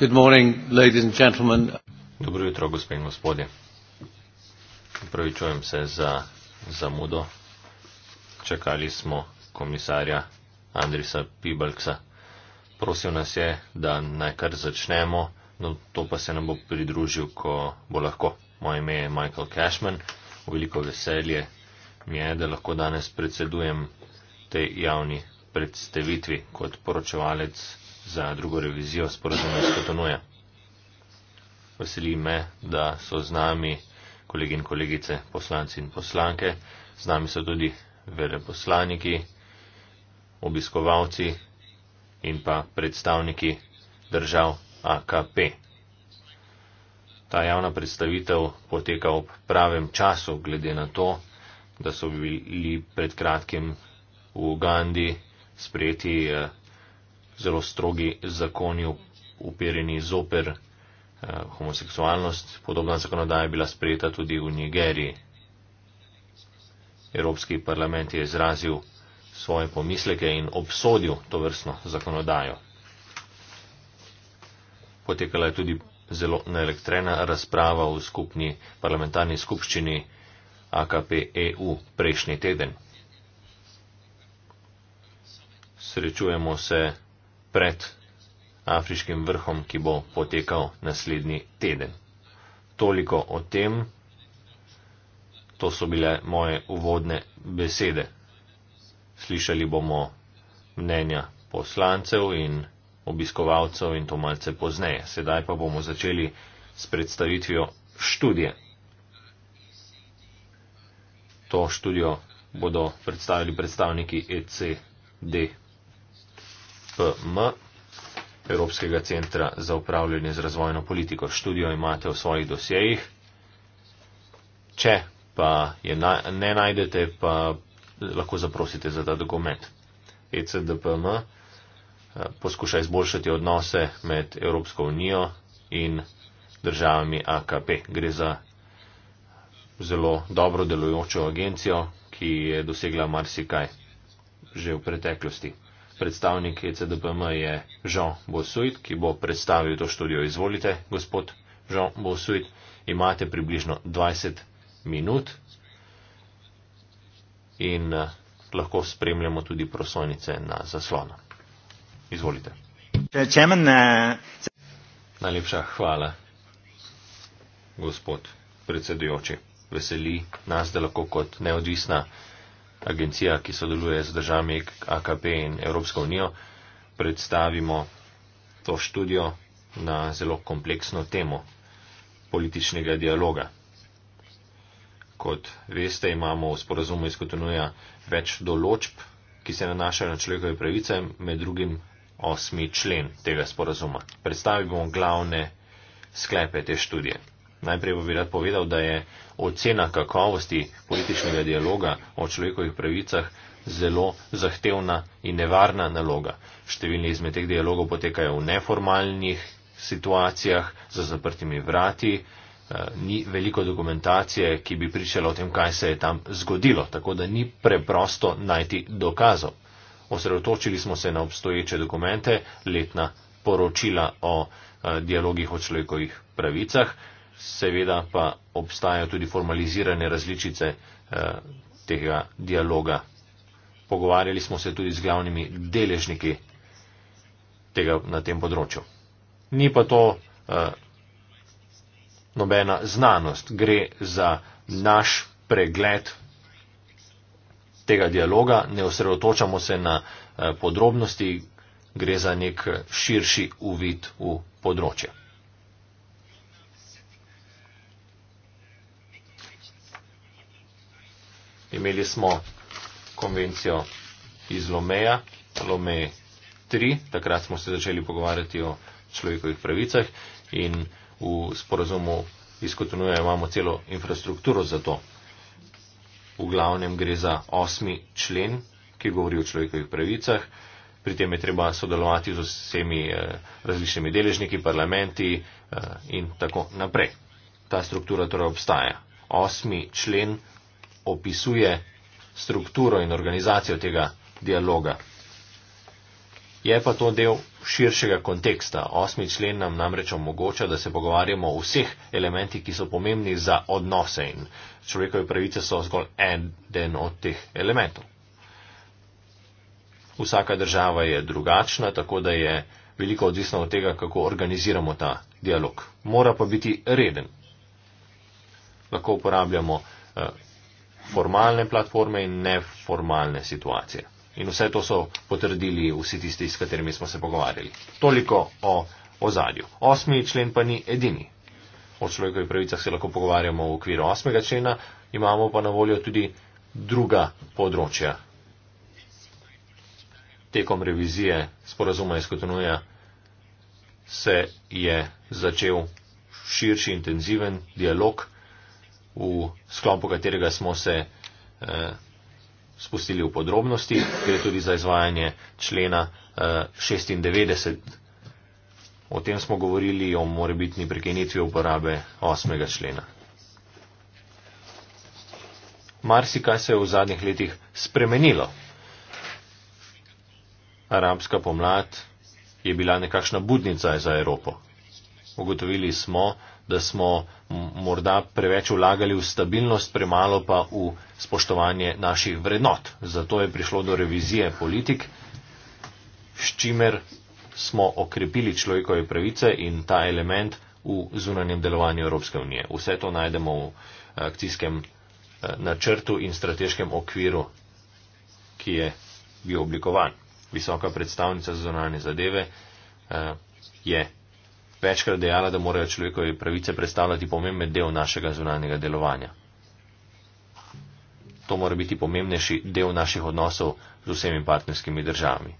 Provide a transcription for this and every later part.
Dobro jutro, gospe in gospodje. Upravičujem se za zamudo. Čakali smo komisarja Andrisa Pibalksa. Prosil nas je, da najkar začnemo, no to pa se nam bo pridružil, ko bo lahko. Moje ime je Michael Cashman. Veliko veselje mi je, da lahko danes predsedujem tej javni predstavitvi kot poročevalec za drugo revizijo sporazuma iz Kotonuja. Veseli me, da so z nami kolegi in kolegice, poslanci in poslanke, z nami so tudi veleposlaniki, obiskovalci in pa predstavniki držav AKP. Ta javna predstavitev poteka ob pravem času, glede na to, da so bili pred kratkim v Ugandi sprejeti eh, zelo strogi zakoni upereni zoper eh, homoseksualnost. Podobna zakonodaja je bila sprejeta tudi v Nigeriji. Evropski parlament je izrazil svoje pomisleke in obsodil to vrstno zakonodajo. Potekala je tudi zelo neelektrena razprava v skupni parlamentarni skupščini AKP EU prejšnji teden. Srečujemo se pred afriškim vrhom, ki bo potekal naslednji teden. Toliko o tem, to so bile moje uvodne besede. Slišali bomo mnenja poslancev in obiskovalcev in to malce pozneje. Sedaj pa bomo začeli s predstavitvijo študije. To študijo bodo predstavili predstavniki ECD PM Evropskega centra za upravljanje z razvojno politiko. Študijo imate v svojih dosjejih. Če pa je na, ne najdete, pa lahko zaprosite za ta dokument. ECDPM eh, poskuša izboljšati odnose med Evropsko unijo in državami AKP. Gre za zelo dobro delujočo agencijo, ki je dosegla marsikaj že v preteklosti predstavnik ECDPM je Jean Bosuit, ki bo predstavil to študijo. Izvolite, gospod Jean Bosuit, imate približno 20 minut in eh, lahko spremljamo tudi prosojnice na zaslonu. Izvolite. Eh, Najlepša hvala, gospod predsedujoči. Veseli nas, da lahko kot neodvisna agencija, ki sodeluje z državami AKP in Evropsko unijo, predstavimo to študijo na zelo kompleksno temo političnega dialoga. Kot veste, imamo v sporazumu iz Kotonuja več določb, ki se nanašajo na človekove pravice, med drugim osmi člen tega sporazuma. Predstavimo glavne sklepe te študije. Najprej bi rad povedal, da je ocena kakovosti političnega dialoga o človekovih pravicah zelo zahtevna in nevarna naloga. Številni izmed teh dialogov potekajo v neformalnih situacijah, za zaprtimi vrati, eh, ni veliko dokumentacije, ki bi pričala o tem, kaj se je tam zgodilo, tako da ni preprosto najti dokazov. Osredotočili smo se na obstoječe dokumente, letna poročila o eh, dialogih o človekovih pravicah, seveda pa obstajajo tudi formalizirane različice eh, tega dialoga. Pogovarjali smo se tudi z glavnimi deležniki tega na tem področju. Ni pa to eh, nobena znanost, gre za naš pregled tega dialoga, ne osredotočamo se na eh, podrobnosti, gre za nek širši uvid v področje. Imeli smo konvencijo iz Lomeja, Lome 3, takrat smo se začeli pogovarjati o človekovih pravicah in v sporazumu iz Kotonuja imamo celo infrastrukturo za to. V glavnem gre za osmi člen, ki govori o človekovih pravicah. Pri tem je treba sodelovati z vsemi eh, različnimi deležniki, parlamenti eh, in tako naprej. Ta struktura torej obstaja. Osmi člen opisuje strukturo in organizacijo tega dialoga. Je pa to del širšega konteksta. Osmi člen nam namreč omogoča, da se pogovarjamo o vseh elementih, ki so pomembni za odnose in človekove pravice so zgolj eden od teh elementov. Vsaka država je drugačna, tako da je veliko odvisno od tega, kako organiziramo ta dialog. Mora pa biti reden. Lahko uporabljamo eh, formalne platforme in neformalne situacije. In vse to so potrdili vsi tisti, s katerimi smo se pogovarjali. Toliko o ozadju. Osmi člen pa ni edini. O človekovih pravicah se lahko pogovarjamo v okviru osmega člena, imamo pa na voljo tudi druga področja. Tekom revizije sporazuma iz Kotonuja se je začel širši, intenziven dialog v sklopu katerega smo se eh, spustili v podrobnosti, gre tudi za izvajanje člena eh, 96. O tem smo govorili, o morebitni prekenitvi uporabe 8. člena. Marsikaj se je v zadnjih letih spremenilo. Arabska pomlad je bila nekakšna budnica za Evropo. Ugotovili smo, da smo morda preveč vlagali v stabilnost, premalo pa v spoštovanje naših vrednot. Zato je prišlo do revizije politik, s čimer smo okrepili človekove pravice in ta element v zunanjem delovanju Evropske unije. Vse to najdemo v eh, akcijskem eh, načrtu in strateškem okviru, ki je bil oblikovan. Visoka predstavnica za zunanje zadeve eh, je večkrat dejala, da morajo človekove pravice predstavljati pomemben del našega zunanjega delovanja. To mora biti pomembnejši del naših odnosov z vsemi partnerskimi državami.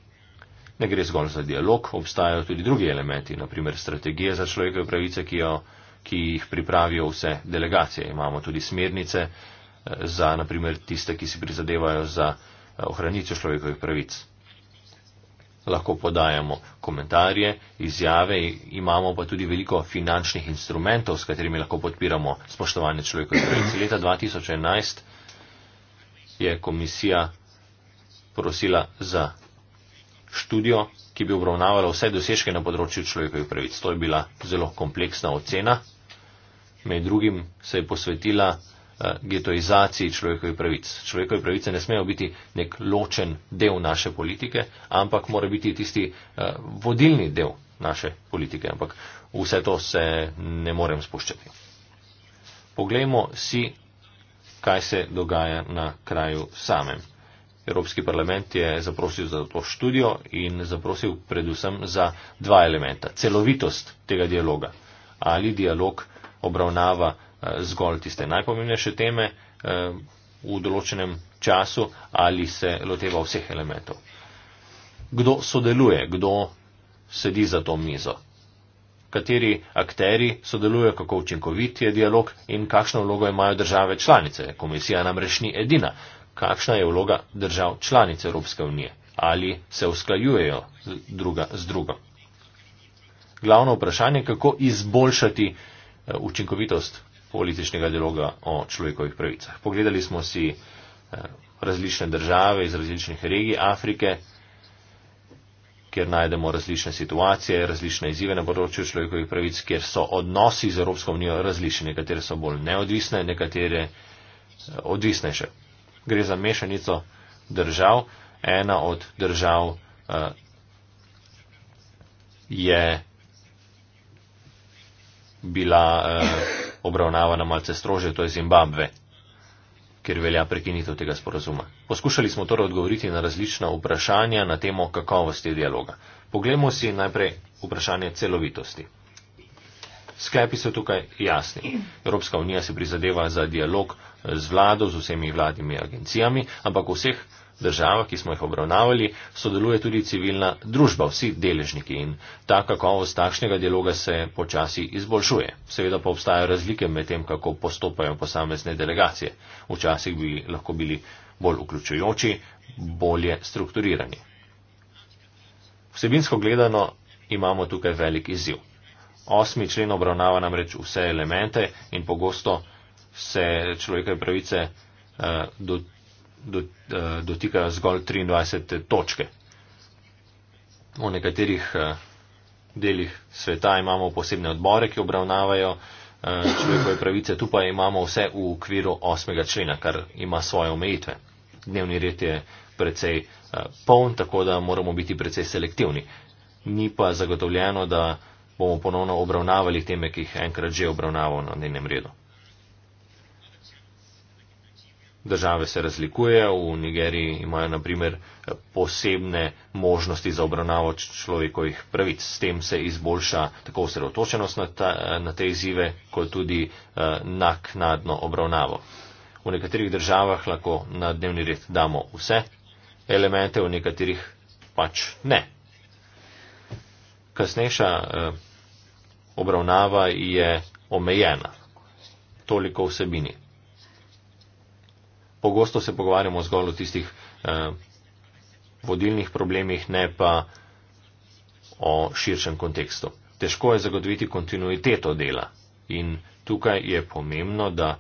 Ne gre zgolj za dialog, obstajajo tudi drugi elementi, naprimer strategije za človekove pravice, ki, jo, ki jih pripravijo vse delegacije. Imamo tudi smernice eh, za naprimer tiste, ki si prizadevajo za eh, ohranitev človekovih pravic lahko podajamo komentarje, izjave, imamo pa tudi veliko finančnih instrumentov, s katerimi lahko podpiramo spoštovanje človekovih pravic. Leta 2011 je komisija prosila za študijo, ki bi obravnavala vse dosežke na področju človekovih pravic. To je bila zelo kompleksna ocena. Med drugim se je posvetila getoizaciji človekovih pravic. Človekove pravice ne smejo biti nek ločen del naše politike, ampak mora biti tisti eh, vodilni del naše politike. Ampak vse to se ne morem spuščati. Poglejmo si, kaj se dogaja na kraju samem. Evropski parlament je zaprosil za to študijo in zaprosil predvsem za dva elementa. Celovitost tega dialoga. Ali dialog obravnava zgolj tiste najpomembnejše teme eh, v določenem času ali se loteva vseh elementov. Kdo sodeluje, kdo sedi za to mizo, kateri akteri sodelujejo, kako učinkovit je dialog in kakšno vlogo imajo države članice. Komisija namreč ni edina. Kakšna je vloga držav članice Evropske unije? Ali se usklajujejo druga z drugo? Glavno vprašanje, kako izboljšati eh, učinkovitost političnega dialoga o človekovih pravicah. Pogledali smo si eh, različne države iz različnih regij Afrike, kjer najdemo različne situacije, različne izzive na področju človekovih pravic, kjer so odnosi z Evropsko unijo različni, nekatere so bolj neodvisne, nekatere eh, odvisnejše. Gre za mešanico držav. Ena od držav uh, je bila uh, obravnavana malce strože, to je Zimbabve, kjer velja prekinitev tega sporazuma. Poskušali smo torej odgovoriti na različna vprašanja na temo kakovosti dialoga. Poglejmo si najprej vprašanje celovitosti. Sklepi so tukaj jasni. Evropska unija se prizadeva za dialog z vlado, z vsemi vladnimi agencijami, ampak v vseh država, ki smo jih obravnavali, sodeluje tudi civilna družba, vsi deležniki in ta kakovost takšnega dialoga se počasi izboljšuje. Seveda pa obstajajo razlike med tem, kako postopajo posamezne delegacije. Včasih bi lahko bili bolj vključujoči, bolje strukturirani. Vsebinsko gledano imamo tukaj velik izziv. Osmi člen obravnava namreč vse elemente in pogosto se človekove pravice eh, dotikajo Eh, dotikajo zgolj 23 točke. V nekaterih eh, delih sveta imamo posebne odbore, ki obravnavajo eh, človekove pravice, tu pa imamo vse v okviru 8. člena, kar ima svoje omejitve. Dnevni red je precej poln, tako da moramo biti precej selektivni. Ni pa zagotovljeno, da bomo ponovno obravnavali teme, ki jih enkrat že obravnavamo na dnevnem redu države se razlikujejo, v Nigeriji imajo naprimer posebne možnosti za obravnavo človekovih pravic. S tem se izboljša tako osredotočenost na, na te izzive, kot tudi uh, naknadno obravnavo. V nekaterih državah lahko na dnevni red damo vse elemente, v nekaterih pač ne. Kasnejša uh, obravnava je omejena toliko vsebini pogosto se pogovarjamo zgolj o tistih eh, vodilnih problemih, ne pa o širšem kontekstu. Težko je zagotoviti kontinuiteto dela in tukaj je pomembno, da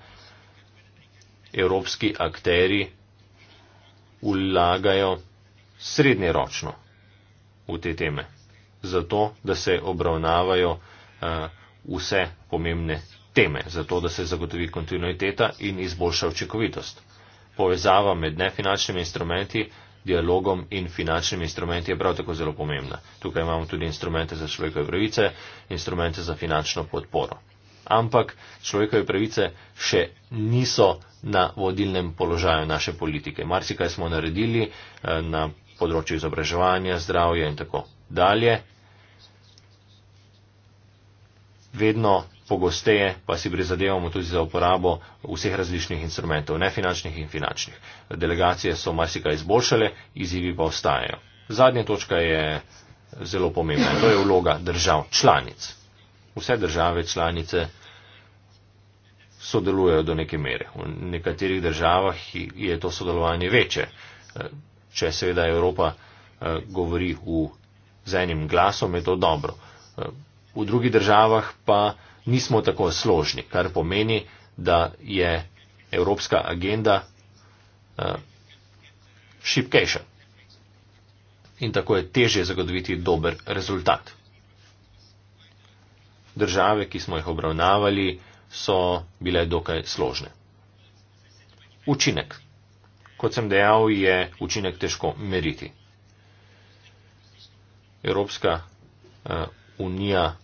evropski akteri ulagajo srednjeročno v te teme, zato da se obravnavajo eh, vse pomembne teme, zato da se zagotovi kontinuiteta in izboljša učinkovitost povezava med nefinančnimi instrumenti, dialogom in finančnimi instrumenti je prav tako zelo pomembna. Tukaj imamo tudi instrumente za človekove pravice, instrumente za finančno podporo. Ampak človekove pravice še niso na vodilnem položaju naše politike. Marsikaj smo naredili eh, na področju izobraževanja, zdravja in tako dalje. Vedno pogosteje pa si prizadevamo tudi za uporabo vseh različnih instrumentov, ne finančnih in finančnih. Delegacije so marsikaj izboljšale, izzivi pa ostajajo. Zadnja točka je zelo pomembna, to je vloga držav članic. Vse države članice sodelujejo do neke mere. V nekaterih državah je to sodelovanje večje. Če seveda Evropa eh, govori z enim glasom, je to dobro. Eh, v drugih državah pa nismo tako složni, kar pomeni, da je evropska agenda uh, eh, šipkejša. In tako je težje zagotoviti dober rezultat. Države, ki smo jih obravnavali, so bile dokaj složne. Učinek. Kot sem dejal, je učinek težko meriti. Evropska uh, unija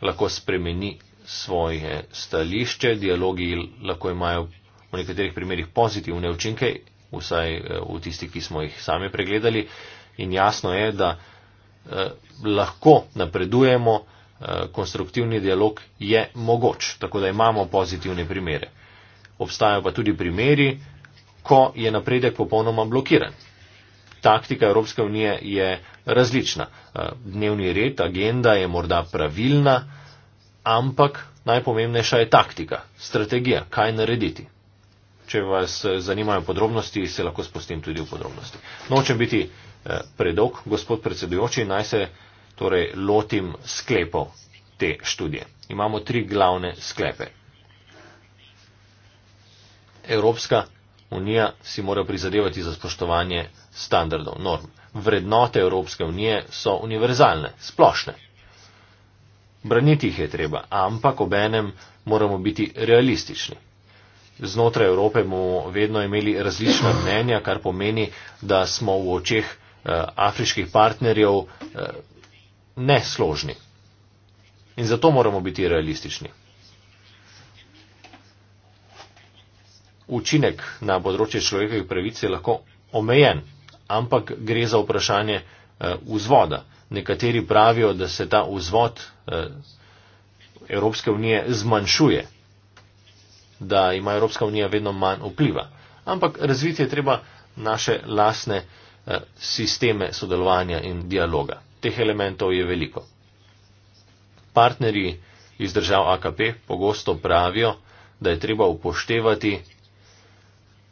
lahko spremeni svoje stališče. Dialogi lahko imajo v nekaterih primerjih pozitivne učinke, vsaj eh, v tisti, ki smo jih sami pregledali. In jasno je, da eh, lahko napredujemo, eh, konstruktivni dialog je mogoč, tako da imamo pozitivne primere. Obstajajo pa tudi primeri, ko je napredek popolnoma blokiran. Taktika Evropske unije je različna. Eh, dnevni red, agenda je morda pravilna ampak najpomembnejša je taktika, strategija, kaj narediti. Če vas eh, zanimajo podrobnosti, se lahko spostim tudi v podrobnosti. Nočem biti eh, predolg, gospod predsedujoči, naj se torej lotim sklepov te študije. Imamo tri glavne sklepe. Evropska unija si mora prizadevati za spoštovanje standardov, norm. Vrednote Evropske unije so univerzalne, splošne. Braniti jih je treba, ampak obenem moramo biti realistični. Znotraj Evrope bomo vedno imeli različna mnenja, kar pomeni, da smo v očeh eh, afriških partnerjev eh, nesložni. In zato moramo biti realistični. Učinek na področje človekovih pravic je lahko omejen, ampak gre za vprašanje eh, vzvoda nekateri pravijo, da se ta vzvod eh, Evropske unije zmanjšuje, da ima Evropska unija vedno manj vpliva. Ampak razviti je treba naše lasne eh, sisteme sodelovanja in dialoga. Teh elementov je veliko. Partnerji iz držav AKP pogosto pravijo, da je treba upoštevati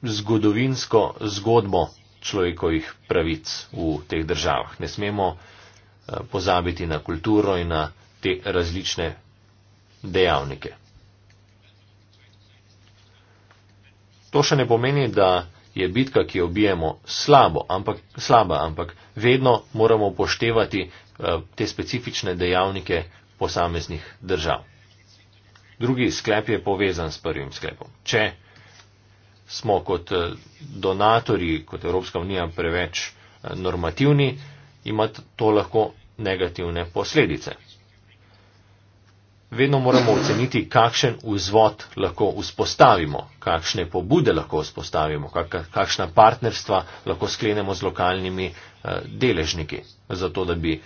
zgodovinsko zgodbo človekovih pravic v teh državah. Ne smemo Eh, pozabiti na kulturo in na te različne dejavnike. To še ne pomeni, da je bitka, ki jo obijemo, slabo, ampak, slaba, ampak vedno moramo upoštevati eh, te specifične dejavnike posameznih držav. Drugi sklep je povezan s prvim sklepom. Če smo kot eh, donatori, kot Evropska unija, preveč normativni, ima to lahko negativne posledice. Vedno moramo oceniti, kakšen vzvod lahko vzpostavimo, kakšne pobude lahko vzpostavimo, kakšna partnerstva lahko sklenemo z lokalnimi eh, deležniki, zato da bi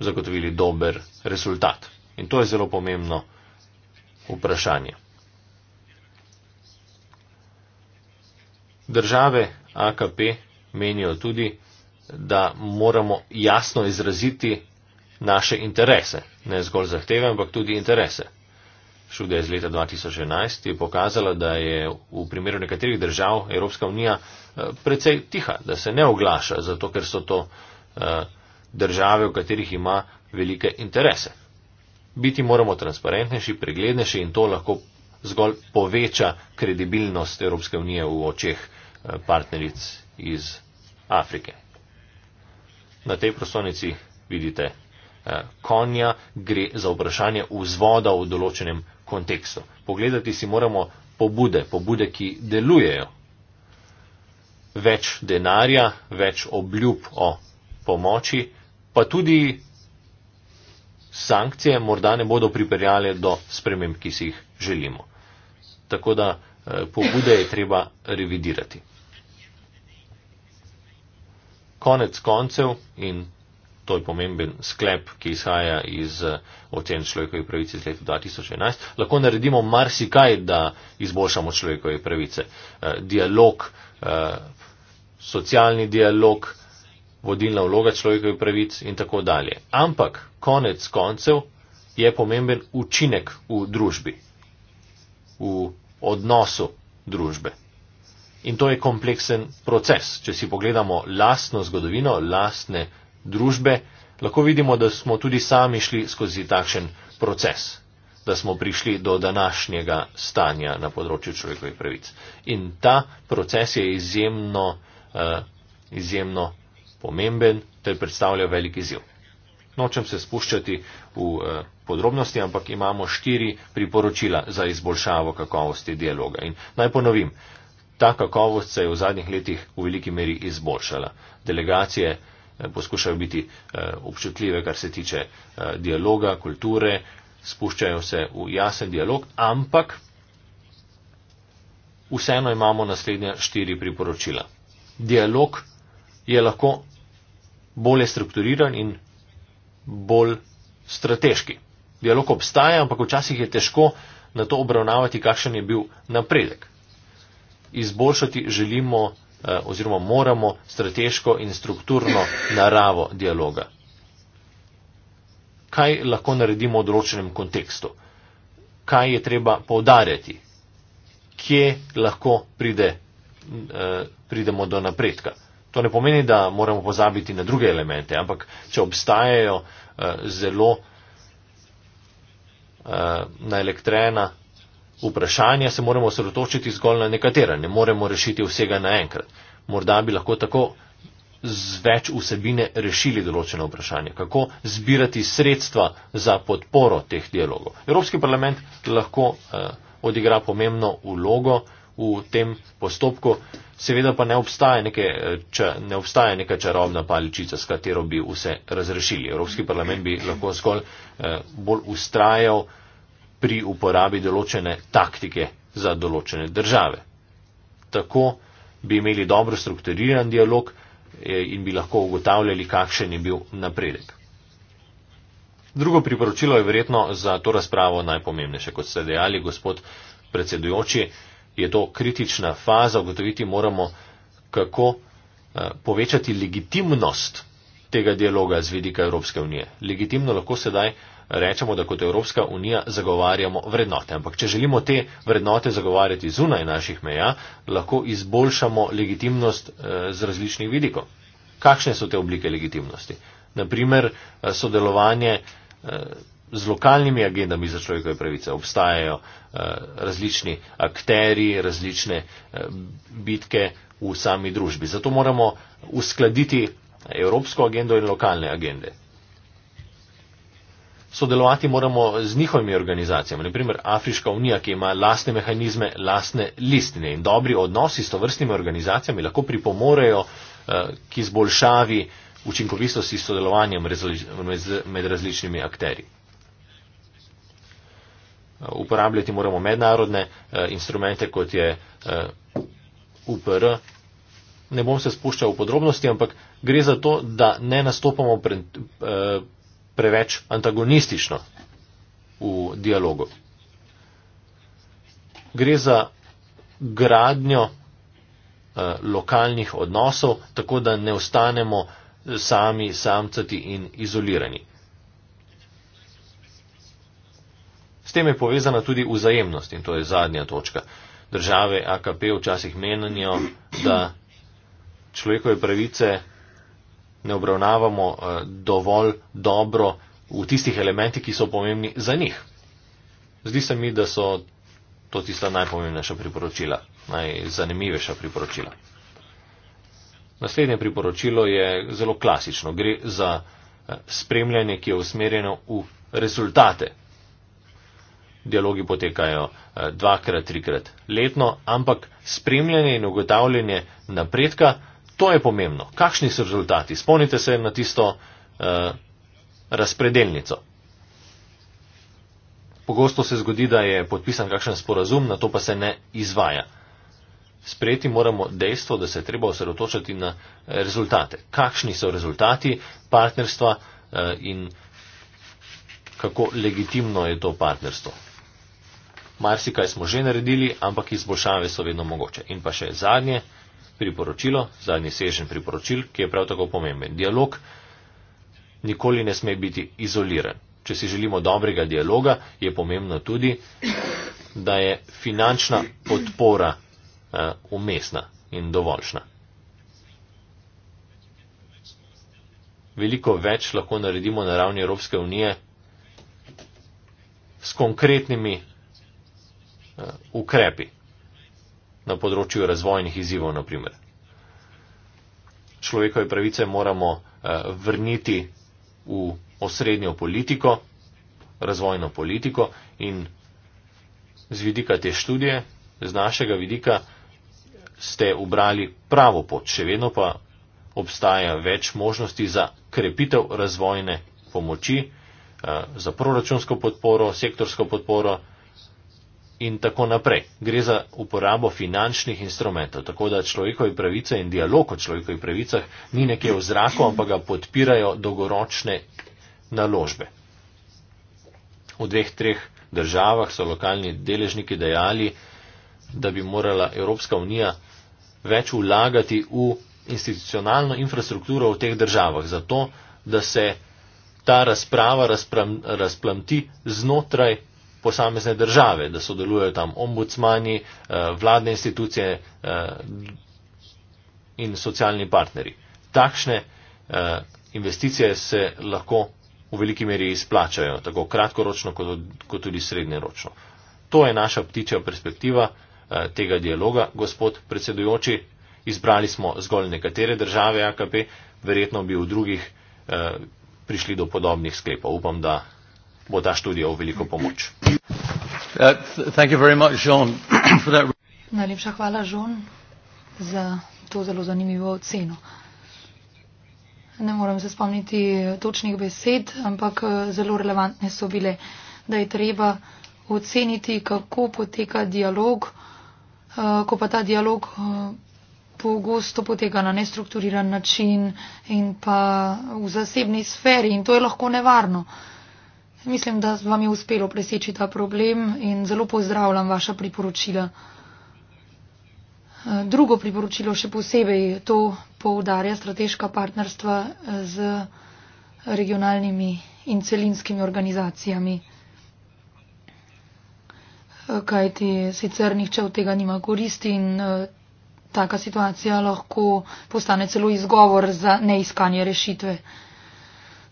zagotovili dober rezultat. In to je zelo pomembno vprašanje. Države AKP menijo tudi, da moramo jasno izraziti naše interese, ne zgolj zahteve, ampak tudi interese. Šude iz leta 2011 je pokazala, da je v primeru nekaterih držav Evropska unija eh, precej tiha, da se ne oglaša, zato ker so to eh, države, v katerih ima velike interese. Biti moramo transparentnejši, preglednejši in to lahko zgolj poveča kredibilnost Evropske unije v očeh eh, partneric iz Afrike na tej prosonici vidite eh, konja, gre za vprašanje vzvoda v določenem kontekstu. Pogledati si moramo pobude, pobude, ki delujejo. Več denarja, več obljub o pomoči, pa tudi sankcije morda ne bodo pripeljale do sprememb, ki si jih želimo. Tako da eh, pobude je treba revidirati konec koncev, in to je pomemben sklep, ki izhaja iz eh, ocen človekovih pravic iz leta 2011, lahko naredimo marsikaj, da izboljšamo človekove pravice. Eh, dialog, eh, socialni dialog, vodilna vloga človekovih pravic in tako dalje. Ampak konec koncev je pomemben učinek v družbi, v odnosu družbe. In to je kompleksen proces. Če si pogledamo lastno zgodovino, lastne družbe, lahko vidimo, da smo tudi sami šli skozi takšen proces, da smo prišli do današnjega stanja na področju človekovih pravic. In ta proces je izjemno, uh, izjemno pomemben ter predstavlja velik izziv. Nočem se spuščati v uh, podrobnosti, ampak imamo štiri priporočila za izboljšavo kakovosti dialoga. In naj ponovim. Ta kakovost se je v zadnjih letih v veliki meri izboljšala. Delegacije eh, poskušajo biti eh, občutljive, kar se tiče eh, dialoga, kulture, spuščajo se v jasen dialog, ampak vseeno imamo naslednja štiri priporočila. Dialog je lahko bolje strukturiran in bolj strateški. Dialog obstaja, ampak včasih je težko na to obravnavati, kakšen je bil napredek izboljšati želimo eh, oziroma moramo strateško in strukturno naravo dialoga. Kaj lahko naredimo v določenem kontekstu? Kaj je treba povdarjati? Kje lahko pride, eh, pridemo do napredka? To ne pomeni, da moramo pozabiti na druge elemente, ampak če obstajajo eh, zelo naelektrena vprašanja se moramo osredotočiti zgolj na nekatera, ne moremo rešiti vsega naenkrat. Morda bi lahko tako z več vsebine rešili določeno vprašanje, kako zbirati sredstva za podporo teh dialogov. Evropski parlament lahko eh, odigra pomembno ulogo v tem postopku, seveda pa ne obstaja, neke, eh, ča, ne obstaja neka čarobna paličica, s katero bi vse razrešili. Evropski parlament bi lahko zgolj eh, bolj ustrajal, pri uporabi določene taktike za določene države. Tako bi imeli dobro strukturiran dialog eh, in bi lahko ugotavljali, kakšen je bil napredek. Drugo priporočilo je verjetno za to razpravo najpomembnejše. Kot ste dejali, gospod predsedujoči, je to kritična faza, ugotoviti moramo, kako eh, povečati legitimnost tega dialoga z vidika Evropske unije. Legitimno lahko sedaj rečemo, da kot Evropska unija zagovarjamo vrednote. Ampak če želimo te vrednote zagovarjati zunaj naših meja, lahko izboljšamo legitimnost eh, z različnih vidikov. Kakšne so te oblike legitimnosti? Naprimer, eh, sodelovanje eh, z lokalnimi agendami za človekove pravice. Obstajajo različni akteri, različne bitke v sami družbi. Zato moramo uskladiti evropsko agendo in lokalne agende sodelovati moramo z njihovimi organizacijami, naprimer Afriška unija, ki ima lasne mehanizme, lasne listine in dobri odnosi s to vrstnimi organizacijami lahko pripomorejo eh, k izboljšavi učinkovitosti s sodelovanjem med različnimi akteri. Eh, uporabljati moramo mednarodne eh, instrumente, kot je UPR. Ne bom se spuščal v podrobnosti, ampak gre za to, da ne nastopamo pred preveč antagonistično v dialogu. Gre za gradnjo eh, lokalnih odnosov, tako da ne ostanemo sami, samcati in izolirani. S tem je povezana tudi vzajemnost in to je zadnja točka. Države AKP včasih menjajo, da človekove pravice ne obravnavamo eh, dovolj dobro v tistih elementih, ki so pomembni za njih. Zdi se mi, da so to tista najpomembnejša priporočila, najzanimivejša priporočila. Naslednje priporočilo je zelo klasično. Gre za eh, spremljanje, ki je usmerjeno v rezultate. Dialogi potekajo eh, dvakrat, trikrat letno, ampak spremljanje in ugotavljanje napredka To je pomembno. Kakšni so rezultati? Spomnite se na tisto uh, razpredelnico. Pogosto se zgodi, da je podpisan kakšen sporazum, na to pa se ne izvaja. Sprejeti moramo dejstvo, da se je treba osredotočiti na eh, rezultate. Kakšni so rezultati partnerstva eh, in kako legitimno je to partnerstvo. Marsikaj smo že naredili, ampak izboljšave so vedno mogoče. In pa še zadnje priporočilo, zadnji sežen priporočil, ki je prav tako pomemben. Dialog nikoli ne sme biti izoliran. Če si želimo dobrega dialoga, je pomembno tudi, da je finančna podpora eh, umestna in dovoljšna. Veliko več lahko naredimo na ravni Evropske unije s konkretnimi eh, ukrepi. Uh, na področju razvojnih izzivov, naprimer. Človekove pravice moramo eh, vrniti v osrednjo politiko, razvojno politiko in z vidika te študije, z našega vidika, ste ubrali pravo pot, še vedno pa obstaja več možnosti za krepitev razvojne pomoči, eh, za proračunsko podporo, sektorsko podporo, in tako naprej. Gre za uporabo finančnih instrumentov, tako da človekovi pravice in dialog o človekovih pravicah ni nekje v zraku, ampak ga podpirajo dolgoročne naložbe. V dveh, treh državah so lokalni deležniki dejali, da bi morala Evropska unija več vlagati v institucionalno infrastrukturo v teh državah, zato da se ta razprava razplamti znotraj posamezne države, da sodelujejo tam ombudsmani, eh, vladne institucije eh, in socialni partneri. Takšne eh, investicije se lahko v veliki meri izplačajo, tako kratkoročno kot tudi srednjeročno. To je naša ptičja perspektiva tega dialoga, gospod predsedujoči. Izbrali smo zgolj nekatere države AKP, verjetno bi v drugih prišli do podobnih sklepov. Upam, da bo ta študija v veliko pomoč. Uh, Najlepša hvala, Žon, za to zelo zanimivo oceno. Ne moram se spomniti točnih besed, ampak uh, zelo relevantne so bile, da je treba oceniti, kako poteka dialog, uh, ko pa ta dialog pogosto poteka na nestrukturiran način in pa v zasebni sferi in to je lahko nevarno. Mislim, da vam je uspelo preseči ta problem in zelo pozdravljam vaša priporočila. Eh, drugo priporočilo še posebej to poudarja strateška partnerstva eh, z regionalnimi in celinskimi organizacijami. Eh, Kaj ti sicer nihče od tega nima koristi in taka situacija lahko postane celo izgovor za neiskanje rešitve.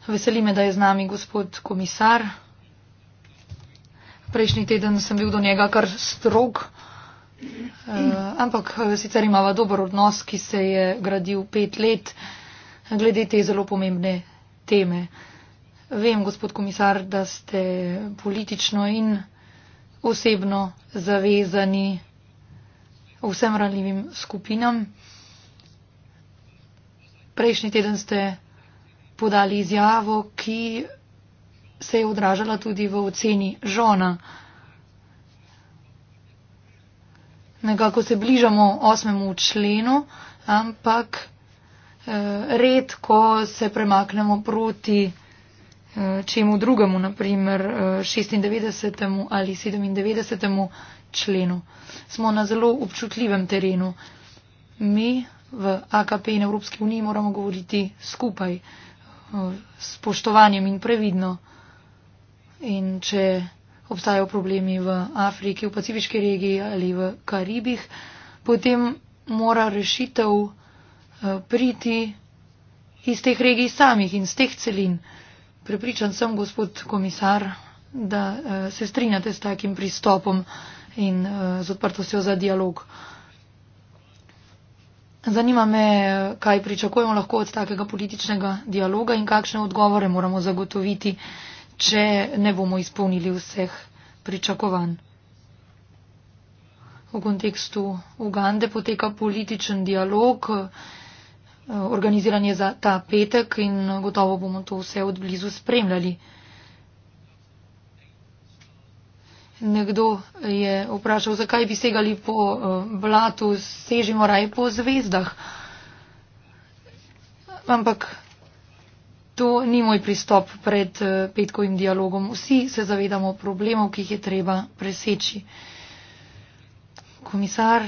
Veseli me, da je z nami gospod komisar. Prejšnji teden sem bil do njega kar strog, eh, ampak eh, sicer imava dober odnos, ki se je gradil pet let eh, glede te zelo pomembne teme. Vem, gospod komisar, da ste politično in osebno zavezani vsem ranljivim skupinam. Prejšnji teden ste podali izjavo, ki se je odražala tudi v oceni žona. Nekako se bližamo osmemu členu, ampak eh, redko se premaknemo proti eh, čemu drugemu, naprimer eh, 96. ali 97. členu. Smo na zelo občutljivem terenu. Mi v AKP in Evropski uniji moramo govoriti skupaj. Eh, s spoštovanjem in previdno. In če obstajajo problemi v Afriki, v pacifiški regiji ali v Karibih, potem mora rešitev eh, priti iz teh regij samih in z teh celin. Prepričan sem, gospod komisar, da eh, se strinjate s takim pristopom in eh, z odprtostjo za dialog. Zanima me, kaj pričakujemo lahko od takega političnega dialoga in kakšne odgovore moramo zagotoviti, če ne bomo izpolnili vseh pričakovanj. V kontekstu Ugande poteka političen dialog, eh, organiziran je za ta petek in gotovo bomo to vse odblizu spremljali. nekdo je vprašal, zakaj bi segali po eh, blatu, sežimo raje po zvezdah. Ampak to ni moj pristop pred eh, petkovim dialogom. Vsi se zavedamo problemov, ki jih je treba preseči. Komisar,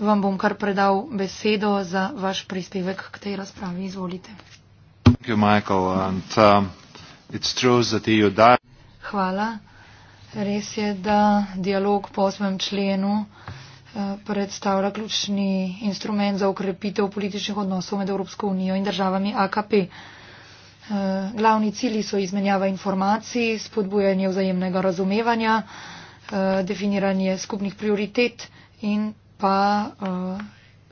vam bom kar predal besedo za vaš prispevek k tej razpravi. Izvolite. Um, e Hvala. Res je, da dialog po osmem členu eh, predstavlja ključni instrument za ukrepitev političnih odnosov med Evropsko unijo in državami AKP. Eh, glavni cili so izmenjava informacij, spodbujanje vzajemnega razumevanja, eh, definiranje skupnih prioritet in pa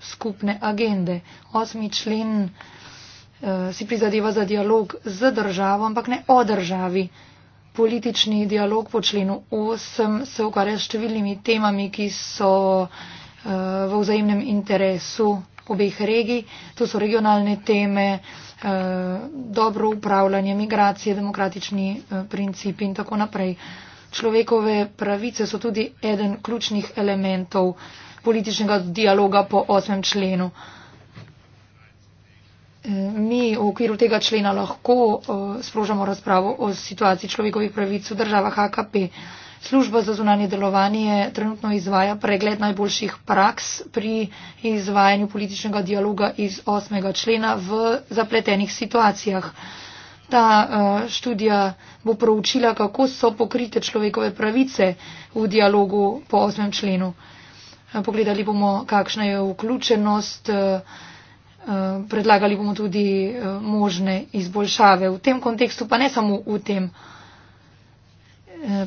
skupne agende. Osmi člen si prizadeva za dialog z državo, ampak ne o državi, politični dialog po členu 8 se ukvarja s številnimi temami, ki so eh, v vzajemnem interesu obeh regij. To so regionalne teme, eh, dobro upravljanje, migracije, demokratični eh, principi in tako naprej. Človekove pravice so tudi eden ključnih elementov političnega dialoga po 8. členu mi v okviru tega člena lahko eh, sprožamo razpravo o situaciji človekovih pravic v državah AKP. Služba za zunanje delovanje trenutno izvaja pregled najboljših praks pri izvajanju političnega dialoga iz 8. člena v zapletenih situacijah. Ta eh, študija bo proučila, kako so pokrite človekove pravice v dialogu po 8. členu. Eh, pogledali bomo, kakšna je vključenost Eh, predlagali bomo tudi eh, možne izboljšave v tem kontekstu, pa ne samo v tem. Eh,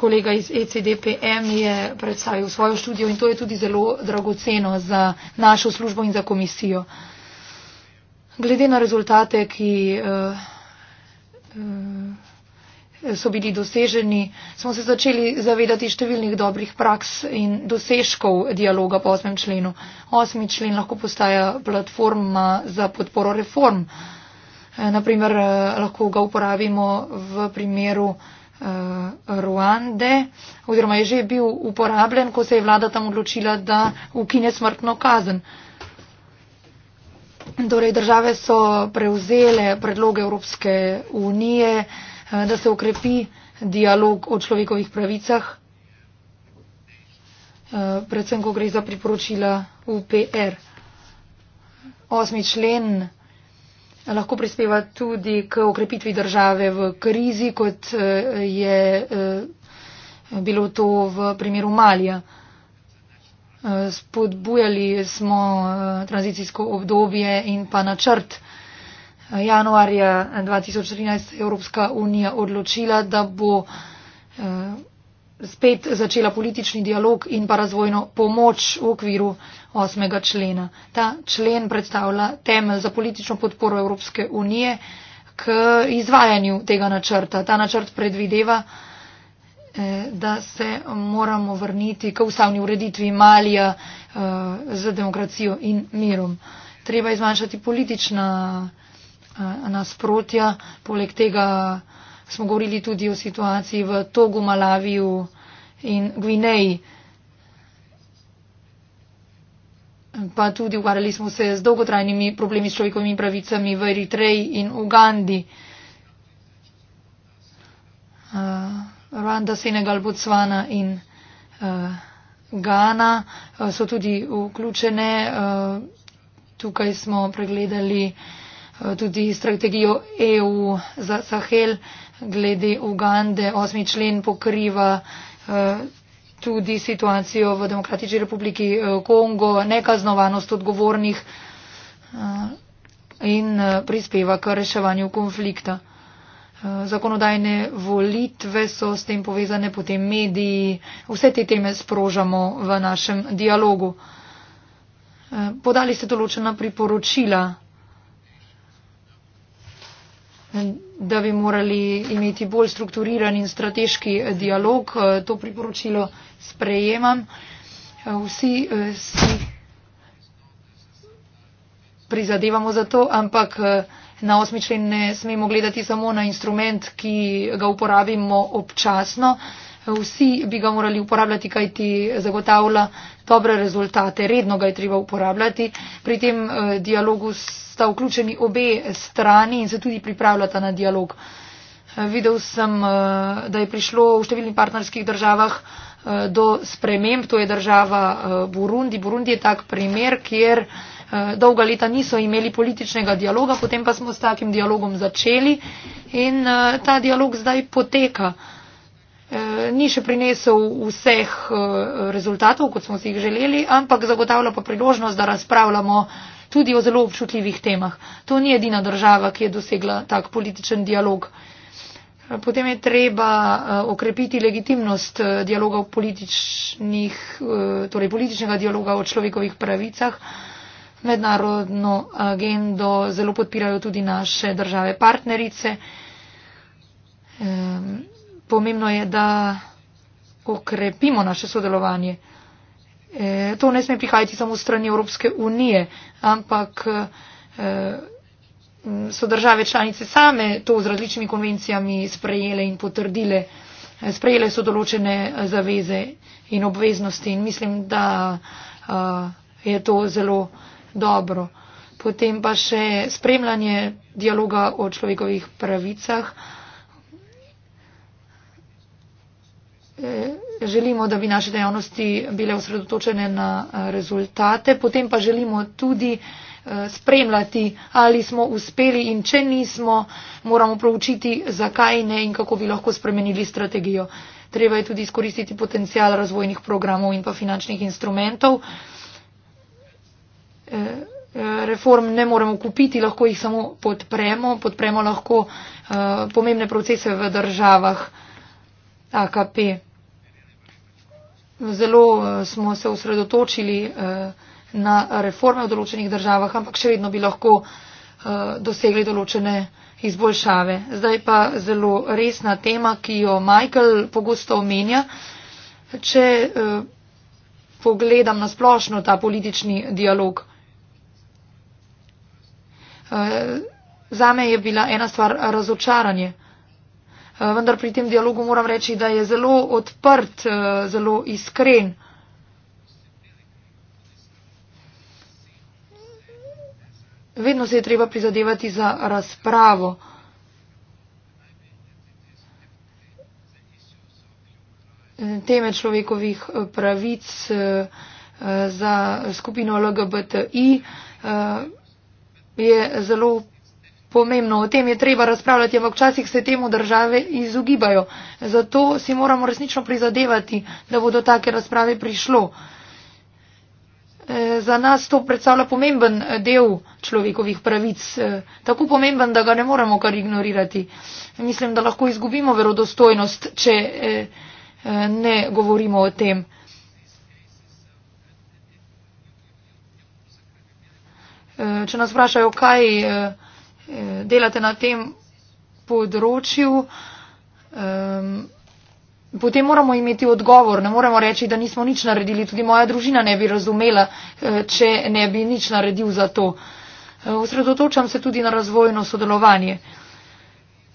kolega iz ECDPM je predstavil svojo študijo in to je tudi zelo dragoceno za našo službo in za komisijo. Glede na rezultate, ki. Uh, uh, so bili doseženi, smo se začeli zavedati številnih dobrih praks in dosežkov dialoga po osmem členu. Osmi člen lahko postaja platforma za podporo reform. Eh, Naprimer, eh, lahko ga uporabimo v primeru eh, Ruande, oziroma je že bil uporabljen, ko se je vlada tam odločila, da ukine smrtno kazen. Torej, države so prevzele predloge Evropske unije, Eh, da se ukrepi dialog o človekovih pravicah, eh, predvsem, ko gre za priporočila UPR. Osmi člen lahko prispeva tudi k okrepitvi države v krizi, kot eh, je bilo to v primeru Malija. Spodbujali smo tranzicijsko obdobje in pa načrt Januarja 2013 je Evropska unija odločila, da bo eh, spet začela politični dialog in pa razvojno pomoč v okviru 8. člena. Ta člen predstavlja temelj za politično podporo Evropske unije k izvajanju tega načrta. Ta načrt predvideva, eh, da se moramo vrniti k ustavni ureditvi Malija eh, z demokracijo in mirom. Treba izmanjšati politična Eh, nasprotja. Poleg tega smo govorili tudi o situaciji v Togu, Malaviju in Gvineji. Pa tudi ukvarjali smo se z dolgotrajnimi problemi s človekovimi pravicami v Eritreji in Ugandi. Uh, eh, Rwanda, Senegal, Botswana in uh, Ghana uh, so tudi vključene. Uh, tukaj smo pregledali uh, Eh, tudi strategijo EU za Sahel glede Ugande. Osmi člen pokriva eh, tudi situacijo v Demokratični republiki eh, Kongo, nekaznovanost odgovornih in prispeva k reševanju konflikta. Zakonodajne volitve so s tem povezane, potem mediji, vse te teme sprožamo v našem dialogu. Podali ste določena priporočila da bi morali imeti bolj strukturiran in strateški eh, dialog. Eh, to priporočilo sprejemam. Eh, vsi si prizadevamo za to, ampak na osmi člen ne smemo gledati samo na instrument, ki ga uporabimo občasno vsi bi ga morali uporabljati, kaj ti zagotavlja dobre rezultate, redno ga je treba uporabljati. Pri tem eh, dialogu sta vključeni obe strani in se tudi pripravljata na dialog. Eh, videl sem, eh, da je prišlo v številnih partnerskih državah do sprememb, to je država Burundi. Burundi je tak primer, kjer dolga leta niso imeli političnega dialoga, potem pa smo s takim dialogom začeli in ta dialog zdaj poteka. Eh, ni še prinesel vseh eh, rezultatov, kot smo si jih želeli, ampak zagotavlja pa priložnost, da razpravljamo tudi o zelo občutljivih temah. To ni edina država, ki je dosegla tak političen dialog. Eh, potem je treba okrepiti legitimnost dialoga torej političnega dialoga o človekovih pravicah. Mednarodno agendo zelo podpirajo tudi naše države partnerice pomembno je, da okrepimo naše sodelovanje. E, to ne sme prihajati samo strani Evropske unije, ampak e, so države članice same to z različnimi konvencijami sprejele in potrdile. E, sprejele so določene zaveze in obveznosti in mislim, da a, e, je to zelo dobro. Potem pa še spremljanje dialoga o človekovih pravicah. Eh, želimo, da bi naše dejavnosti bile osredotočene na eh, rezultate, potem pa želimo tudi eh, spremljati, ali smo uspeli in če nismo, moramo proučiti, zakaj ne in kako bi lahko spremenili strategijo. Treba je tudi izkoristiti potencial razvojnih programov in pa finančnih instrumentov. Reform ne moremo kupiti, lahko jih samo podpremo. Podpremo lahko pomembne procese v državah AKP zelo eh, smo se osredotočili eh, na reforme v določenih državah, ampak še vedno bi lahko eh, dosegli določene izboljšave. Zdaj pa zelo resna tema, ki jo Michael pogosto omenja. Če pogledam na splošno ta politični dialog, zame je bila ena stvar razočaranje. Eh, vendar pri tem dialogu moram reči, da je zelo odprt, eh, zelo iskren. Vedno se je treba prizadevati za razpravo. teme človekovih eh, pravic za skupino LGBTI je zelo pomembno. O tem je treba razpravljati, ampak včasih se temu države izogibajo. Zato si moramo resnično prizadevati, da bodo take razprave prišlo. Eh, za nas to predstavlja pomemben eh, del človekovih pravic, eh, tako pomemben, da ga ne moremo kar ignorirati. Mislim, da lahko izgubimo verodostojnost, če ne govorimo o tem. Če nas vprašajo, kaj Eh, delate na tem področju, ehm, potem moramo imeti odgovor. Ne moremo reči, da nismo nič naredili. Tudi moja družina ne bi razumela, eh, če ne bi nič naredil za to. Eh, osredotočam se tudi na razvojno sodelovanje.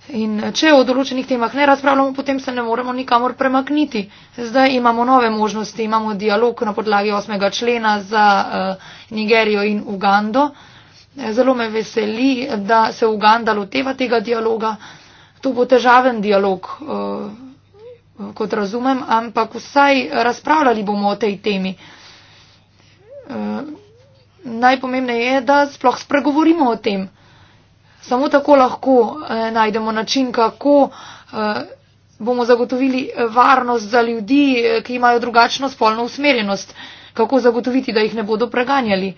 In če o določenih temah ne razpravljamo, potem se ne moremo nikamor premakniti. Zdaj imamo nove možnosti, imamo dialog na podlagi 8. člena za uh, Nigerijo in Ugando. Uh, Zelo me veseli, da se Uganda loteva tega dialoga. To bo težaven dialog, eh, kot razumem, ampak vsaj razpravljali bomo o tej temi. Eh, najpomembneje je, da sploh spregovorimo o tem. Samo tako lahko eh, najdemo način, kako bomo zagotovili varnost za ljudi, ki imajo drugačno spolno usmerjenost, kako zagotoviti, da jih ne bodo preganjali.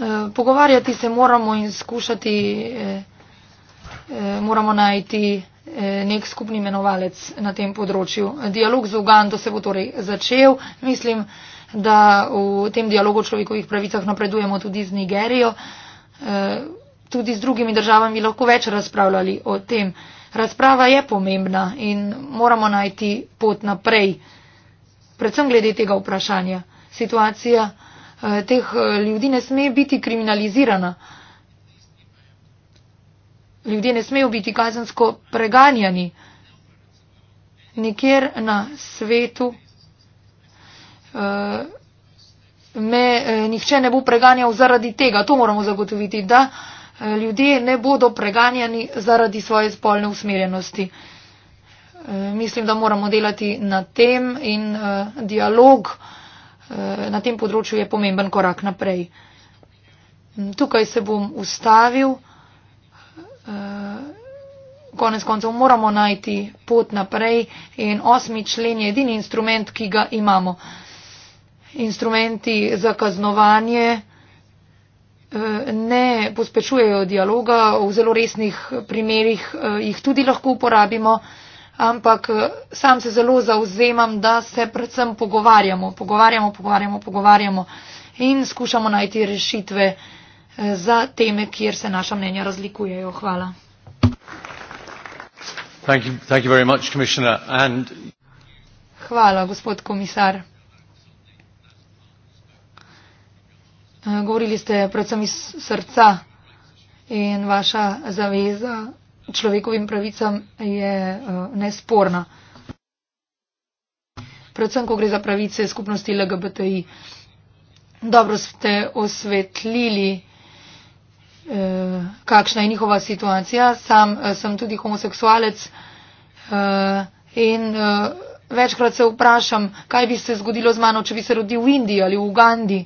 Eh, pogovarjati se moramo in skušati, eh, eh, moramo najti eh, nek skupni imenovalec na tem področju. Dialog z Ugando se bo torej začel. Mislim, da v tem dialogu o človekovih pravicah napredujemo tudi z Nigerijo. Eh, Tudi z drugimi državami bi lahko več razpravljali o tem. Razprava je pomembna in moramo najti pot naprej, predvsem glede tega vprašanja. Situacija Eh, teh eh, ljudi ne sme biti kriminalizirana. Ljudje ne smejo biti kazensko preganjani. Nikjer na svetu eh, me nihče ne bo preganjal zaradi tega. To moramo zagotoviti, da ljudje ne bodo preganjani zaradi svoje spolne usmerjenosti. Mislim, da moramo delati na tem in dialog. Eh, na tem področju je pomemben korak naprej. Mm, tukaj se bom ustavil. Eh, konec koncev moramo najti pot naprej in osmi člen je edini instrument, ki ga imamo. Instrumenti za kaznovanje eh, ne pospešujejo dialoga, v zelo resnih primerih jih tudi lahko uporabimo ampak eh, sam se zelo zauzemam, da se predvsem pogovarjamo, pogovarjamo, pogovarjamo, pogovarjamo in skušamo najti rešitve eh, za teme, kjer se naša mnenja razlikujejo. Hvala. Thank you, thank you much, And... Hvala, gospod komisar. Eh, govorili ste predvsem iz srca in vaša zaveza človekovim pravicam je eh, nesporna. Predvsem, ko gre za pravice skupnosti LGBTI. Dobro ste osvetlili, eh, kakšna je njihova situacija. Sam eh, sem tudi homoseksualec in večkrat se vprašam, kaj bi se zgodilo z mano, če bi se rodil v Indiji ali v Ugandi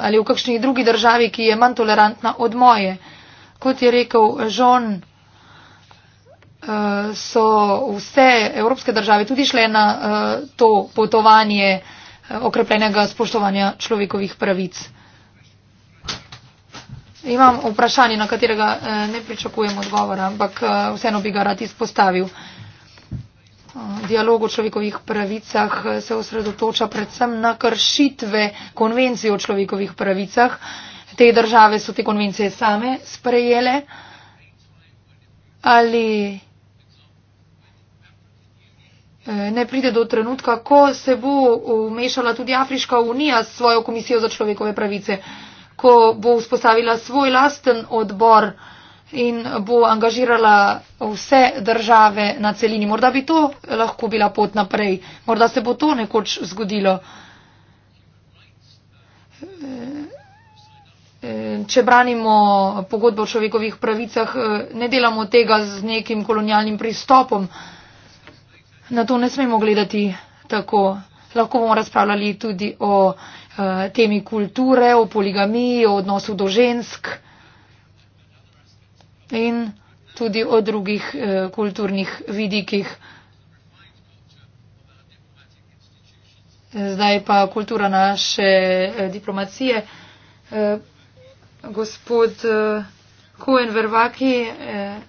ali v kakšni drugi državi, ki je manj tolerantna od moje. Kot je rekel Žon, eh, so vse evropske države tudi šle na eh, to potovanje eh, okrepljenega spoštovanja človekovih pravic. Imam vprašanje, na katerega ne pričakujem odgovora, ampak vseeno bi ga rad izpostavil. Dialog o človekovih pravicah se osredotoča predvsem na kršitve konvencije o človekovih pravicah te države so te konvencije same sprejele ali eh, ne pride do trenutka, ko se bo vmešala tudi Afriška unija s svojo komisijo za človekove pravice, ko bo vzpostavila svoj lasten odbor in bo angažirala vse države na celini. Morda bi to lahko bila pot naprej, morda se bo to nekoč zgodilo. Eh, če branimo pogodbo o človekovih pravicah, eh, ne delamo tega z nekim kolonialnim pristopom. Na to ne smemo gledati tako. Lahko bomo razpravljali tudi o eh, temi kulture, o poligamiji, o odnosu do žensk in tudi o drugih eh, kulturnih vidikih. Zdaj pa kultura naše diplomacije gospod Koen eh, Vervaki eh,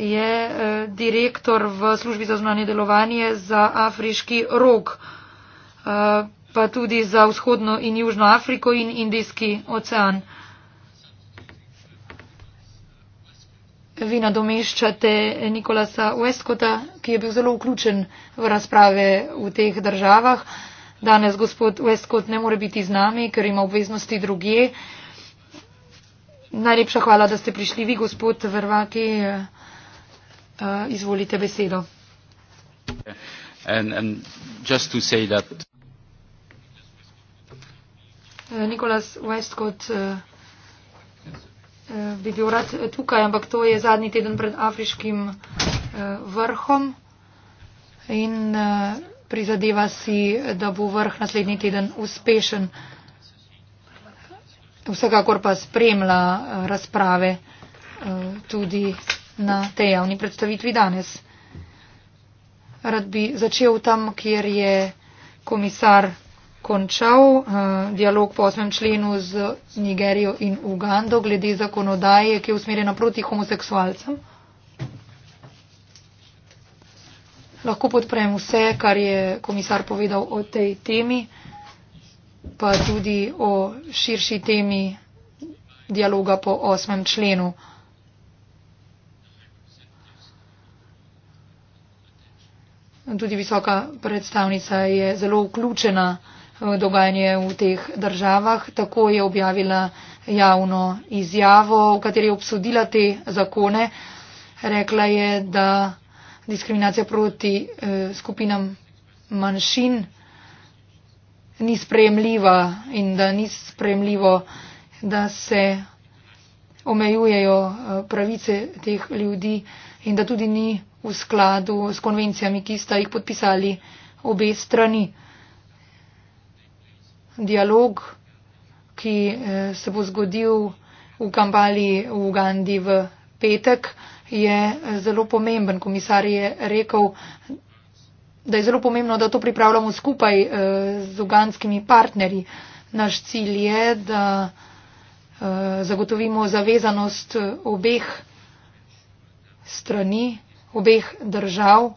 je eh, direktor v službi za zunanje delovanje za afriški rok, pa tudi za vzhodno in južno Afriko in Indijski ocean. Vi nadomeščate Nikolasa Westkota, ki je bil zelo vključen v razprave v teh državah. Danes gospod Westkot ne more biti z nami, ker ima obveznosti drugje. Najlepša hvala, da ste prišli vi, gospod Vrvaki. Eh, eh, izvolite besedo. And, and Nikolas Westcott uh, bi bil rad tukaj, ampak to je zadnji teden pred afriškim uh, vrhom in uh, prizadeva si, da bo vrh naslednji teden uspešen. Uh, Vsekakor pa spremlja eh, razprave eh, tudi na tej javni predstavitvi danes. Rad bi začel tam, kjer je komisar končal eh, dialog po 8. členu z Nigerijo in Ugando glede zakonodaje, ki je usmerjena proti homoseksualcem. Lahko podprem vse, kar je komisar povedal o tej temi pa tudi o širši temi dialoga po osmem členu. Tudi visoka predstavnica je zelo vključena v dogajanje v teh državah. Tako je objavila javno izjavo, v kateri je obsodila te zakone. Rekla je, da diskriminacija proti eh, skupinam manjšin eh, ni sprejemljiva in da ni sprejemljivo, da se omejujejo eh, pravice teh ljudi in da tudi ni v skladu s konvencijami, ki sta jih podpisali obe strani. Dialog, ki eh, se bo zgodil v Kambali v Ugandi v petek, je eh, zelo pomemben. Komisar je rekel, da je zelo pomembno, da to pripravljamo skupaj eh, z uganskimi partnerji. Naš cilj je, da eh, zagotovimo zavezanost eh, obeh strani, obeh držav,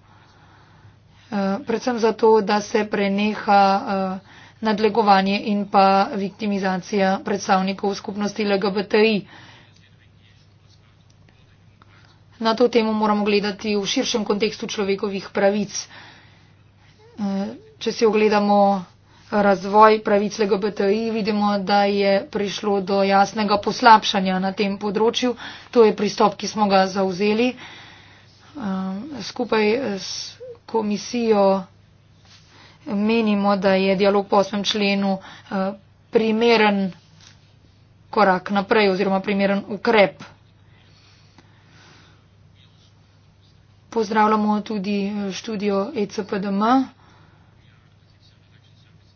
predvsem zato, da se preneha nadlegovanje in pa viktimizacija predstavnikov skupnosti LGBTI. Na to temo moramo gledati v širšem kontekstu človekovih pravic če si ogledamo razvoj pravic LGBTI, vidimo, da je prišlo do jasnega poslabšanja na tem področju. To je pristop, ki smo ga zauzeli um, skupaj s komisijo. Menimo, da je dialog po 8. členu uh, primeren korak naprej oziroma primeren ukrep. Pozdravljamo tudi uh, študijo ECPDM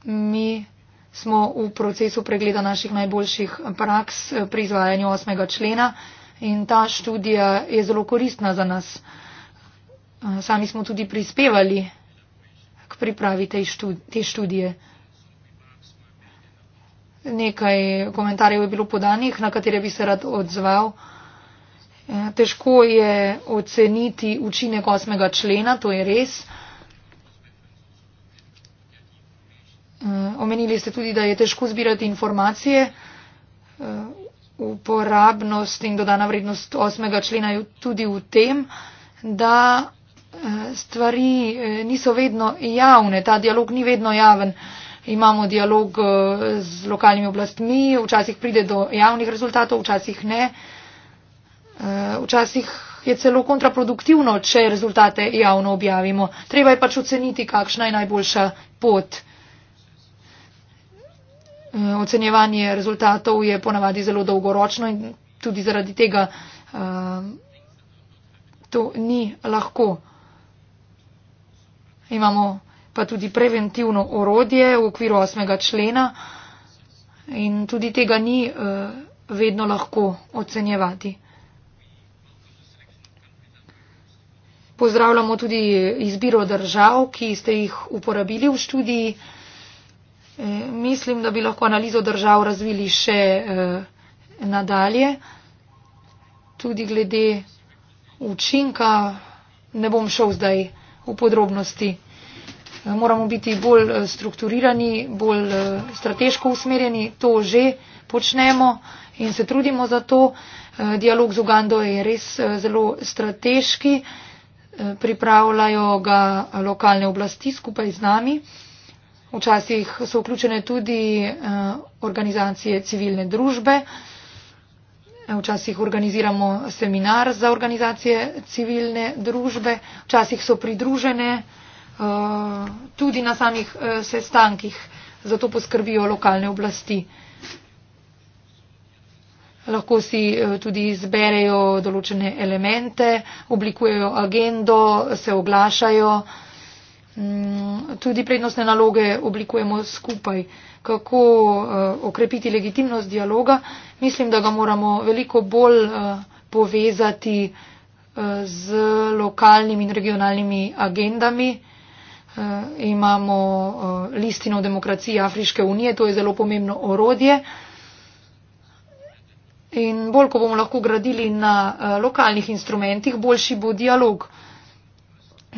mi smo v procesu pregleda naših najboljših praks pri izvajanju 8. člena in ta študija je zelo koristna za nas. Sami smo tudi prispevali k pripravi te študije. Nekaj komentarjev je bilo podanih, na katere bi se rad odzval. Težko je oceniti učinek 8. člena, to je res. Eh, omenili ste tudi, da je težko zbirati informacije. Eh, uporabnost in dodana vrednost 8. člena je tudi v tem, da eh, stvari niso vedno javne, ta dialog ni vedno javen. Imamo dialog z lokalnimi oblastmi, včasih pride do javnih rezultatov, včasih ne. Včasih je celo kontraproduktivno, če rezultate javno objavimo. Treba je pač oceniti, kakšna je najboljša pot. Eh, ocenjevanje rezultatov je ponavadi zelo dolgoročno in tudi zaradi tega eh, to ni lahko. Imamo pa tudi preventivno orodje v okviru 8. člena in tudi tega ni eh, vedno lahko ocenjevati. Pozdravljamo tudi izbiro držav, ki ste jih uporabili v študiji. Mislim, da bi lahko analizo držav razvili še eh, nadalje. Tudi glede učinka ne bom šel zdaj v podrobnosti. Eh, moramo biti bolj eh, strukturirani, bolj strateško usmerjeni, to že počnemo in se trudimo za to. Dialog z Ugando je res zelo strateški, pripravljajo ga lokalne oblasti skupaj z nami. Včasih so vključene tudi eh, organizacije civilne družbe. Včasih organiziramo seminar za organizacije civilne družbe. Včasih so pridružene eh, tudi na samih eh, sestankih. Zato poskrbijo lokalne oblasti. Lahko si tudi izberejo določene elemente, oblikujejo agendo, se oglašajo. Mm, tudi prednostne naloge oblikujemo skupaj. Kako eh, okrepiti legitimnost dialoga? Mislim, da ga moramo veliko bolj eh, povezati eh, z lokalnimi in regionalnimi agendami. Imamo listino demokracije Afriške unije, to je zelo pomembno orodje. In bolj, ko bomo lahko gradili na lokalnih instrumentih, boljši bo dialog.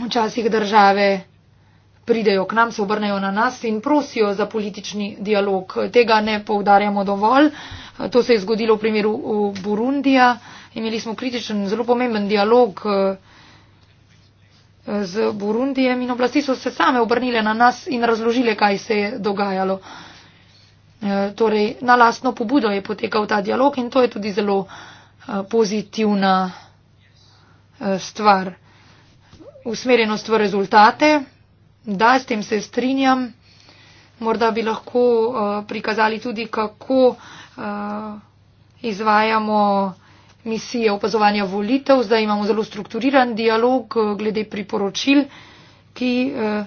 Včasih države pridejo k nam, se obrnejo na nas in prosijo za politični dialog. Tega ne poudarjamo dovolj. To se je zgodilo v primeru Burundija. Imeli smo kritičen, zelo pomemben dialog z Burundijem in oblasti so se same obrnile na nas in razložile, kaj se je dogajalo. E, torej, na lastno pobudo je potekal ta dialog in to je tudi zelo e, pozitivna e, stvar. Usmerjenost v rezultate, Da, s tem se strinjam. Morda bi lahko uh, prikazali tudi, kako uh, izvajamo misije opazovanja volitev. Zdaj imamo zelo strukturiran dialog uh, glede priporočil, ki uh,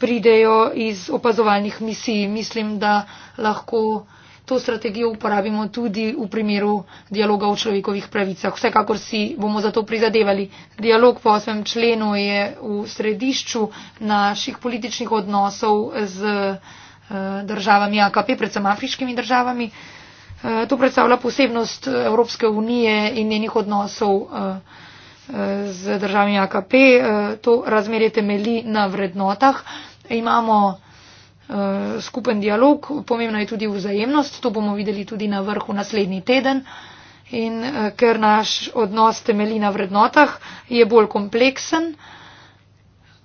pridejo iz opazovalnih misij. Mislim, da lahko uh, to strategijo uporabimo tudi v primeru dialoga o človekovih pravicah. Vsekakor si bomo za to prizadevali. Dialog po osmem členu je v središču naših političnih odnosov z eh, državami AKP, predvsem afriškimi državami. Eh, to predstavlja posebnost eh, Evropske unije in njenih odnosov z državami AKP. To razmerje temeli na vrednotah. Imamo Eh, skupen dialog, pomembna je tudi vzajemnost, to bomo videli tudi na vrhu naslednji teden. In eh, ker naš odnos temelji na vrednotah, je bolj kompleksen,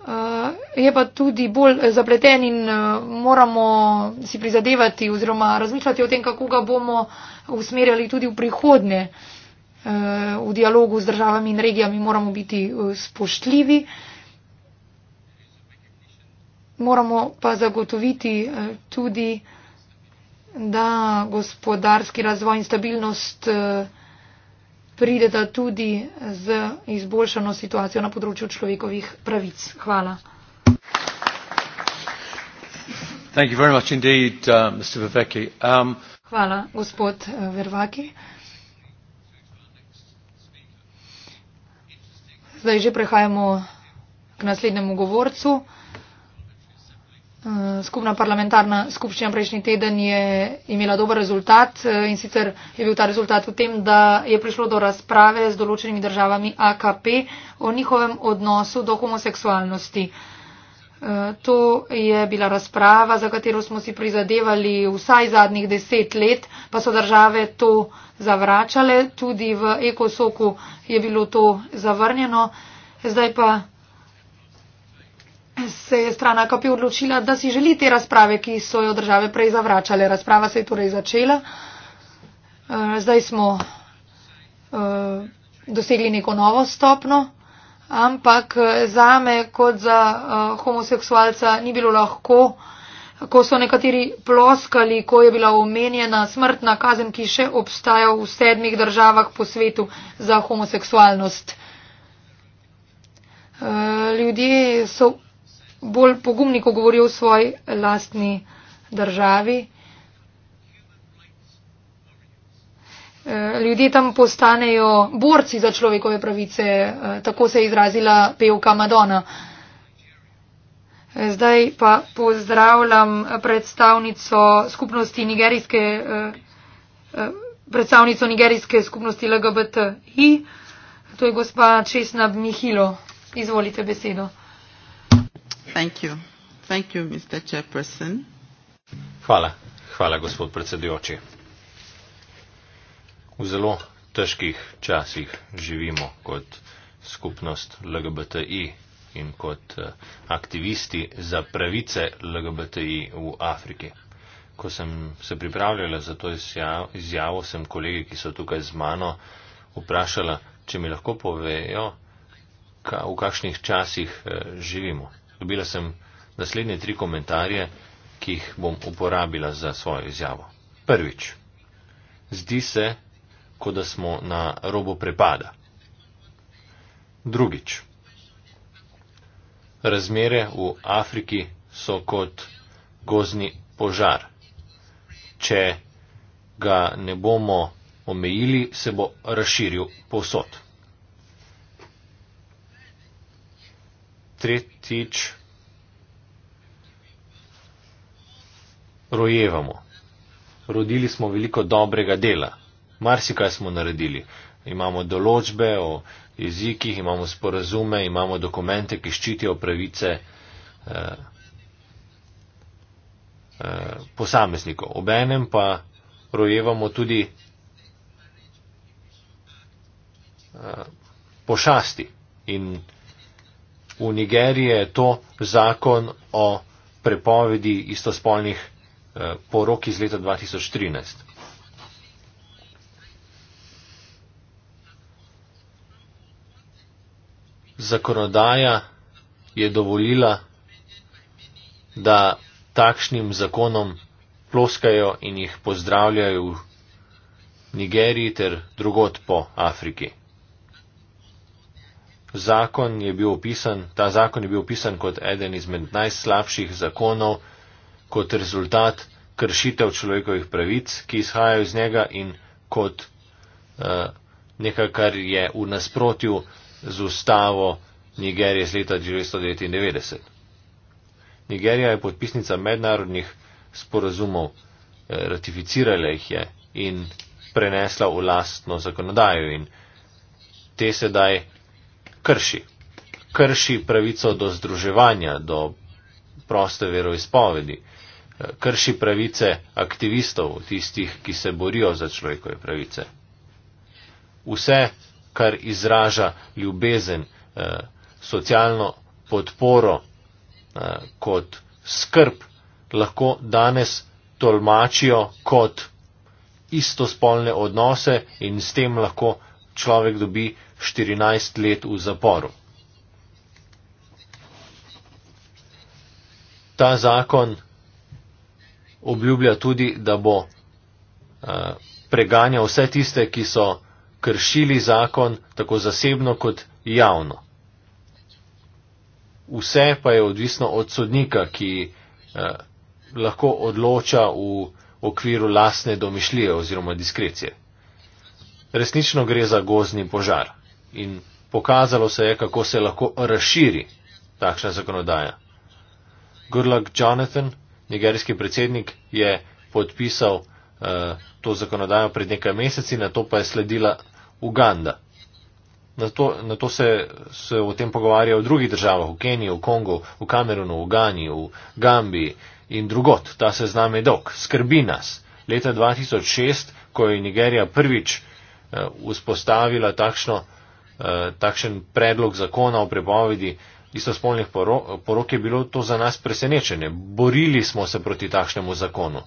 eh, je pa tudi bolj zapleten in moramo si prizadevati oziroma razmišljati o tem, kako ga bomo usmerjali tudi v prihodnje. V dialogu z državami in regijami moramo biti spoštljivi. Moramo pa zagotoviti eh, tudi, da gospodarski razvoj in stabilnost eh, prideta tudi z izboljšano situacijo na področju človekovih pravic. Hvala. Indeed, uh, um, Hvala, gospod eh, Vervaki. Zdaj že prehajamo k naslednjemu govorcu. Eh, skupna parlamentarna skupščina prejšnji teden je imela dober rezultat eh, in sicer je bil ta rezultat v tem, da je prišlo do razprave z določenimi državami AKP o njihovem odnosu do homoseksualnosti. Eh, to je bila razprava, za katero smo si prizadevali vsaj zadnjih deset let, pa so države to zavračale, tudi v Ekosoku je bilo to zavrnjeno. Zdaj pa se je stran AKP odločila, da si želi te razprave, ki so jo države prej zavračale. Razprava se je torej začela. Eh, zdaj smo eh, dosegli neko novo stopno, ampak eh, za me kot za homoseksualca ni bilo lahko, ko so nekateri ploskali, ko je bila omenjena smrtna kazen, ki še obstaja v sedmih državah po svetu za homoseksualnost. Ljudje so bolj pogumni, ko govori o svoji lastni državi. E, ljudje tam postanejo borci za človekove pravice, e, tako se je izrazila pevka Madonna. E, zdaj pa pozdravljam predstavnico skupnosti nigerijske, predstavnico nigerijske skupnosti LGBTI, to je gospa Česna Mihilo. Izvolite besedo. Thank you. Thank you, Mr. Chairperson. Hvala. Hvala, gospod predsedujoči. V zelo težkih časih živimo kot skupnost LGBTI in kot eh, aktivisti za pravice LGBTI v Afriki. Ko sem se pripravljala za to izjavo, sem kolege, ki so tukaj z mano, vprašala, če mi lahko povejo, v kakšnih časih eh, živimo. Dobila sem naslednje tri komentarje, ki jih bom uporabila za svojo izjavo. Prvič. Zdi se, kot da smo na robu prepada. Drugič. Razmere v Afriki so kot gozni požar. Če ga ne bomo omejili, se bo razširil posod. tretjič rojevamo. Rodili smo veliko dobrega dela. Marsikaj smo naredili. Imamo določbe o jezikih, imamo sporazume, imamo dokumente, ki ščitijo pravice eh, eh, posameznikov. Obenem pa rojevamo tudi eh, pošasti in V Nigeriji je to zakon o prepovedi istospolnih eh, porok iz leta 2013. Zakonodaja je dovolila, da takšnim zakonom ploskajo in jih pozdravljajo v Nigeriji ter drugot po Afriki zakon je bil opisan, ta zakon je bil opisan kot eden izmed najslabših zakonov, kot rezultat kršitev človekovih pravic, ki izhajajo iz njega in kot uh, nekaj, kar je v nasprotju z ustavo Nigerije iz leta 1999. Nigerija je podpisnica mednarodnih sporazumov, eh, ratificirala jih je in prenesla v lastno zakonodajo in te sedaj krši. Krši pravico do združevanja, do proste veroizpovedi, krši pravice aktivistov, tistih, ki se borijo za človekove pravice. Vse, kar izraža ljubezen, eh, socialno podporo eh, kot skrb, lahko danes tolmačijo kot istospolne odnose in s tem lahko človek dobi 14 let v zaporu. Ta zakon obljublja tudi, da bo eh, preganjal vse tiste, ki so kršili zakon tako zasebno kot javno. Vse pa je odvisno od sodnika, ki eh, lahko odloča v okviru lasne domišljije oziroma diskrecije. Resnično gre za gozni požar in pokazalo se je, kako se lahko razširi takšna zakonodaja. Goodluck Jonathan, nigerijski predsednik, je podpisal uh, to zakonodajo pred nekaj meseci, na to pa je sledila Uganda. Na to, na to se, se o tem pogovarja v drugih državah, v Keniji, v Kongu, v Kamerunu, v Gani, v Gambiji in drugot. Ta se znam je dolg. Skrbi nas. Leta 2006, ko je Nigerija prvič uh, vzpostavila takšno uh, Eh, takšen predlog zakona o prepovedi istospolnih porok je bilo to za nas presenečenje. Borili smo se proti takšnemu zakonu.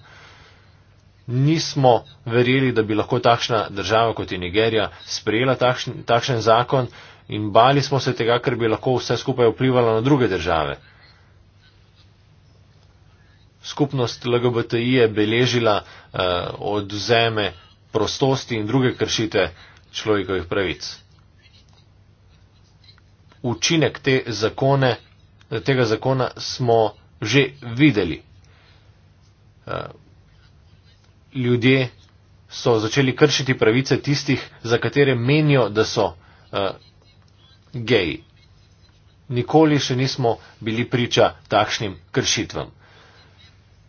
Nismo verjeli, da bi lahko takšna država kot je Nigerija sprejela takšen, takšen zakon in bali smo se tega, ker bi lahko vse skupaj vplivalo na druge države. Skupnost LGBTI je beležila uh, eh, odzeme prostosti in druge kršite človekovih pravic učinek te zakone, tega zakona smo že videli. Eh, ljudje so začeli kršiti pravice tistih, za katere menijo, da so eh, geji. Nikoli še nismo bili priča takšnim kršitvam.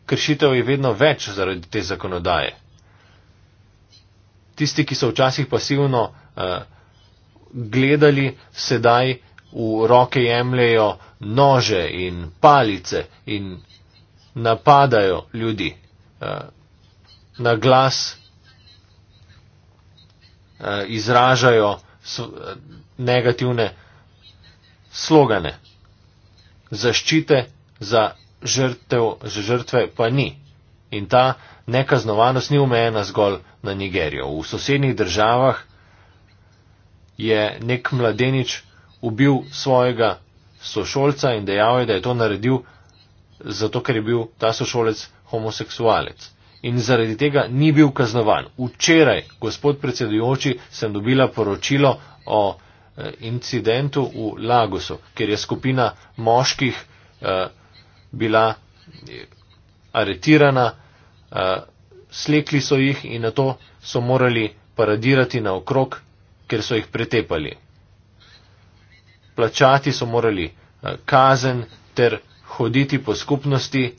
Kršitev je vedno več zaradi te zakonodaje. Tisti, ki so včasih pasivno uh, gledali, sedaj uh, v roke jemljajo nože in palice in napadajo ljudi eh, na glas, eh, izražajo eh, negativne slogane. Zaščite za žrtev, za žrtve pa ni. In ta nekaznovanost ni omejena zgolj na Nigerijo. V sosednjih državah je nek mladenič ubil svojega sošolca in dejal je, da je to naredil zato, ker je bil ta sošolec homoseksualec. In zaradi tega ni bil kaznovan. Včeraj, gospod predsedujoči, sem dobila poročilo o eh, incidentu v Lagosu, kjer je skupina moških eh, bila eh, aretirana, slekli so jih in na to so morali paradirati na okrog, ker so jih pretepali plačati so morali eh, kazen ter hoditi po skupnosti,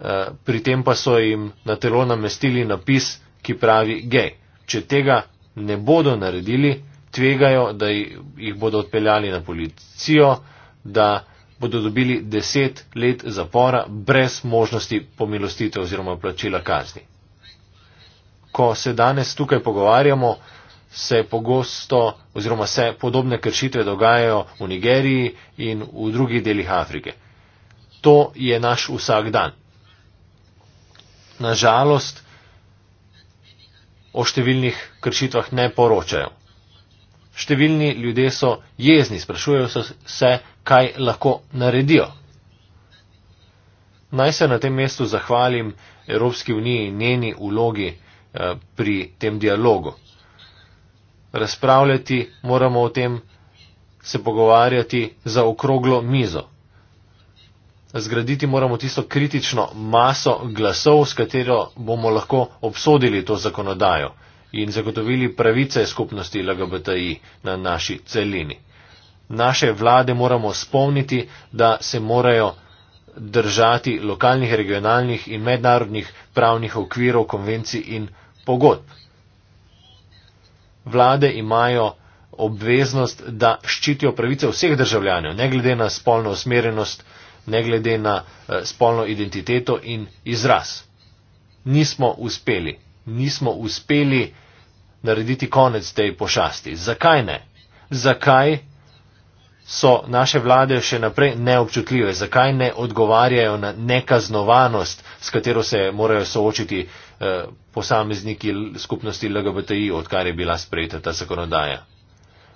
eh, pri tem pa so jim na telo namestili napis, ki pravi gej. Če tega ne bodo naredili, tvegajo, da jih bodo odpeljali na policijo, da bodo dobili deset let zapora brez možnosti pomilostitev oziroma plačila kazni. Ko se danes tukaj pogovarjamo, se pogosto oziroma se podobne kršitve dogajajo v Nigeriji in v drugih delih Afrike. To je naš vsak dan. Nažalost, o številnih kršitvah ne poročajo. Številni ljudje so jezni, sprašujejo se, kaj lahko naredijo. Naj se na tem mestu zahvalim Evropski uniji in njeni ulogi eh, pri tem dialogu razpravljati, moramo o tem se pogovarjati za okroglo mizo. Zgraditi moramo tisto kritično maso glasov, s katero bomo lahko obsodili to zakonodajo in zagotovili pravice skupnosti LGBTI na naši celini. Naše vlade moramo spomniti, da se morajo držati lokalnih, regionalnih in mednarodnih pravnih okvirov, konvencij in pogodb vlade imajo obveznost, da ščitijo pravice vseh državljanov, ne glede na spolno osmerjenost, ne glede na eh, spolno identiteto in izraz. Nismo uspeli, nismo uspeli narediti konec tej pošasti. Zakaj ne? Zakaj so naše vlade še naprej neobčutljive? Zakaj ne odgovarjajo na nekaznovanost, s katero se morajo soočiti? Eh, posamezniki skupnosti LGBTI, odkar je bila sprejeta ta zakonodaja.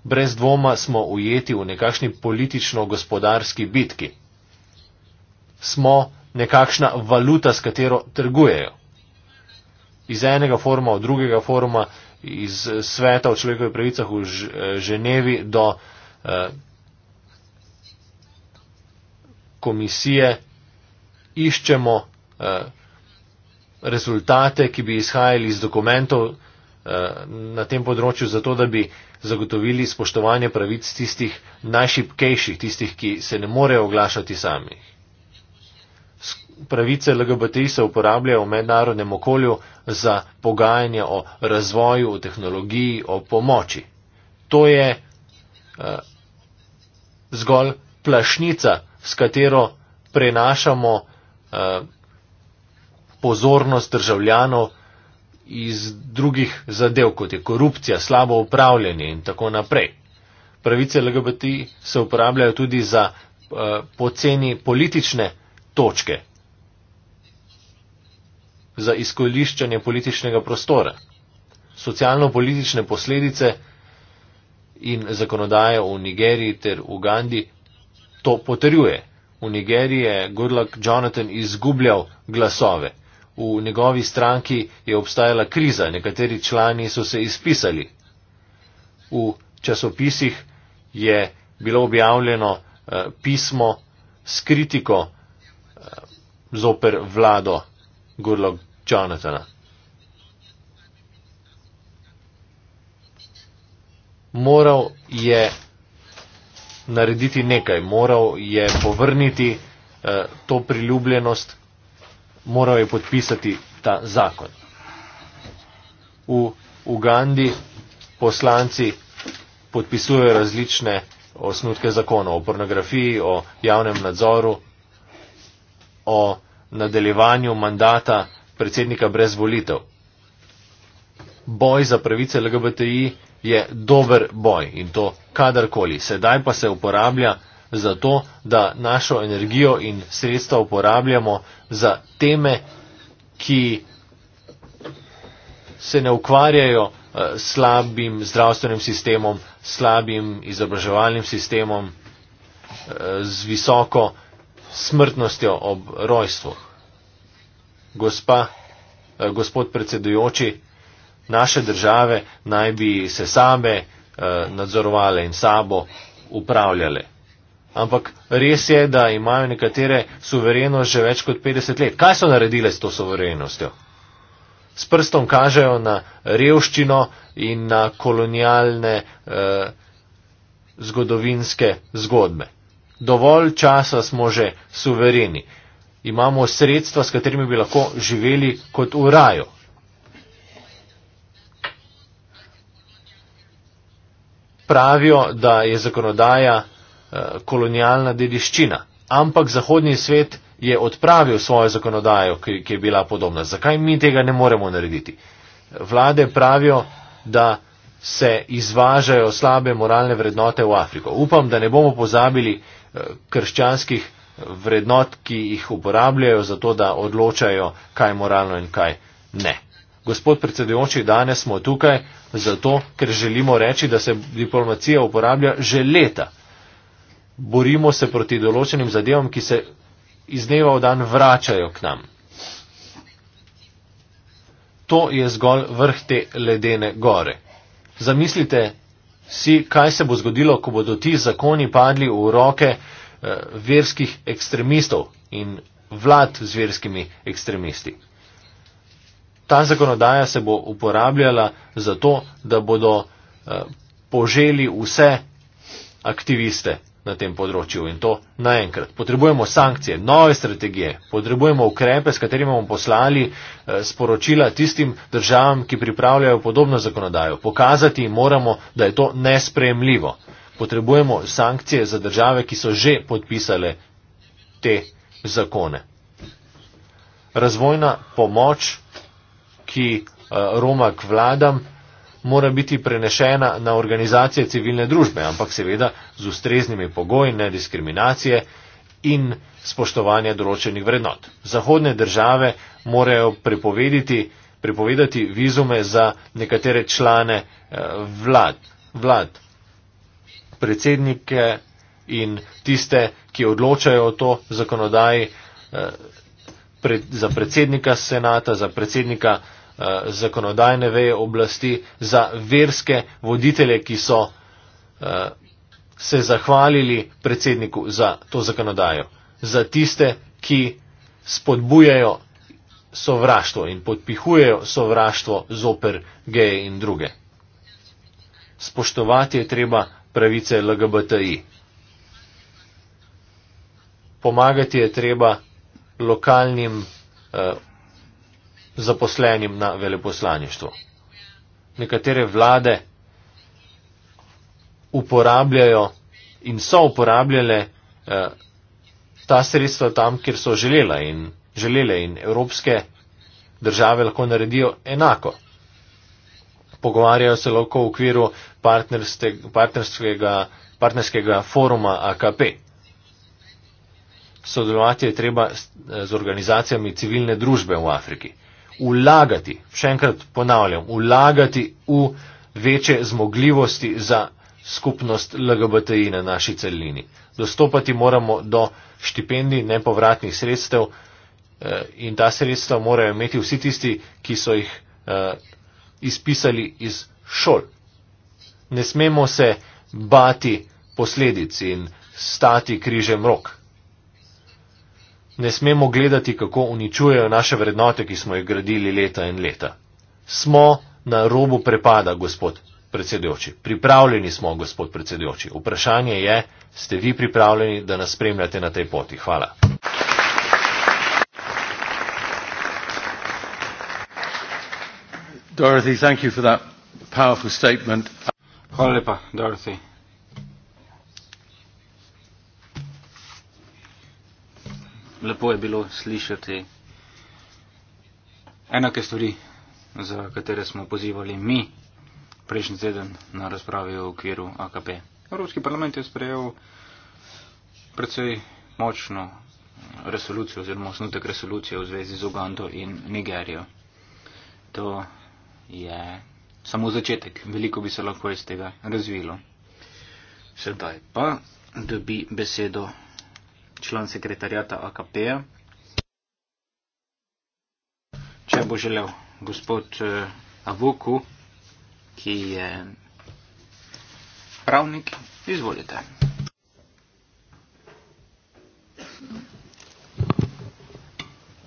Brez dvoma smo ujeti v nekakšni politično-gospodarski bitki. Smo nekakšna valuta, s katero trgujejo. Iz enega foruma, od drugega foruma, iz sveta o človekovih pravicah v eh, Ženevi do eh, komisije iščemo eh, rezultate, ki bi izhajali iz dokumentov eh, na tem področju, zato da bi zagotovili spoštovanje pravic tistih najšipkejših, tistih, ki se ne morejo oglašati samih. Pravice LGBTI se uporabljajo v mednarodnem okolju za pogajanje o razvoju, o tehnologiji, o pomoči. To je uh, zgolj plašnica, s katero prenašamo uh, pozornost državljanov iz drugih zadev, kot je korupcija, slabo upravljanje in tako naprej. Pravice LGBT se uporabljajo tudi za eh, poceni politične točke, za izkoriščanje političnega prostora. Socialno-politične posledice in zakonodaje v Nigeriji ter Ugandi to potrjuje. V Nigeriji je Goodluck Jonathan izgubljal glasove v njegovi stranki je obstajala kriza, nekateri člani so se izpisali. V časopisih je bilo objavljeno eh, pismo s kritiko eh, zoper vlado Gurlog Jonathana. Moral je narediti nekaj, moral je povrniti eh, to priljubljenost, moral je podpisati ta zakon. V Ugandi poslanci podpisujejo različne osnutke zakonov o pornografiji, o javnem nadzoru, o nadaljevanju mandata predsednika brez volitev. Boj za pravice LGBTI je dober boj in to kadarkoli. Sedaj pa se uporablja za to, da našo energijo in sredstva uporabljamo za teme, ki se ne ukvarjajo s eh, slabim zdravstvenim sistemom, slabim izobraževalnim sistemom, eh, z visoko smrtnostjo ob rojstvu. Gospa, eh, gospod predsedujoči, naše države naj bi se same nadzorovale in sabo upravljale ampak res je, da imajo nekatere suverenost že več kot 50 let. Kaj so naredile s to suverenostjo? S prstom kažejo na revščino in na kolonialne eh, zgodovinske zgodbe. Dovolj časa smo že suvereni. Imamo sredstva, s katerimi bi lahko živeli kot v raju. Pravijo, da je zakonodaja Eh, kolonialna dediščina. Ampak zahodni svet je odpravil svojo zakonodajo, ki, ki je bila podobna. Zakaj mi tega ne moremo narediti? Vlade pravijo, da se izvažajo slabe moralne vrednote v Afriko. Upam, da ne bomo pozabili eh, krščanskih vrednot, ki jih uporabljajo za to, da odločajo, kaj je moralno in kaj ne. Gospod predsedujoči, danes smo tukaj zato, ker želimo reči, da se diplomacija uporablja že leta borimo se proti določenim zadevam, ki se iz dneva v dan vračajo k nam. To je zgolj vrh te ledene gore. Zamislite si, kaj se bo zgodilo, ko bodo ti zakoni padli v roke eh, verskih ekstremistov in vlad z verskimi ekstremisti. Ta zakonodaja se bo uporabljala za to, da bodo eh, poželi vse aktiviste na tem področju in to naenkrat. Potrebujemo sankcije, nove strategije, potrebujemo ukrepe, s katerimi bomo poslali eh, sporočila tistim državam, ki pripravljajo podobno zakonodajo. Pokazati moramo, da je to nespremljivo. Potrebujemo sankcije za države, ki so že podpisale te zakone. Razvojna pomoč, ki eh, roma k vladam, mora biti prenešena na organizacije civilne družbe, ampak seveda z ustreznimi pogoji nediskriminacije in spoštovanja določenih vrednot. Zahodne države morajo prepovediti, prepovedati vizume za nekatere člane eh, vlad, vlad, predsednike in tiste, ki odločajo o to zakonodaji eh, pred, za predsednika senata, za predsednika eh, Eh, zakonodajne veje oblasti, za verske voditelje, ki so eh, se zahvalili predsedniku za to zakonodajo, za tiste, ki spodbujajo sovraštvo in podpihujejo sovraštvo zoper geje in druge. Spoštovati je treba pravice LGBTI. Pomagati je treba lokalnim eh, zaposlenim na veleposlaništvu. Nekatere vlade uporabljajo in so uporabljale eh, ta sredstva tam, kjer so želela in želele in evropske države lahko naredijo enako. Pogovarjajo se lahko v okviru partnerskega, partnerskega foruma AKP. Sodelovati je treba z organizacijami civilne družbe v Afriki vlagati, še enkrat ponavljam, vlagati v večje zmogljivosti za skupnost LGBTI na naši celini. Dostopati moramo do štipendij nepovratnih sredstev eh, in ta sredstva morajo imeti vsi tisti, ki so jih eh, izpisali iz šol. Ne smemo se bati posledic in stati križem rok ne smemo gledati, kako uničujejo naše vrednote, ki smo jih gradili leta in leta. Smo na robu prepada, gospod predsedujoči. Pripravljeni smo, gospod predsedujoči. Vprašanje je, ste vi pripravljeni, da nas spremljate na tej poti? Hvala. Dorothy, Hvala lepa, Dorothy. lepo je bilo slišati enake stvari, za katere smo pozivali mi prejšnji teden na razpravi v okviru AKP. Evropski parlament je sprejel precej močno resolucijo oziroma osnutek resolucije v zvezi z Ugando in Nigerijo. To je samo začetek, veliko bi se lahko iz tega razvilo. Sedaj pa dobi besedo član sekretarjata AKP-ja. Če bo želel gospod eh, Avoku, ki je pravnik, izvolite.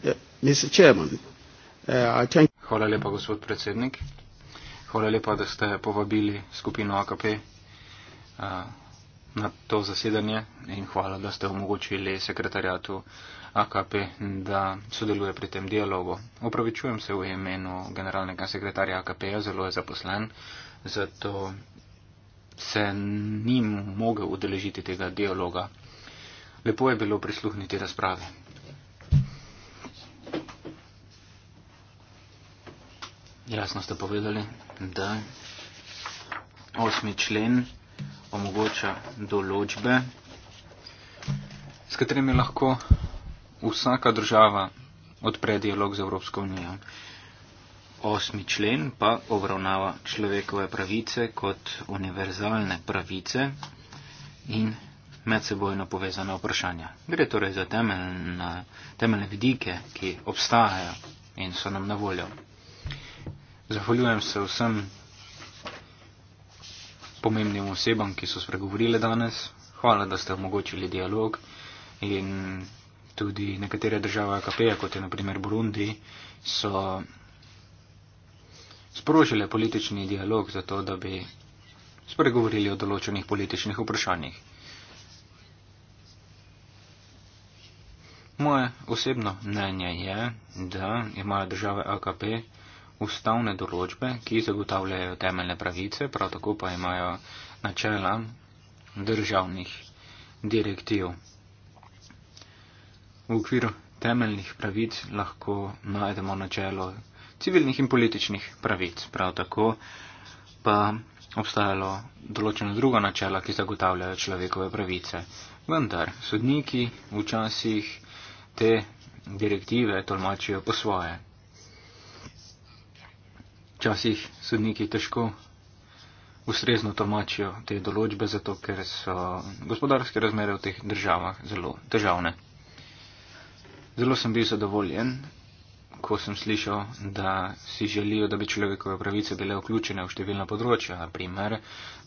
Eh, Hvala lepa, gospod predsednik. Hvala lepa, da ste povabili skupino AKP. Uh, eh, na to zasedanje in hvala, da ste omogočili sekretarjatu AKP, da sodeluje pri tem dialogu. Opravičujem se v imenu generalnega sekretarja AKP, -ja, zelo je zaposlen, zato se ni mogel udeležiti tega dialoga. Lepo je bilo prisluhniti razprave. Jasno ste povedali, da osmi člen omogoča določbe, s katerimi lahko vsaka država odpre dialog z Evropsko unijo. Osmi člen pa obravnava človekove pravice kot univerzalne pravice in medsebojno povezane vprašanja. Gre torej za temeljne, temeljne vidike, ki obstajajo in so nam na voljo. Zahvaljujem se vsem pomembnim osebam, ki so spregovorile danes. Hvala, da ste omogočili dialog in tudi nekatere države AKP-ja, kot je naprimer Burundi, so sprožile politični dialog za to, da bi spregovorili o določenih političnih vprašanjih. Moje osebno mnenje je, da imajo države AKP ustavne določbe, ki zagotavljajo temeljne pravice, prav tako pa imajo načela državnih direktiv. V okviru temeljnih pravic lahko najdemo načelo civilnih in političnih pravic, prav tako pa obstajalo določeno drugo načela, ki zagotavljajo človekove pravice. Vendar sodniki včasih te direktive tolmačijo po svoje. Včasih sodniki težko ustrezno tolmačijo te določbe, zato ker so gospodarske razmere v teh državah zelo težavne. Zelo sem bil zadovoljen, ko sem slišal, da si želijo, da bi človekove pravice bile vključene v številna področja, naprimer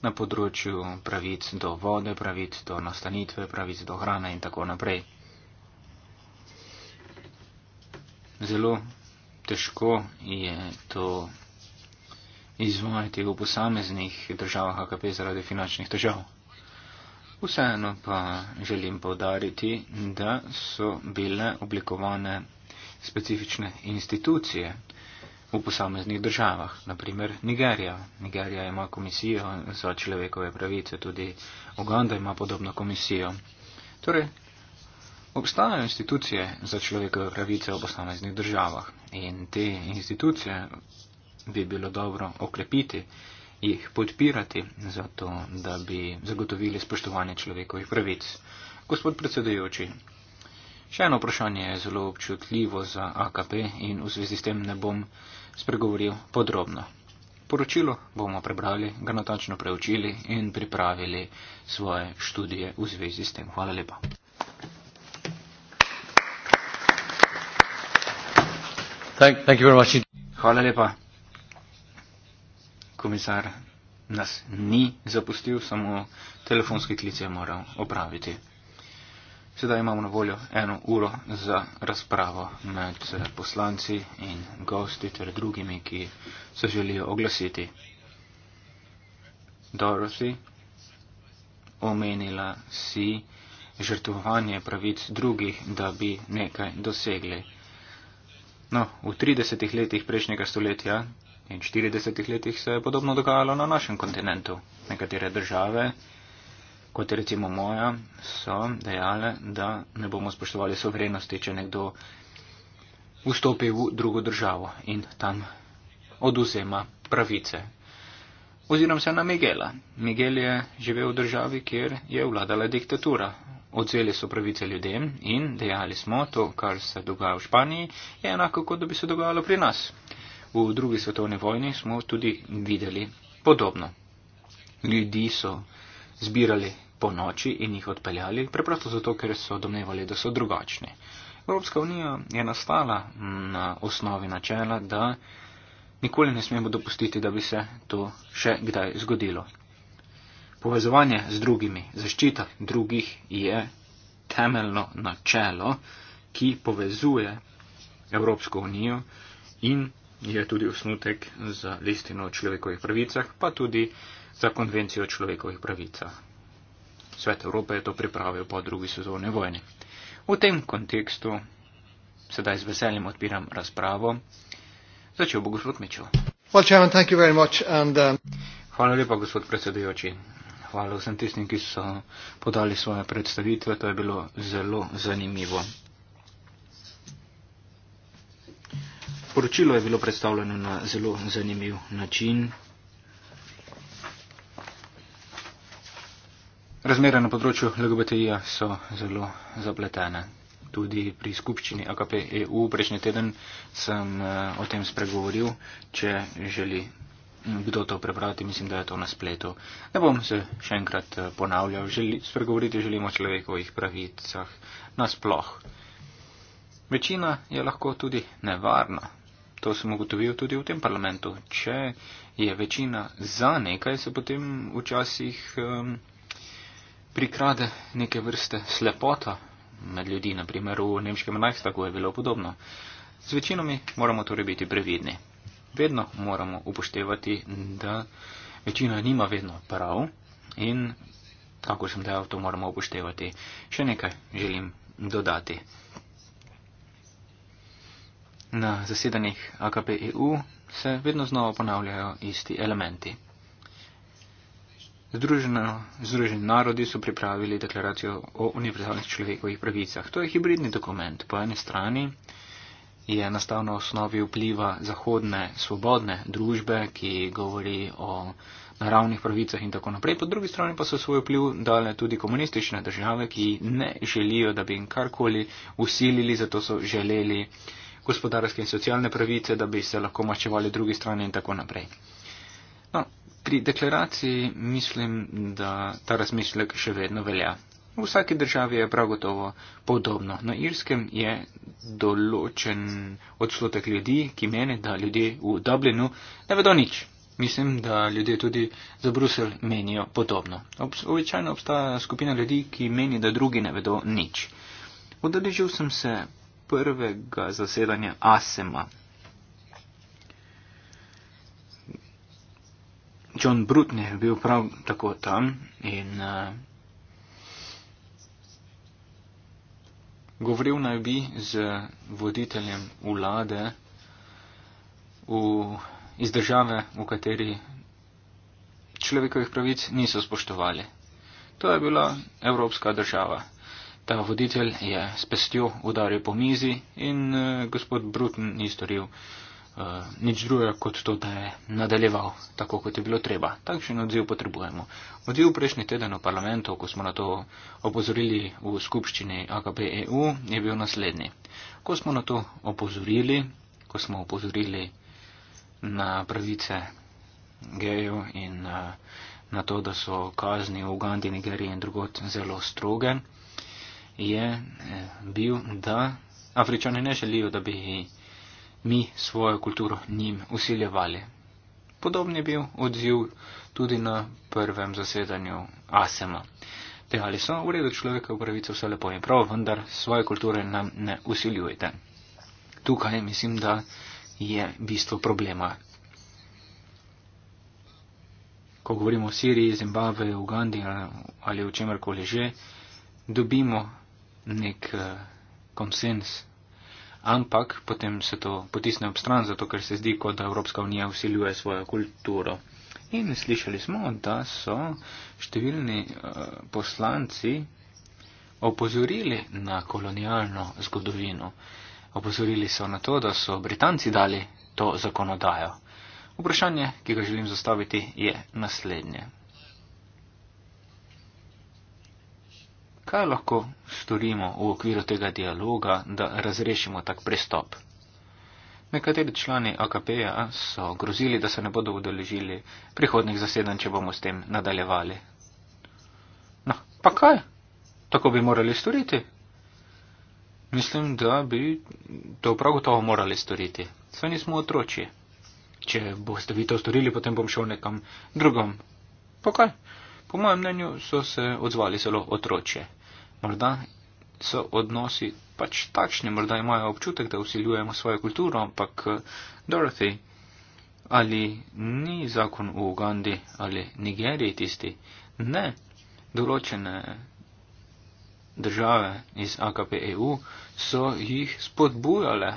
na področju pravic do vode, pravic do nastanitve, pravic do hrane in tako naprej. Zelo težko je to izvajati v posameznih državah AKP zaradi finančnih težav. Vseeno pa želim povdariti, da so bile oblikovane specifične institucije v posameznih državah, naprimer Nigerija. Nigerija ima komisijo za človekove pravice, tudi Uganda ima podobno komisijo. Torej, obstajajo institucije za človekove pravice v posameznih državah in te institucije bi bilo dobro okrepiti, jih podpirati, zato da bi zagotovili spoštovanje človekovih pravic. Gospod predsedujoči, še eno vprašanje je zelo občutljivo za AKP in v zvezi s tem ne bom spregovoril podrobno. Poročilo bomo prebrali, ga natačno preučili in pripravili svoje študije v zvezi s tem. Hvala lepa. Thank, thank you very much. Hvala lepa komisar nas ni zapustil, samo telefonski klic je moral opraviti. Sedaj imamo na voljo eno uro za razpravo med eh, poslanci in gosti ter drugimi, ki se želijo oglasiti. Dorothy, omenila si žrtvovanje pravic drugih, da bi nekaj dosegli. No, v 30 letih prejšnjega stoletja in 40 letih se je podobno dogajalo na našem kontinentu. Nekatere države, kot je recimo moja, so dejale, da ne bomo spoštovali sovrenosti, če nekdo vstopi v drugo državo in tam oduzema pravice. Oziroma se na Migela. Migel je živel v državi, kjer je vladala diktatura. Odzeli so pravice ljudem in dejali smo, to, kar se dogaja v Španiji, je enako, kot da bi se dogajalo pri nas v drugi svetovni vojni smo tudi videli podobno. Ljudi so zbirali po noči in jih odpeljali, preprosto zato, ker so domnevali, da so drugačni. Evropska unija je nastala na osnovi načela, da nikoli ne smemo dopustiti, da bi se to še kdaj zgodilo. Povezovanje z drugimi, zaščita drugih je temeljno načelo, ki povezuje Evropsko unijo in je tudi osnutek za listino o človekovih pravicah, pa tudi za konvencijo o človekovih pravicah. Svet Evrope je to pripravil po drugi sezoni vojni. V tem kontekstu sedaj z veseljem odpiram razpravo. Začel bo gospod Mičel. Well, Chairman, thank you very much. And, um... Hvala lepa, gospod predsedujoči. Hvala vsem tistim, ki so podali svoje predstavitve. To je bilo zelo zanimivo. Poročilo je bilo predstavljeno na zelo zanimiv način. Razmere na področju LGBTI-ja so zelo zapletene. Tudi pri skupščini AKP EU prejšnji teden sem eh, o tem spregovoril, če želi kdo to prebrati, mislim, da je to na spletu. Ne bom se še enkrat eh, ponavljal, želi, spregovoriti želimo o človekovih pravicah nasploh. Večina je lahko tudi nevarna, To sem ugotovil tudi v tem parlamentu. Če je večina za nekaj, se potem včasih um, prikrade neke vrste slepota med ljudi. Naprimer v nemškem najstaku je bilo podobno. Z večinami moramo torej biti previdni. Vedno moramo upoštevati, da večina nima vedno prav in kako sem dejal, to moramo upoštevati. Še nekaj želim dodati na zasedanjih AKP EU se vedno znova ponavljajo isti elementi. Združeno, združeni narodi so pripravili deklaracijo o univerzalnih človekovih pravicah. To je hibridni dokument. Po eni strani je nastal na osnovi vpliva zahodne svobodne družbe, ki govori o naravnih pravicah in tako naprej. Po drugi strani pa so svoj vpliv dale tudi komunistične države, ki ne želijo, da bi jim karkoli usilili, zato so želeli uh, gospodarske in socialne pravice, da bi se lahko mačevali drugi strani in tako naprej. No, pri deklaraciji mislim, da ta razmislek še vedno velja. V vsaki državi je prav gotovo podobno. Na Irskem je določen odstotek ljudi, ki meni, da ljudje v Dublinu ne vedo nič. Mislim, da ljudje tudi za Bruselj menijo podobno. Običajno obstaja skupina ljudi, ki meni, da drugi ne vedo nič. Odeležil sem se prvega zasedanja Asema. John Brutne je bil prav tako tam in uh, govoril naj bi z voditeljem vlade v, iz države, v kateri človekovih pravic niso spoštovali. To je bila evropska država. Ta voditelj je s pestjo udaril po mizi in uh, gospod Bruton ni storil uh, nič drugega kot to, da je nadaljeval tako, kot je bilo treba. Takšen odziv potrebujemo. Odziv prejšnji teden v parlamentu, ko smo na to opozorili v skupščini AKP-EU, je bil naslednji. Ko smo na to opozorili, ko smo opozorili na pravice gejev in uh, na to, da so kazni v Ugandi, Nigeriji in drugot zelo stroge, je eh, bil, da Afričani ne želijo, da bi mi svojo kulturo njim usiljevali. Podobni je bil odziv tudi na prvem zasedanju Asema. E Dejali so, v redu človeka v pravice vse lepo in prav, vendar svoje kulture nam ne usiljujete. Tukaj mislim, da je bistvo problema. Ko govorimo o Siriji, Zimbabve, Ugandi ali o čemer koli že, dobimo nek uh, konsens, ampak potem se to potisne ob stran, zato ker se zdi, kot da Evropska unija usiljuje svojo kulturo. In slišali smo, da so številni uh, poslanci opozorili na kolonialno zgodovino. Opozorili so na to, da so Britanci dali to zakonodajo. Vprašanje, ki ga želim zastaviti, je naslednje. kaj lahko storimo v okviru tega dialoga, da razrešimo tak prestop. Nekateri člani AKP-ja so grozili, da se ne bodo udeležili prihodnih zasedanj, če bomo s tem nadaljevali. No, pa kaj? Tako bi morali storiti? Mislim, da bi to prav gotovo morali storiti. Saj nismo otroči. Če boste vi to storili, potem bom šel nekam drugom. Pa kaj? Po mojem mnenju so se odzvali zelo otroče. Morda so odnosi pač takšni, morda imajo občutek, da usiljujemo svojo kulturo, ampak eh, Dorothy, ali ni zakon v Ugandi ali Nigeriji tisti? Ne, določene države iz AKP EU so jih spodbujale.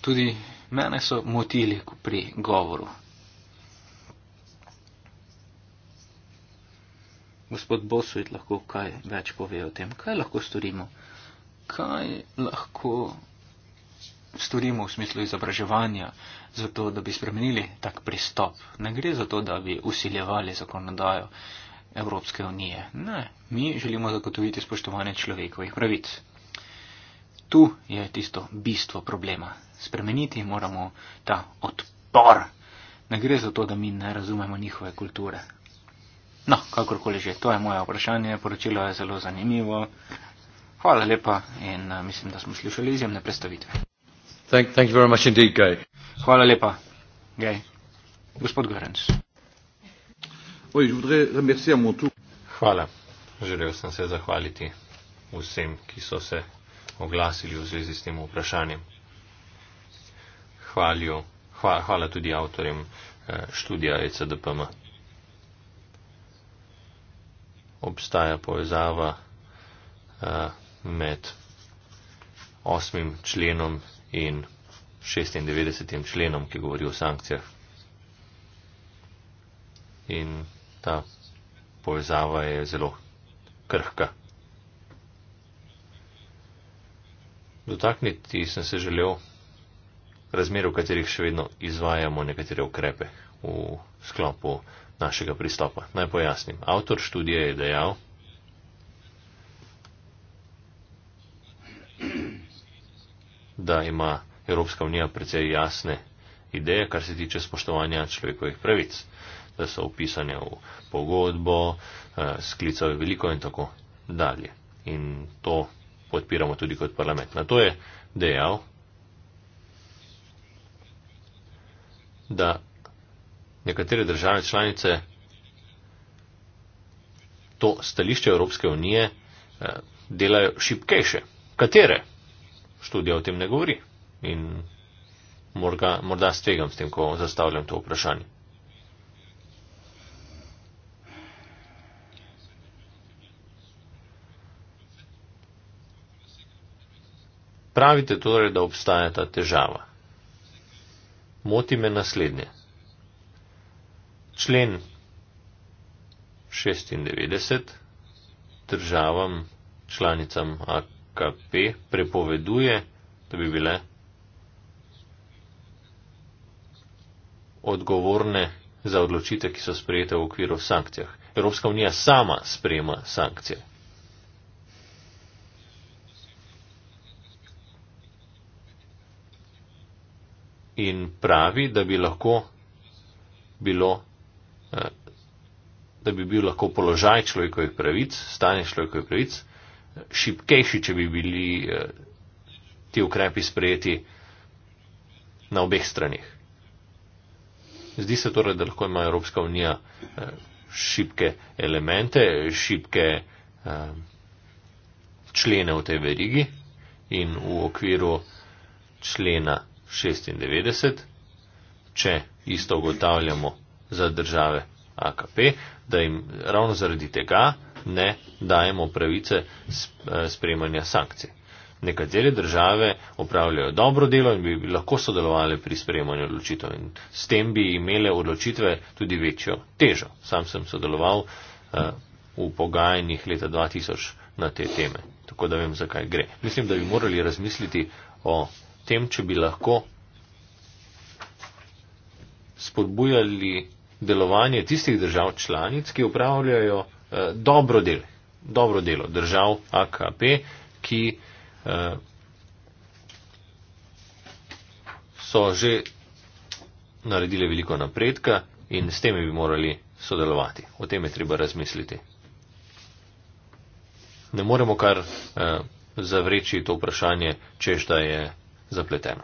Tudi mene so motili pri govoru. Gospod Bosuit lahko kaj več pove o tem, kaj lahko storimo. Kaj lahko storimo v smislu izobraževanja, zato da bi spremenili tak pristop. Ne gre za to, da bi usiljevali zakonodajo Evropske unije. Ne, mi želimo zagotoviti spoštovanje človekovih pravic. Tu je tisto bistvo problema. Spremeniti moramo ta odpor. Ne gre za to, da mi ne razumemo njihove kulture, No, kakorkoli že, to je moje vprašanje, poročilo je zelo zanimivo. Hvala lepa in uh, mislim, da smo slišali izjemne predstavitve. Thank, thank you very much indeed, Gay. Hvala lepa, Gay. Gospod Gorenc. Oui, je voudrais remercier à mon tour. Hvala. Želel sem se zahvaliti vsem, ki so se oglasili v zvezi s tem vprašanjem. Hvalijo, hva, hvala tudi avtorjem eh, študija ECDPM obstaja povezava eh, med 8. členom in 96. členom, ki govori o sankcijah. In ta povezava je zelo krhka. Dotakniti sem se želel razmer, v katerih še vedno izvajamo nekatere ukrepe v sklopu našega pristopa. Naj pojasnim. Avtor študije je dejal, da ima Evropska unija precej jasne ideje, kar se tiče spoštovanja človekovih pravic, da so upisane v pogodbo, eh, sklicave veliko in tako dalje. In to podpiramo tudi kot parlament. Na to je dejal, da nekatere države članice to stališče Evropske unije eh, delajo šipkejše. Katere? Študija o tem ne govori in morga, morda stvegam s tem, ko zastavljam to vprašanje. Pravite torej, da obstaja ta težava. Moti me naslednje člen 96 državam članicam AKP prepoveduje, da bi bile odgovorne za odločite, ki so sprejete v okviru sankcijah. Evropska unija sama sprejema sankcije. In pravi, da bi lahko bilo Eh, da bi bil lahko položaj človekovih pravic, stanje človekovih pravic šipkejši, če bi bili eh, ti ukrepi sprejeti na obeh stranih. Zdi se torej, da lahko ima Evropska unija eh, šipke elemente, šipke člene v tej verigi in v okviru člena 96, če isto ugotavljamo, za države AKP, da jim ravno zaradi tega ne dajemo pravice eh, sprejmanja sankcij. Nekatere države opravljajo dobro delo in bi lahko sodelovali pri sprejemanju odločitev in s tem bi imele odločitve tudi večjo težo. Sam sem sodeloval uh, v pogajanjih leta 2000 na te teme, tako da vem, zakaj gre. Mislim, da bi morali razmisliti o tem, če bi lahko spodbujali delovanje tistih držav članic, ki upravljajo eh, dobro, del, dobro delo držav AKP, ki eh, so že naredile veliko napredka in s temi bi morali sodelovati. O tem je treba razmisliti. Ne moremo kar eh, zavreči to vprašanje, češ da je zapleteno.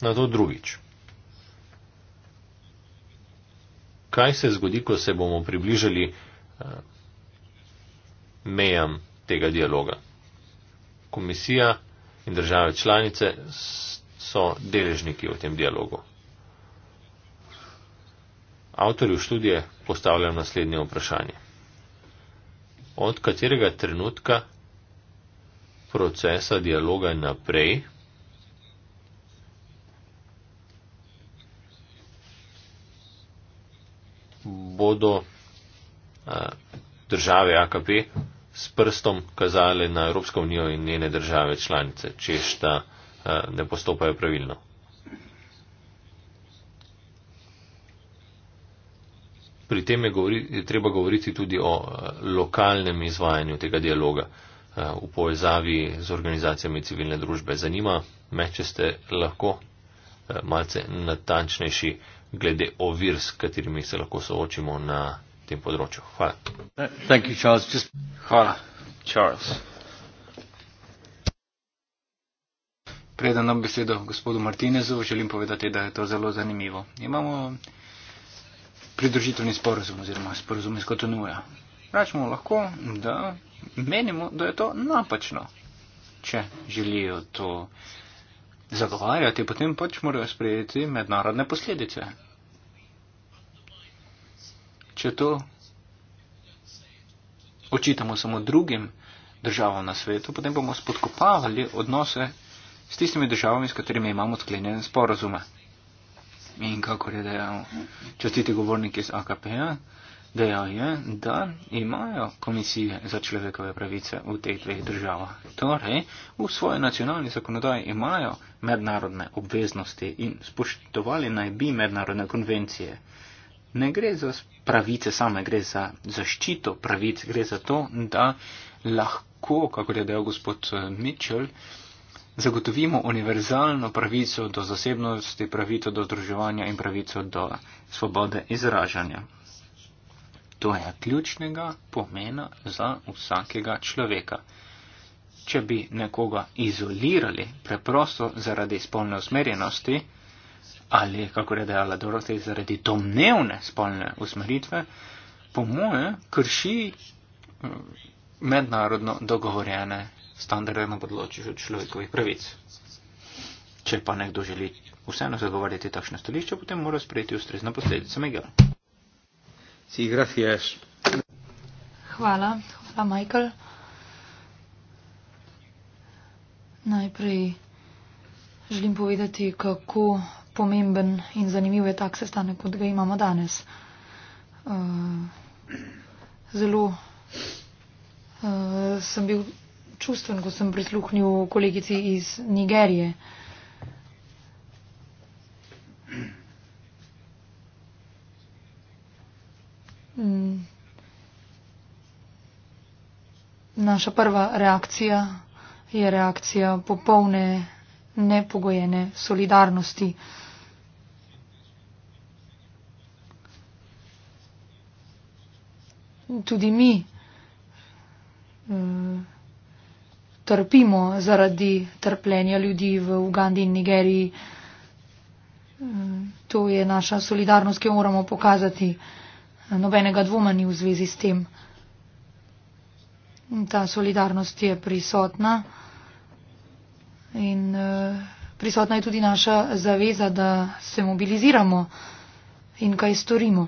Na to drugič. kaj se zgodi, ko se bomo približali eh, mejam tega dialoga. Komisija in države članice so deležniki v tem dialogu. Avtorju študije postavljam naslednje vprašanje. Od katerega trenutka procesa dialoga naprej bodo eh, države AKP s prstom kazali na Evropsko unijo in njene države članice, češ da eh, ne postopajo pravilno. Pri tem je, govori, je treba govoriti tudi o eh, lokalnem izvajanju tega dialoga v povezavi z organizacijami civilne družbe. Zanima me, če ste lahko malce natančnejši glede ovir, s katerimi se lahko soočimo na tem področju. Hvala. You, Charles. Just... Hvala, Charles. Preden nam besedo gospodu Martinezu, želim povedati, da je to zelo zanimivo. Imamo pridružitveni sporozum oziroma sporozum iz Kotonuja. Račemo lahko, da menimo, da je to napačno, če želijo to zagovarjati, potem pač morajo sprejeti mednarodne posledice. Če to očitamo samo drugim državam na svetu, potem bomo spodkopavali odnose s tistimi državami, s katerimi imamo sklenjene sporozume. In kako je dejal častiti govornik iz AKP-ja, Dejal je, da imajo komisije za človekove pravice v teh dveh državah. Torej, v svoji nacionalni zakonodaji imajo mednarodne obveznosti in spoštovali naj bi mednarodne konvencije. Ne gre za pravice same, gre za zaščito pravic, gre za to, da lahko, kako je dejal gospod eh, Mitchell, zagotovimo univerzalno pravico do zasebnosti, pravico do združevanja in pravico do svobode izražanja. To je ključnega pomena za vsakega človeka. Če bi nekoga izolirali preprosto zaradi spolne usmerjenosti ali, kako je dejala Dorothy, zaradi domnevne spolne usmeritve, po moje krši eh, mednarodno dogovorjene standarde na področju človekovih pravic. Če pa nekdo želi vseeno zagovarjati takšno stališče, potem mora sprejeti ustrezno posledico Megala. Sí, gracias. Hvala. Hvala, Michael. Najprej želim povedati, kako pomemben in zanimiv je tak sestanek, kot ga imamo danes. Eh, zelo eh, sem bil čustven, ko sem prisluhnil kolegici iz Nigerije. Mm. Naša prva reakcija je reakcija popolne, nepogojene solidarnosti. Tudi mi eh, trpimo zaradi trpljenja ljudi v Ugandi in Nigeriji. Eh, to je naša solidarnost, ki jo moramo pokazati nobenega dvoma ni v zvezi s tem. Ta solidarnost je prisotna in eh, prisotna je tudi naša zaveza, da se mobiliziramo in kaj storimo.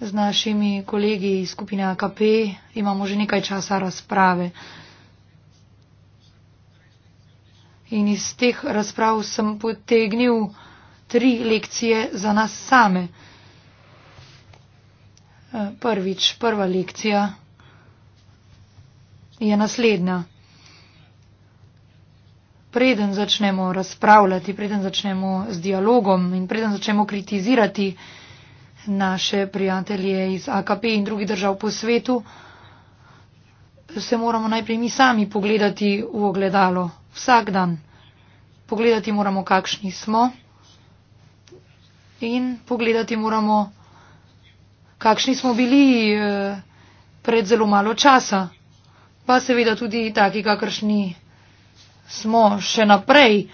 Z našimi kolegi iz skupine AKP imamo že nekaj časa razprave. In iz teh razprav sem potegnil tri lekcije za nas same. Eh, prvič, prva lekcija je naslednja. Preden začnemo razpravljati, preden začnemo z dialogom in preden začnemo kritizirati naše prijatelje iz AKP in drugih držav po svetu, se moramo najprej mi sami pogledati v ogledalo vsak dan. Pogledati moramo, kakšni smo in pogledati moramo, kakšni smo bili eh, pred zelo malo časa, pa seveda tudi taki, kakršni smo še naprej,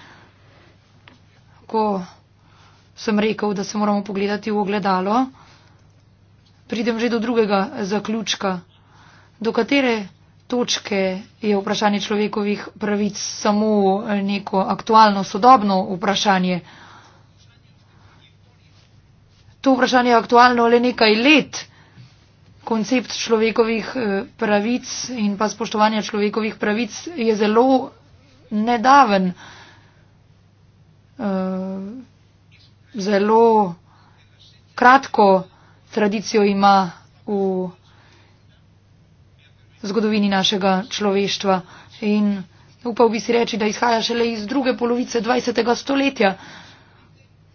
ko sem rekel, da se moramo pogledati v ogledalo, pridem že do drugega zaključka, do katere točke je vprašanje človekovih pravic samo neko aktualno, sodobno vprašanje. To vprašanje je aktualno le nekaj let. Koncept človekovih eh, pravic in pa spoštovanja človekovih pravic je zelo nedaven, eh, zelo kratko tradicijo ima v zgodovini našega človeštva. In upal bi si reči, da izhaja šele iz druge polovice 20. stoletja.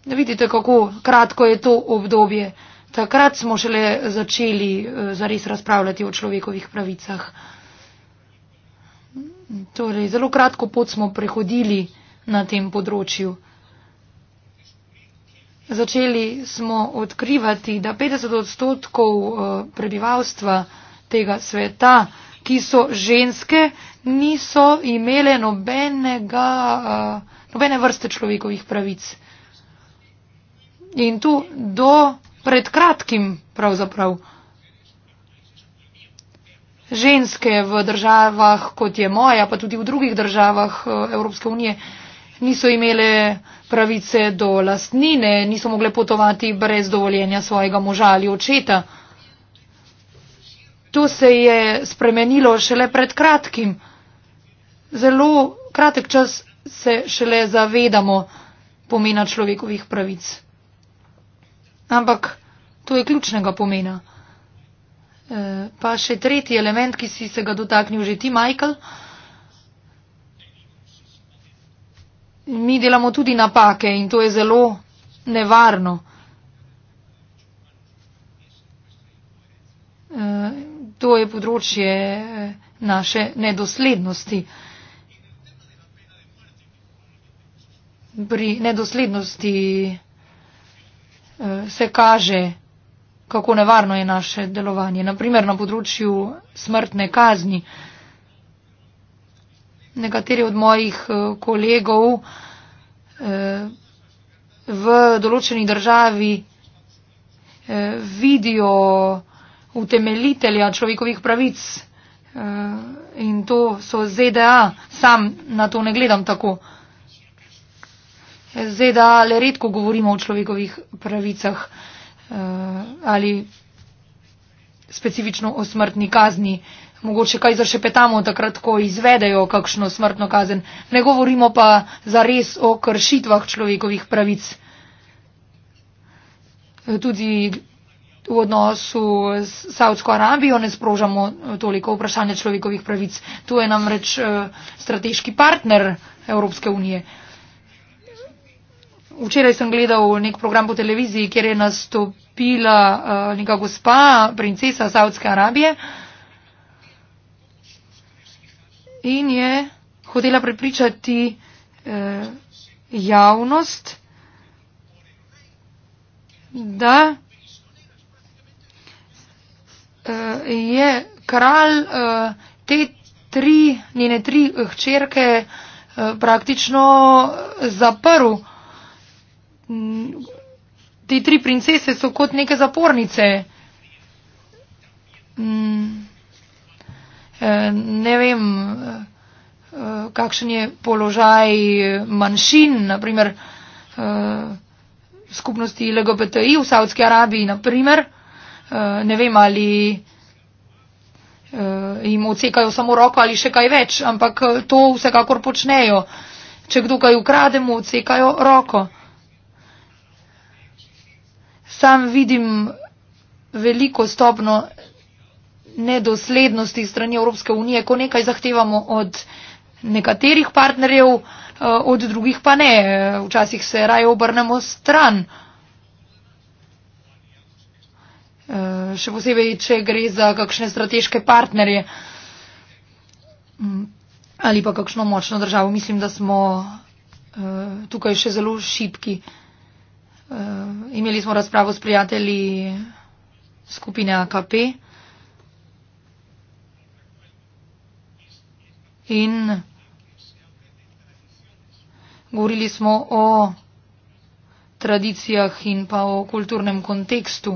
Vidite, kako kratko je to obdobje. Takrat smo šele začeli eh, zares razpravljati o človekovih pravicah. Torej, zelo kratko pot smo prehodili na tem področju. Začeli smo odkrivati, da 50 odstotkov eh, prebivalstva tega sveta, ki so ženske, niso imele nobenega, eh, nobene vrste človekovih pravic. In tu do pred kratkim pravzaprav. Ženske v državah, kot je moja, pa tudi v drugih državah eh, Evropske unije, niso imele pravice do lastnine, niso mogle potovati brez dovoljenja svojega moža ali očeta. To se je spremenilo šele pred kratkim. Zelo kratek čas se šele zavedamo pomena človekovih pravic. Ampak to je ključnega pomena. E, pa še tretji element, ki si se ga dotaknil že ti, Michael. Mi delamo tudi napake in to je zelo nevarno. to je področje eh, naše nedoslednosti. Pri nedoslednosti eh, se kaže, kako nevarno je naše delovanje. Naprimer, na področju smrtne kazni. Nekateri od mojih eh, kolegov v določeni državi vidijo utemeljitelja človekovih pravic eh, in to so ZDA, sam na to ne gledam tako. ZDA le redko govorimo o človekovih pravicah eh, ali specifično o smrtni kazni. Mogoče kaj zašepetamo takrat, ko izvedejo kakšno smrtno kazen. Ne govorimo pa zares o kršitvah človekovih pravic. Tudi v odnosu s Saudsko Arabijo ne sprožamo eh, toliko vprašanja človekovih pravic. To je namreč eh, strateški partner Evropske unije. Včeraj sem gledal nek program po televiziji, kjer je nastopila eh, neka gospa, princesa Saudske Arabije in je hotela prepričati javnost, da uh, je kralj uh, te tri, njene tri eh, hčerke uh, praktično zaprl. Mm, te tri princese so kot neke zapornice. Mm, ne vem, kakšen je položaj manjšin, naprimer skupnosti LGBTI v Saudski Arabiji, naprimer. Eh, ne vem, ali eh, jim odsekajo samo roko ali še kaj več, ampak eh, to vsekakor počnejo. Če kdo kaj ukrade, mu odsekajo roko. Sam vidim veliko stopno nedoslednosti strani Evropske unije, ko nekaj zahtevamo od nekaterih partnerjev, od drugih pa ne. Včasih se raje obrnemo stran. Eh, še posebej, če gre za kakšne strateške partnerje mm, ali pa kakšno močno državo. Mislim, da smo eh, tukaj še zelo šipki. Eh, imeli smo razpravo s prijatelji skupine AKP. In govorili smo o tradicijah in pa o kulturnem kontekstu.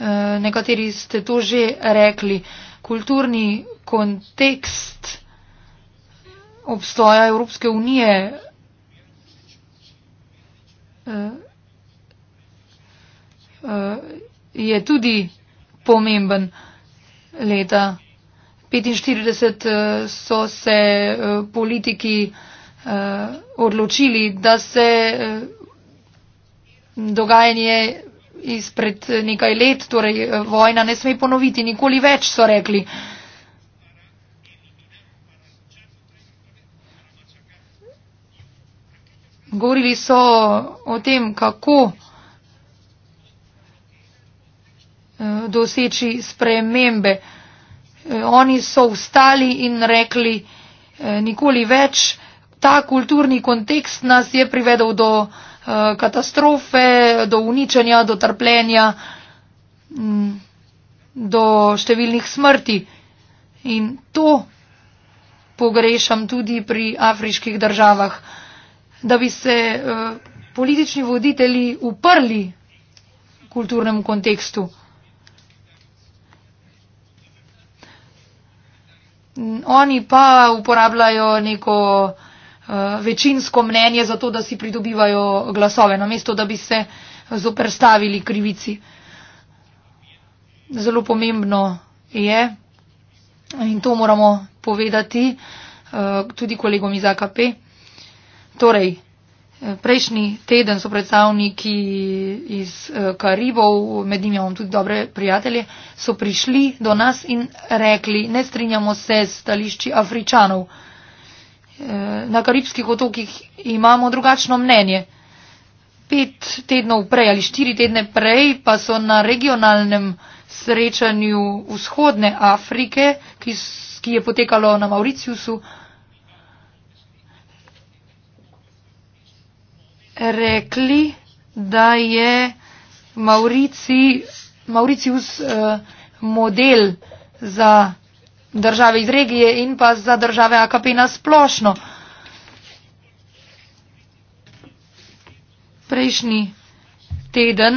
Eh, nekateri ste to že rekli, kulturni kontekst obstoja Evropske unije eh, eh, je tudi pomemben leta. 45 so se politiki odločili, da se dogajanje izpred nekaj let, torej eh, vojna ne sme ponoviti, nikoli več so rekli. Govorili so o tem, kako eh, doseči spremembe. Eh, oni so vstali in rekli, nikoli več, ta kulturni kontekst nas je privedel do Eh, katastrofe, do uničenja, do trpljenja, mm, do številnih smrti. In to pogrešam tudi pri afriških državah, da bi se eh, politični voditelji uprli kulturnemu kontekstu. Mm, oni pa uporabljajo neko Eh, večinsko mnenje za to, da si pridobivajo glasove, namesto da bi se zoprstavili krivici. Zelo pomembno je in to moramo povedati eh, tudi kolegom iz AKP. Torej, eh, prejšnji teden so predstavniki iz Karibov, med njimi imamo tudi dobre prijatelje, so prišli do nas in rekli, ne strinjamo se s stališči Afričanov. Eh, na karibskih otokih imamo drugačno mnenje. Pet tednov prej ali štiri tedne prej pa so na regionalnem srečanju vzhodne Afrike, ki, ki je potekalo na Mauriciusu, rekli, da je Maurici, Mauricius eh, model za države iz regije in pa za države AKP na splošno. Prejšnji teden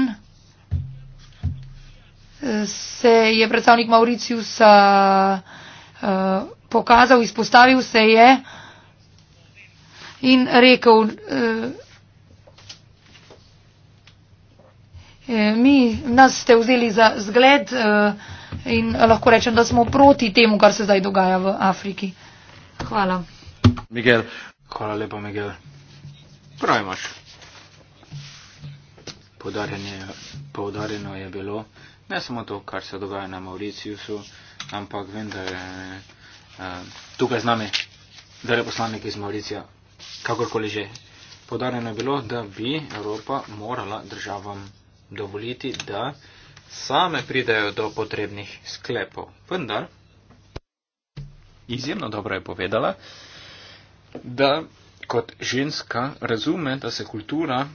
eh, se je predstavnik Mauriciusa uh, eh, pokazal, izpostavil se je in rekel, uh, mi nas ste vzeli za zgled. Uh, in lahko rečem, da smo proti temu, kar se zdaj dogaja v Afriki. Hvala. Miguel. Hvala lepa, Miguel. Prav imaš. Poudarjeno je bilo ne samo to, kar se dogaja na Mauriciusu, ampak vem, da je eh, tukaj z nami veleposlanik iz Mauricija, kakorkoli že. Poudarjeno je bilo, da bi Evropa morala državam dovoliti, da same pridejo do potrebnih sklepov. Vendar, izjemno dobro je povedala, da kot ženska razume, da se kultura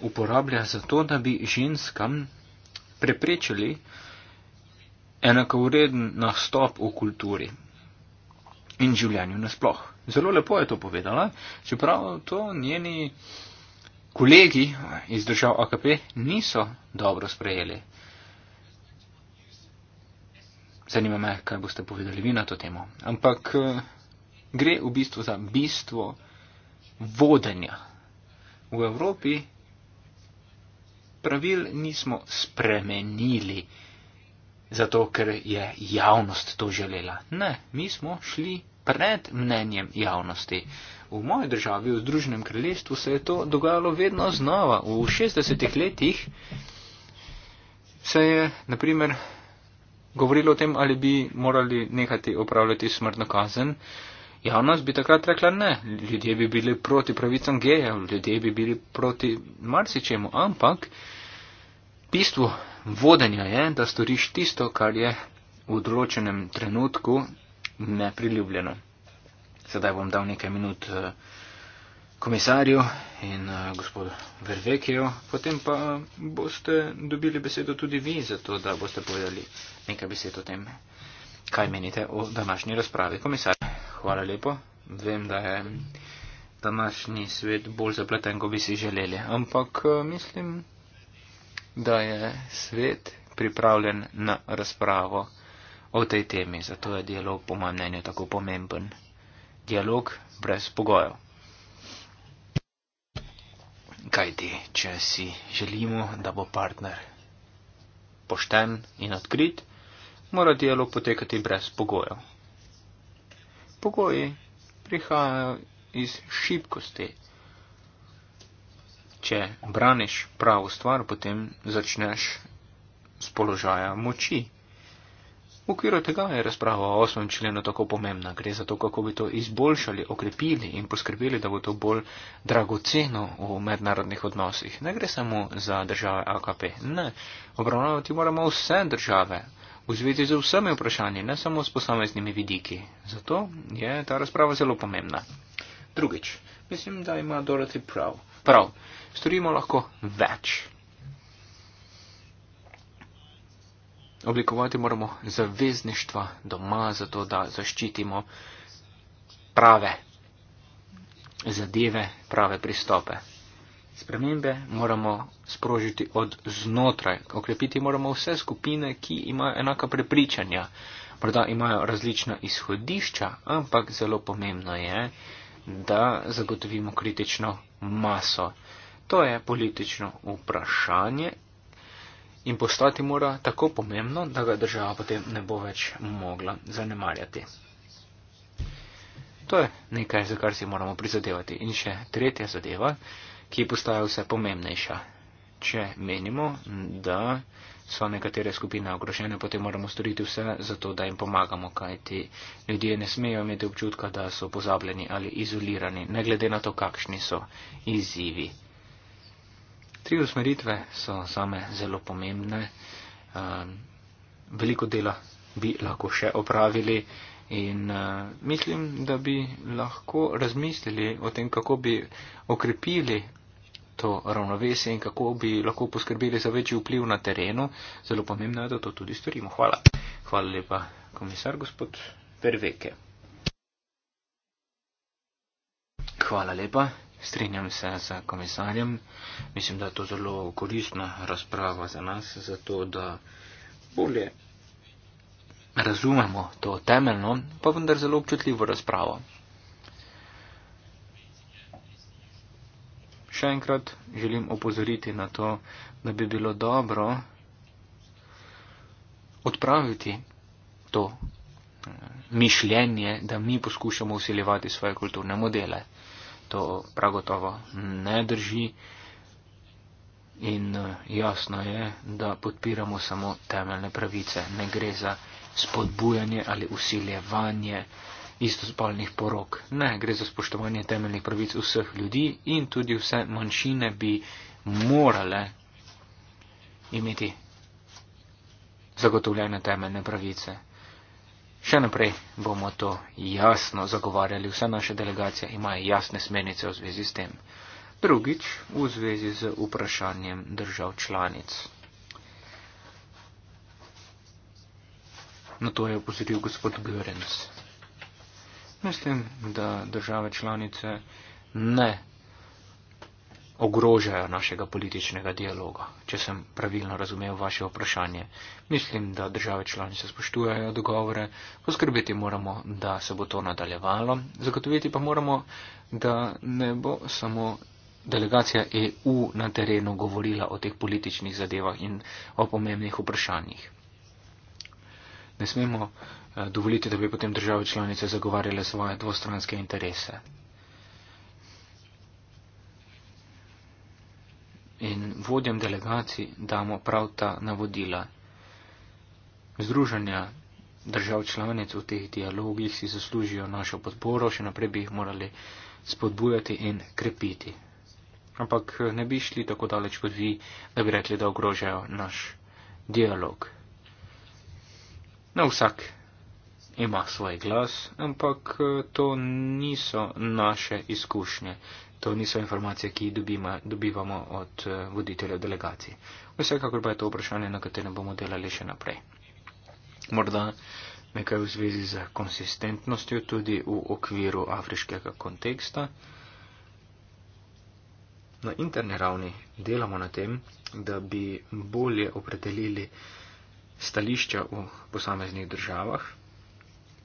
uporablja zato, da bi ženskam preprečili enakovreden nastop v kulturi in življenju nasploh. Zelo lepo je to povedala, čeprav to njeni kolegi iz držav AKP niso dobro sprejeli zanima me, kaj boste povedali vi na to temo. Ampak eh, gre v bistvu za bistvo vodenja. V Evropi pravil nismo spremenili zato, ker je javnost to želela. Ne, mi smo šli pred mnenjem javnosti. V moji državi, v Združenem kraljestvu, se je to dogajalo vedno znova. V 60-ih letih se je, naprimer, govorili o tem, ali bi morali nekati upravljati smrtno kazen, javnost bi takrat rekla ne. Ljudje bi bili proti pravicam gejev, ljudje bi bili proti marsičemu, ampak bistvo vodenja je, da storiš tisto, kar je v določenem trenutku nepriljubljeno. Sedaj bom dal nekaj minut. Uh, komisarju in uh, gospodu Vervekeju, potem pa eh, boste dobili besedo tudi vi, zato da boste povedali nekaj besed o tem, kaj menite o današnji razpravi. Komisar, hvala lepo. Vem, da je današnji svet bolj zapleten, kot bi si želeli, ampak eh, mislim, da je svet pripravljen na razpravo o tej temi, zato je dialog po mojem mnenju tako pomemben. Dialog brez pogojev kajti če si želimo, da bo partner pošten in odkrit, mora dialog potekati brez pogojev. Pogoji prihajajo iz šibkosti. Če braniš pravo stvar, potem začneš s položaja moči. V okviru tega je razprava o 8. členu tako pomembna. Gre za to, kako bi to izboljšali, okrepili in poskrbeli, da bo to bolj dragoceno v mednarodnih odnosih. Ne gre samo za države AKP. Ne. Obravnavati moramo vse države v zvezi z vsemi vprašanji, ne samo s posameznimi vidiki. Zato je ta razprava zelo pomembna. Drugič. Mislim, da ima Dorothy prav. Prav. Storimo lahko več. Oblikovati moramo zavezništva doma, zato da zaščitimo prave zadeve, prave pristope. Spremembe moramo sprožiti od znotraj. Okrepiti moramo vse skupine, ki imajo enaka prepričanja. Morda imajo različna izhodišča, ampak zelo pomembno je, da zagotovimo kritično maso. To je politično vprašanje in postati mora tako pomembno, da ga država potem ne bo več mogla zanemarjati. To je nekaj, za kar si moramo prizadevati. In še tretja zadeva, ki postaja vse pomembnejša. Če menimo, da so nekatere skupine ogrožene, potem moramo storiti vse za to, da jim pomagamo, kajti ljudje ne smejo imeti občutka, da so pozabljeni ali izolirani, ne glede na to, kakšni so izzivi. Tri usmeritve so zame zelo pomembne. Ehm, veliko dela bi lahko še opravili in eh, mislim, da bi lahko razmislili o tem, kako bi okrepili to ravnovesje in kako bi lahko poskrbeli za večji vpliv na terenu. Zelo pomembno je, da to tudi storimo. Hvala. Hvala lepa, komisar gospod Perveke. Hvala lepa. Strenjam se z komisarjem. Mislim, da je to zelo koristna razprava za nas, zato da bolje razumemo to temeljno, pa vendar zelo občutljivo razpravo. Še enkrat želim opozoriti na to, da bi bilo dobro odpraviti to eh, mišljenje, da mi poskušamo usiljevati svoje kulturne modele to pragotovo ne drži in eh, jasno je, da podpiramo samo temeljne pravice. Ne gre za spodbujanje ali usiljevanje istospolnih porok. Ne, gre za spoštovanje temeljnih pravic vseh ljudi in tudi vse manjšine bi morale imeti zagotovljene temeljne pravice. Še naprej bomo to jasno zagovarjali, vsa naša delegacija ima jasne smernice v zvezi s tem. Drugič, v zvezi z vprašanjem držav članic. Na to je opozoril gospod Görens. Mislim, da države članice ne ogrožajo našega političnega dialoga. Če sem pravilno razumel vaše vprašanje, mislim, da države članice spoštujejo dogovore, poskrbeti moramo, da se bo to nadaljevalo, zagotoviti pa moramo, da ne bo samo delegacija EU na terenu govorila o teh političnih zadevah in o pomembnih vprašanjih. Ne smemo eh, dovoliti, da bi potem države članice zagovarjale svoje dvostranske interese. in vodjem delegacij damo prav ta navodila. Združenja držav članic v teh dialogih si zaslužijo našo podporo, še naprej bi jih morali spodbujati in krepiti. Ampak eh, ne bi šli tako daleč kot vi, da bi rekli, da ogrožajo naš dialog. Na vsak ima svoj glas, ampak eh, to niso naše izkušnje to niso informacije, ki jih dobimo, dobivamo od eh, voditeljev delegacij. Vsekakor pa je to vprašanje, na katerem bomo delali še naprej. Morda nekaj v zvezi z konsistentnostjo tudi v okviru afriškega konteksta. Na interni ravni delamo na tem, da bi bolje opredelili stališča v posameznih državah,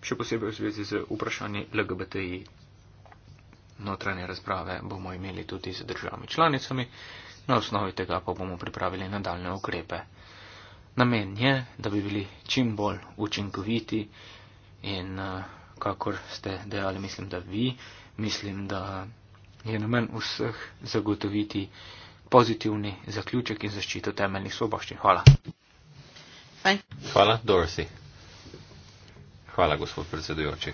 še posebej v zvezi z vprašanji LGBTI notranje razprave bomo imeli tudi z državami članicami, na osnovi tega pa bomo pripravili nadaljne ukrepe. Namen je, da bi bili čim bolj učinkoviti in, eh, kakor ste dejali, mislim, da vi, mislim, da je namen vseh zagotoviti pozitivni zaključek in zaščito temeljnih svoboščin. Hvala. Hvala, Dorothy. Hvala, gospod predsedujoči.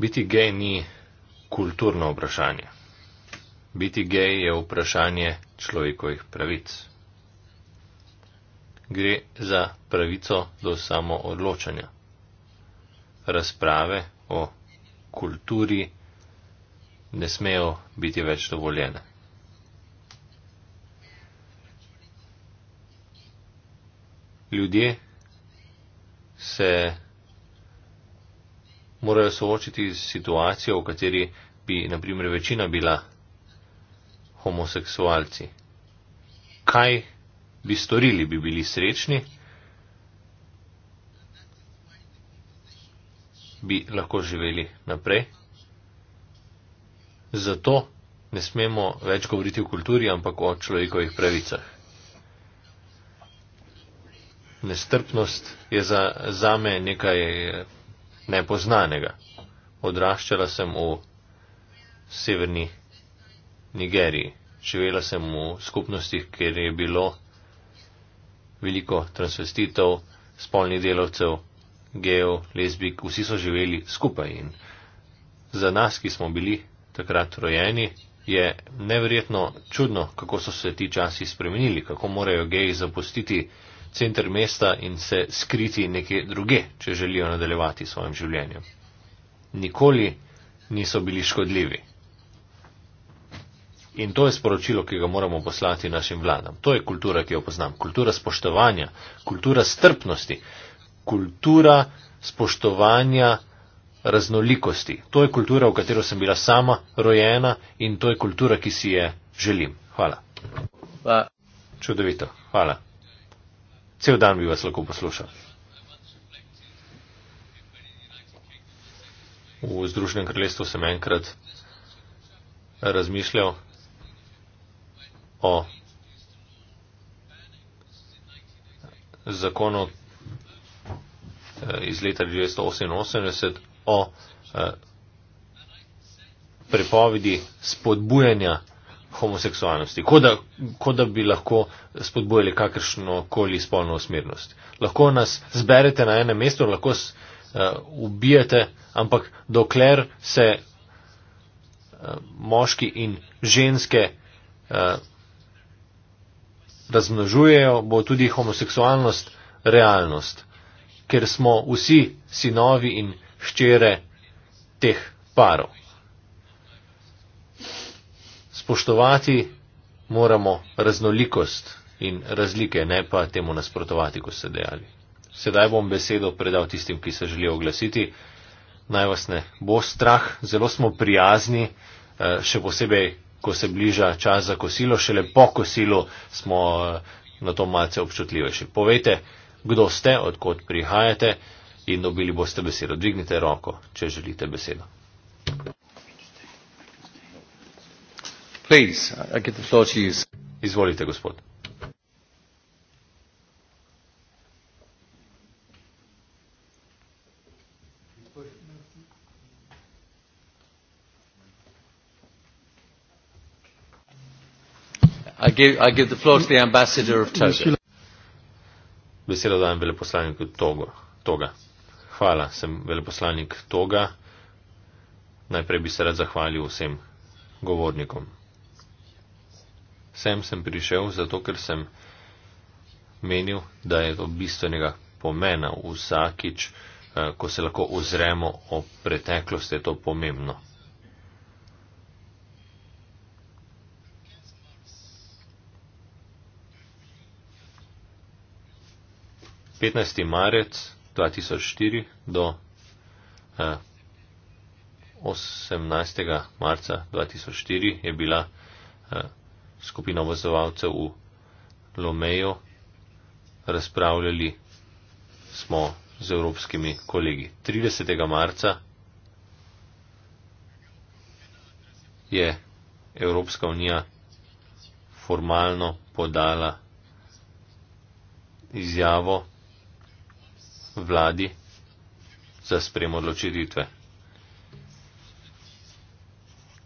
Biti gej ni kulturno vprašanje. Biti gej je vprašanje človekovih pravic. Gre za pravico do samoodločanja. Razprave o kulturi ne smejo biti več dovoljene. Ljudje se morajo soočiti z situacijo, v kateri bi, na primer, večina bila homoseksualci. Kaj bi storili, bi bili srečni? Bi lahko živeli naprej? Zato ne smemo več govoriti o kulturi, ampak o človekovih pravicah. Nestrpnost je za, za me nekaj nepoznanega. Odraščala sem v severni Nigeriji, živela sem v skupnostih, kjer je bilo veliko transvestitev, spolnih delavcev, gejev, lezbik, vsi so živeli skupaj in za nas, ki smo bili takrat rojeni, je neverjetno čudno, kako so se ti časi spremenili, kako morajo geji zapustiti centr mesta in se skriti nekje druge, če želijo nadaljevati svojim življenjem. Nikoli niso bili škodljivi. In to je sporočilo, ki ga moramo poslati našim vladam. To je kultura, ki jo poznam. Kultura spoštovanja, kultura strpnosti, kultura spoštovanja raznolikosti. To je kultura, v katero sem bila sama rojena in to je kultura, ki si je želim. Hvala. Čudovito. Hvala cel dan bi vas lahko poslušal. V Združenem kraljestvu sem enkrat razmišljal o zakonu eh, iz leta 1988 o eh, prepovedi spodbujanja homoseksualnosti, kot da, ko da bi lahko spodbojili kakršno koli spolno usmernost. Lahko nas zberete na enem mestu, lahko s, uh, ubijete, ampak dokler se uh, moški in ženske uh, razmnožujejo, bo tudi homoseksualnost realnost, ker smo vsi sinovi in ščere teh parov spoštovati moramo raznolikost in razlike, ne pa temu nasprotovati, kot ste dejali. Sedaj bom besedo predal tistim, ki se želijo oglasiti. Naj vas ne bo strah, zelo smo prijazni, eh, še posebej, ko se bliža čas za kosilo, šele po kosilu smo eh, na to malce občutljivejši. Povejte, kdo ste, odkot prihajate in dobili boste besedo. Dvignite roko, če želite besedo. please i give the floor to you izvolite gospod I give, I give the floor to the ambassador of Togo. Besedo dajem veleposlaniku Togo, Toga. Hvala, sem veleposlanik Toga. Najprej bi se rad zahvalil vsem govornikom sem sem prišel zato, ker sem menil, da je to bistvenega pomena vsakič, eh, ko se lahko ozremo o preteklosti, je to pomembno. petnajsti marec dva tisoč štiri do eh, osemnajstega marca dva tisoč štiri je bila eh, skupina vozovalcev v Lomeju, razpravljali smo z evropskimi kolegi. 30. marca je Evropska unija formalno podala izjavo vladi za sprem odločitve.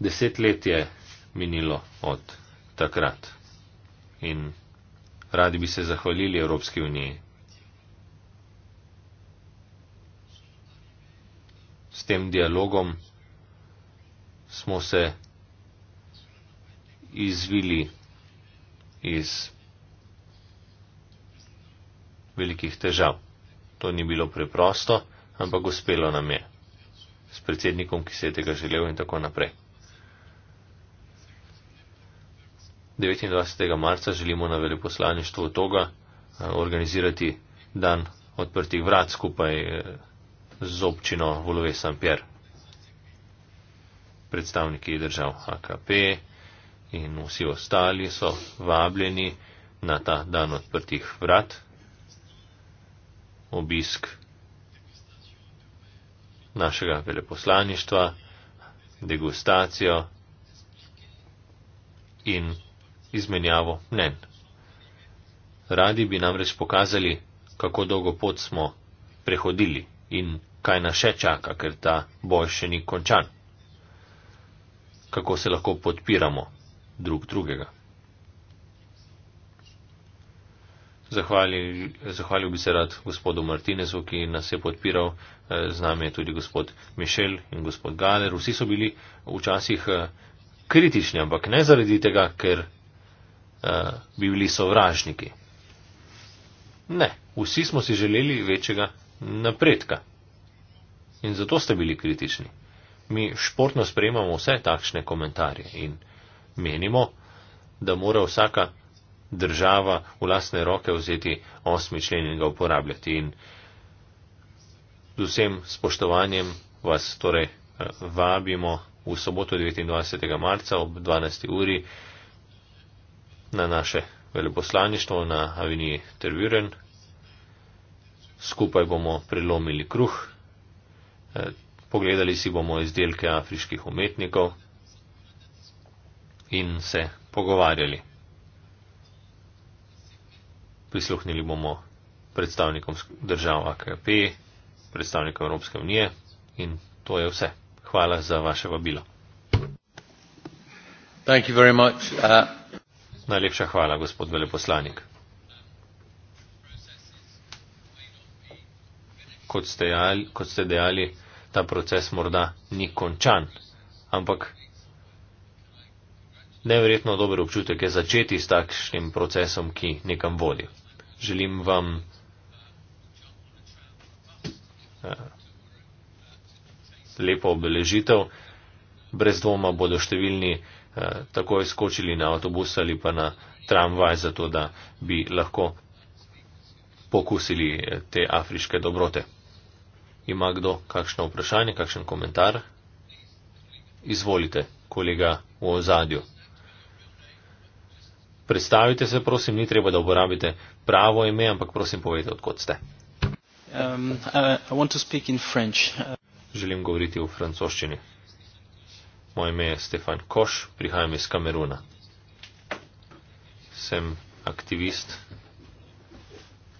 Deset let je minilo od takrat. In radi bi se zahvalili Evropski uniji. S tem dialogom smo se izvili iz velikih težav. To ni bilo preprosto, ampak uspelo nam je. S predsednikom, ki se je tega želel in tako naprej. 29. marca želimo na veleposlaništvu Toga eh, organizirati dan odprtih vrat skupaj eh, z občino Volove San Pier. Predstavniki držav AKP in vsi ostali so vabljeni na ta dan odprtih vrat. Obisk našega veleposlaništva, degustacijo in izmenjavo mnen. Radi bi namreč pokazali, kako dolgo pot smo prehodili in kaj nas še čaka, ker ta boj še ni končan. Kako se lahko podpiramo drug drugega. Zahvalil, zahvalil bi se rad gospodu Martinezu, ki nas je podpiral, eh, z nami je tudi gospod Mišel in gospod Galer. Vsi so bili včasih eh, kritični, ampak ne zaradi tega, ker Eh, bi bili sovražniki. Ne, vsi smo si želeli večjega napredka. In zato ste bili kritični. Mi športno sprejemamo vse takšne komentarje in menimo, da mora vsaka država v lasne roke vzeti osmi člen in ga uporabljati. In z vsem spoštovanjem vas torej eh, vabimo v soboto 29. marca ob 12. uri na naše veleposlaništvo na Aviniji Terviren. Skupaj bomo prelomili kruh, eh, pogledali si bomo izdelke afriških umetnikov in se pogovarjali. Prisluhnili bomo predstavnikom držav AKP, predstavnikom Evropske unije in to je vse. Hvala za vaše vabilo. Thank you very much. Uh... Najlepša hvala, gospod veleposlanik. Kot ste, jali, kot ste dejali, ta proces morda ni končan, ampak neverjetno dober občutek je začeti s takšnim procesom, ki nekam vodi. Želim vam eh, lepo obeležitev. Brez dvoma bodo številni Eh, takoj skočili na avtobus ali pa na tramvaj, zato da bi lahko pokusili eh, te afriške dobrote. Ima kdo kakšno vprašanje, kakšen komentar? Izvolite, kolega v ozadju. Predstavite se, prosim, ni treba, da uporabite pravo ime, ampak prosim povejte, odkot ste. Um, uh, Želim govoriti v francoščini. Moje ime je Stefan Koš, prihajam iz Kameruna. Sem aktivist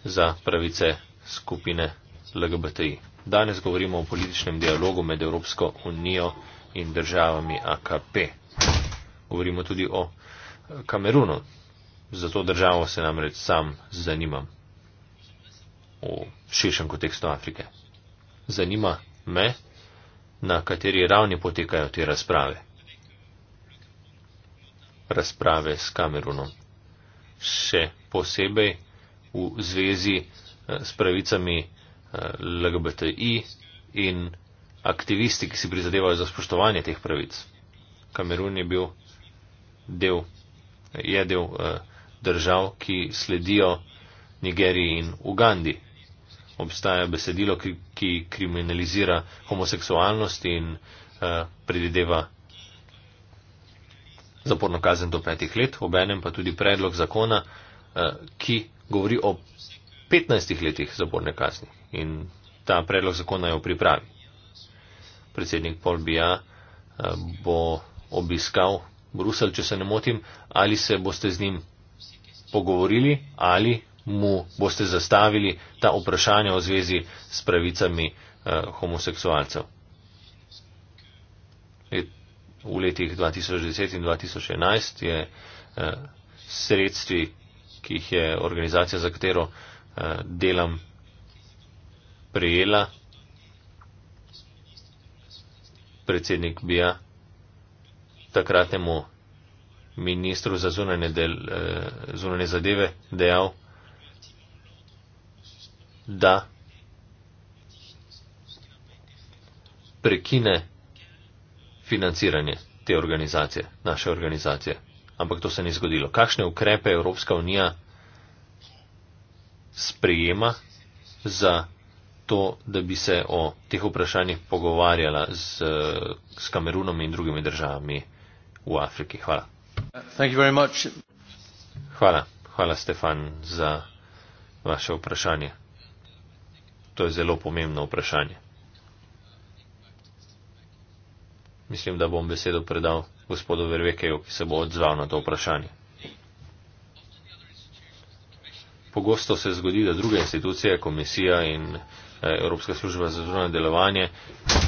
za pravice skupine LGBTI. Danes govorimo o političnem dialogu med Evropsko unijo in državami AKP. Govorimo tudi o Kamerunu. Za to državo se namreč sam zanimam v širšem kontekstu Afrike. Zanima me, na kateri ravni potekajo te razprave. Razprave s Kamerunom. Še posebej v zvezi eh, s pravicami eh, LGBTI in aktivisti, ki si prizadevajo za spoštovanje teh pravic. Kamerun je bil del, je del eh, držav, ki sledijo Nigeriji in Ugandi, obstaja besedilo, ki, ki kriminalizira homoseksualnost in uh, eh, predideva zaporno kazen do petih let, obenem pa tudi predlog zakona, uh, ki govori o 15 letih zaporne kazni. In ta predlog zakona je v pripravi. Predsednik Paul Bia uh, eh, bo obiskal Brusel, če se ne motim, ali se boste z njim pogovorili ali mu boste zastavili ta vprašanja v zvezi s pravicami eh, homoseksualcev. Let, v letih 2010 in 2011 je eh, sredstvi, ki jih je organizacija, za katero eh, delam, prejela predsednik BIA, takratnemu ministru za zunanje, del, eh, zunanje zadeve, dejal, da prekine financiranje te organizacije, naše organizacije. Ampak to se ni zgodilo. Kakšne ukrepe Evropska unija sprejema za to, da bi se o teh vprašanjih pogovarjala z, z Kamerunom in drugimi državami v Afriki? Hvala. Hvala. Hvala, Stefan, za vaše vprašanje. To je zelo pomembno vprašanje. Mislim, da bom besedo predal gospodu Vervekeju, ki se bo odzval na to vprašanje. Pogosto se zgodi, da druge institucije, komisija in Eh, Evropska služba za zunanje delovanje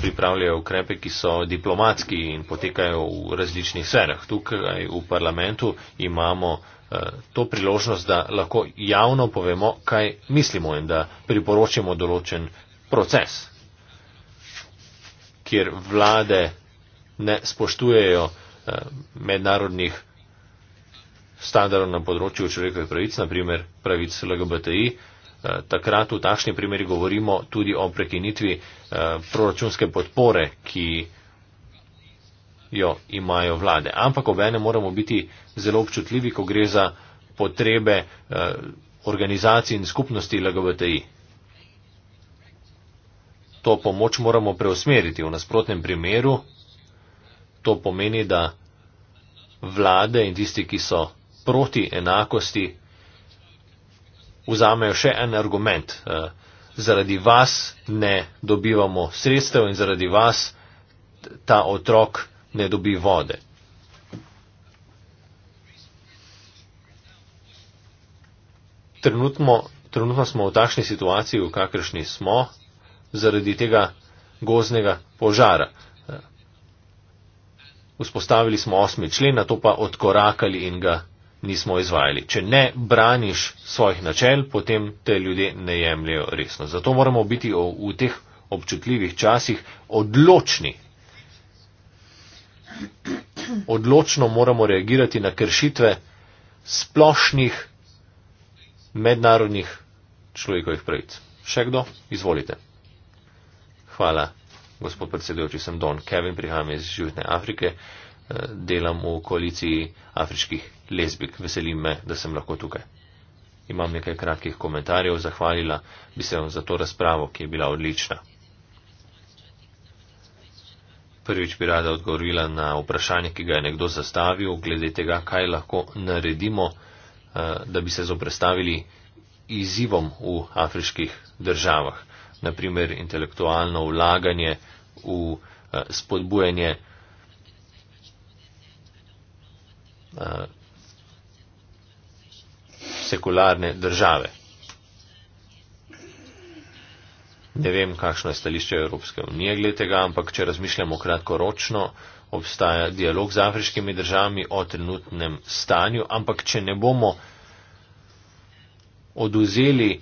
pripravljajo ukrepe, ki so diplomatski in potekajo v različnih sferah. Tukaj v parlamentu imamo eh, to priložnost, da lahko javno povemo, kaj mislimo in da priporočimo določen proces, kjer vlade ne spoštujejo eh, mednarodnih standardov na področju človekovih pravic, naprimer pravic LGBTI, Eh, takrat v takšni primeri govorimo tudi o prekinitvi eh, proračunske podpore, ki jo imajo vlade. Ampak obene moramo biti zelo občutljivi, ko gre za potrebe eh, organizacij in skupnosti LGBTI. To pomoč moramo preusmeriti. V nasprotnem primeru to pomeni, da vlade in tisti, ki so proti enakosti, vzamejo še en argument. Eh, zaradi vas ne dobivamo sredstev in zaradi vas ta otrok ne dobi vode. Trenutno, trenutno smo v takšni situaciji, v kakršni smo, zaradi tega goznega požara. Eh, vzpostavili smo osmi člen, na to pa odkorakali in ga nismo izvajali. Če ne braniš svojih načel, potem te ljudje ne jemljajo resno. Zato moramo biti v teh občutljivih časih odločni. Odločno moramo reagirati na kršitve splošnih mednarodnih človekovih pravic. Še kdo? Izvolite. Hvala, gospod predsedujoči, sem Don Kevin, prihajam iz Južne Afrike delam v koaliciji afriških lesbik. Veselim me, da sem lahko tukaj. Imam nekaj kratkih komentarjev, zahvalila bi se vam za to razpravo, ki je bila odlična. Prvič bi rada odgovorila na vprašanje, ki ga je nekdo zastavil, glede tega, kaj lahko naredimo, eh, da bi se zoprestavili izzivom v afriških državah. Naprimer, intelektualno vlaganje v eh, spodbujanje sekularne države. Ne vem, kakšno je stališče Evropske unije glede tega, ampak če razmišljamo kratkoročno, obstaja dialog z afriškimi državami o trenutnem stanju, ampak če ne bomo oduzeli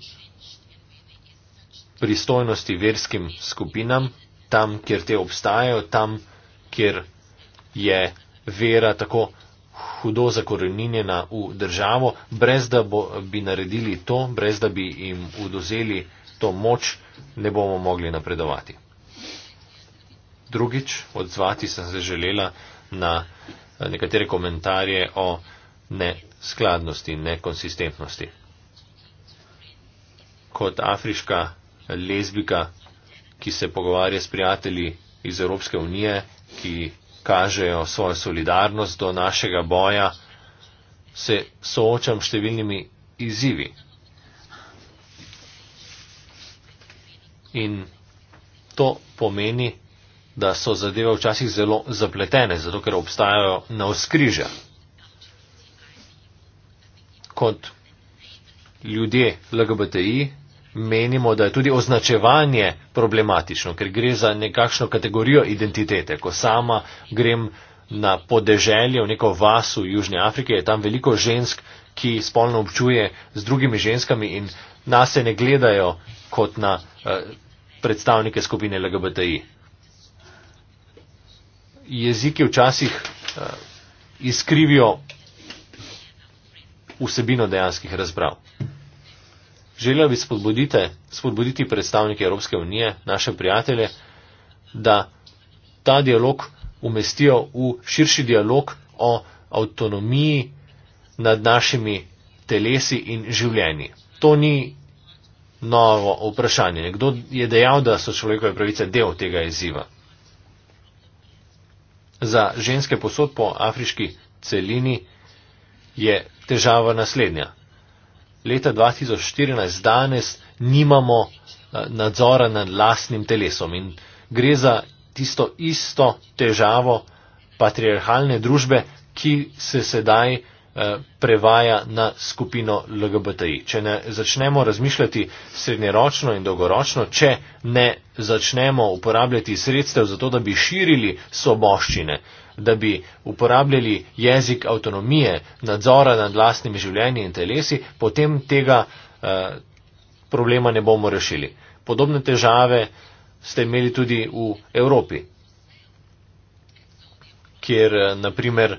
pristojnosti verskim skupinam, tam, kjer te obstajajo, tam, kjer je vera tako hudo zakorenjena v državo, brez da bo, bi naredili to, brez da bi jim udozeli to moč, ne bomo mogli napredovati. Drugič, odzvati sem se želela na eh, nekatere komentarje o neskladnosti, nekonsistentnosti. Kot afriška lezbika, ki se pogovarja s prijatelji iz Evropske unije, ki kažejo svojo solidarnost do našega boja, se soočam s številnimi izzivi. In to pomeni, da so zadeve včasih zelo zapletene, zato ker obstajajo na vzkrižja. Kot ljudje LGBTI menimo, da je tudi označevanje problematično, ker gre za nekakšno kategorijo identitete. Ko sama grem na podeželje v neko vasu Južne Afrike, je tam veliko žensk, ki spolno občuje z drugimi ženskami in nas se ne gledajo kot na eh, predstavnike skupine LGBTI. Jeziki včasih eh, iskrivijo vsebino dejanskih razprav. Želela bi spodbuditi predstavnike Evropske unije, naše prijatelje, da ta dialog umestijo v širši dialog o avtonomiji nad našimi telesi in življenji. To ni novo vprašanje. Kdo je dejal, da so človekove pravice del tega izziva? Za ženske posod po afriški celini je težava naslednja leta 2014 danes nimamo eh, nadzora nad lastnim telesom in gre za tisto isto težavo patriarhalne družbe, ki se sedaj eh, prevaja na skupino LGBTI. Če ne začnemo razmišljati srednjeročno in dolgoročno, če ne začnemo uporabljati sredstev za to, da bi širili soboščine, da bi uporabljali jezik avtonomije, nadzora nad lastnimi življenji in telesi, potem tega eh, problema ne bomo rešili. Podobne težave ste imeli tudi v Evropi, kjer eh, naprimer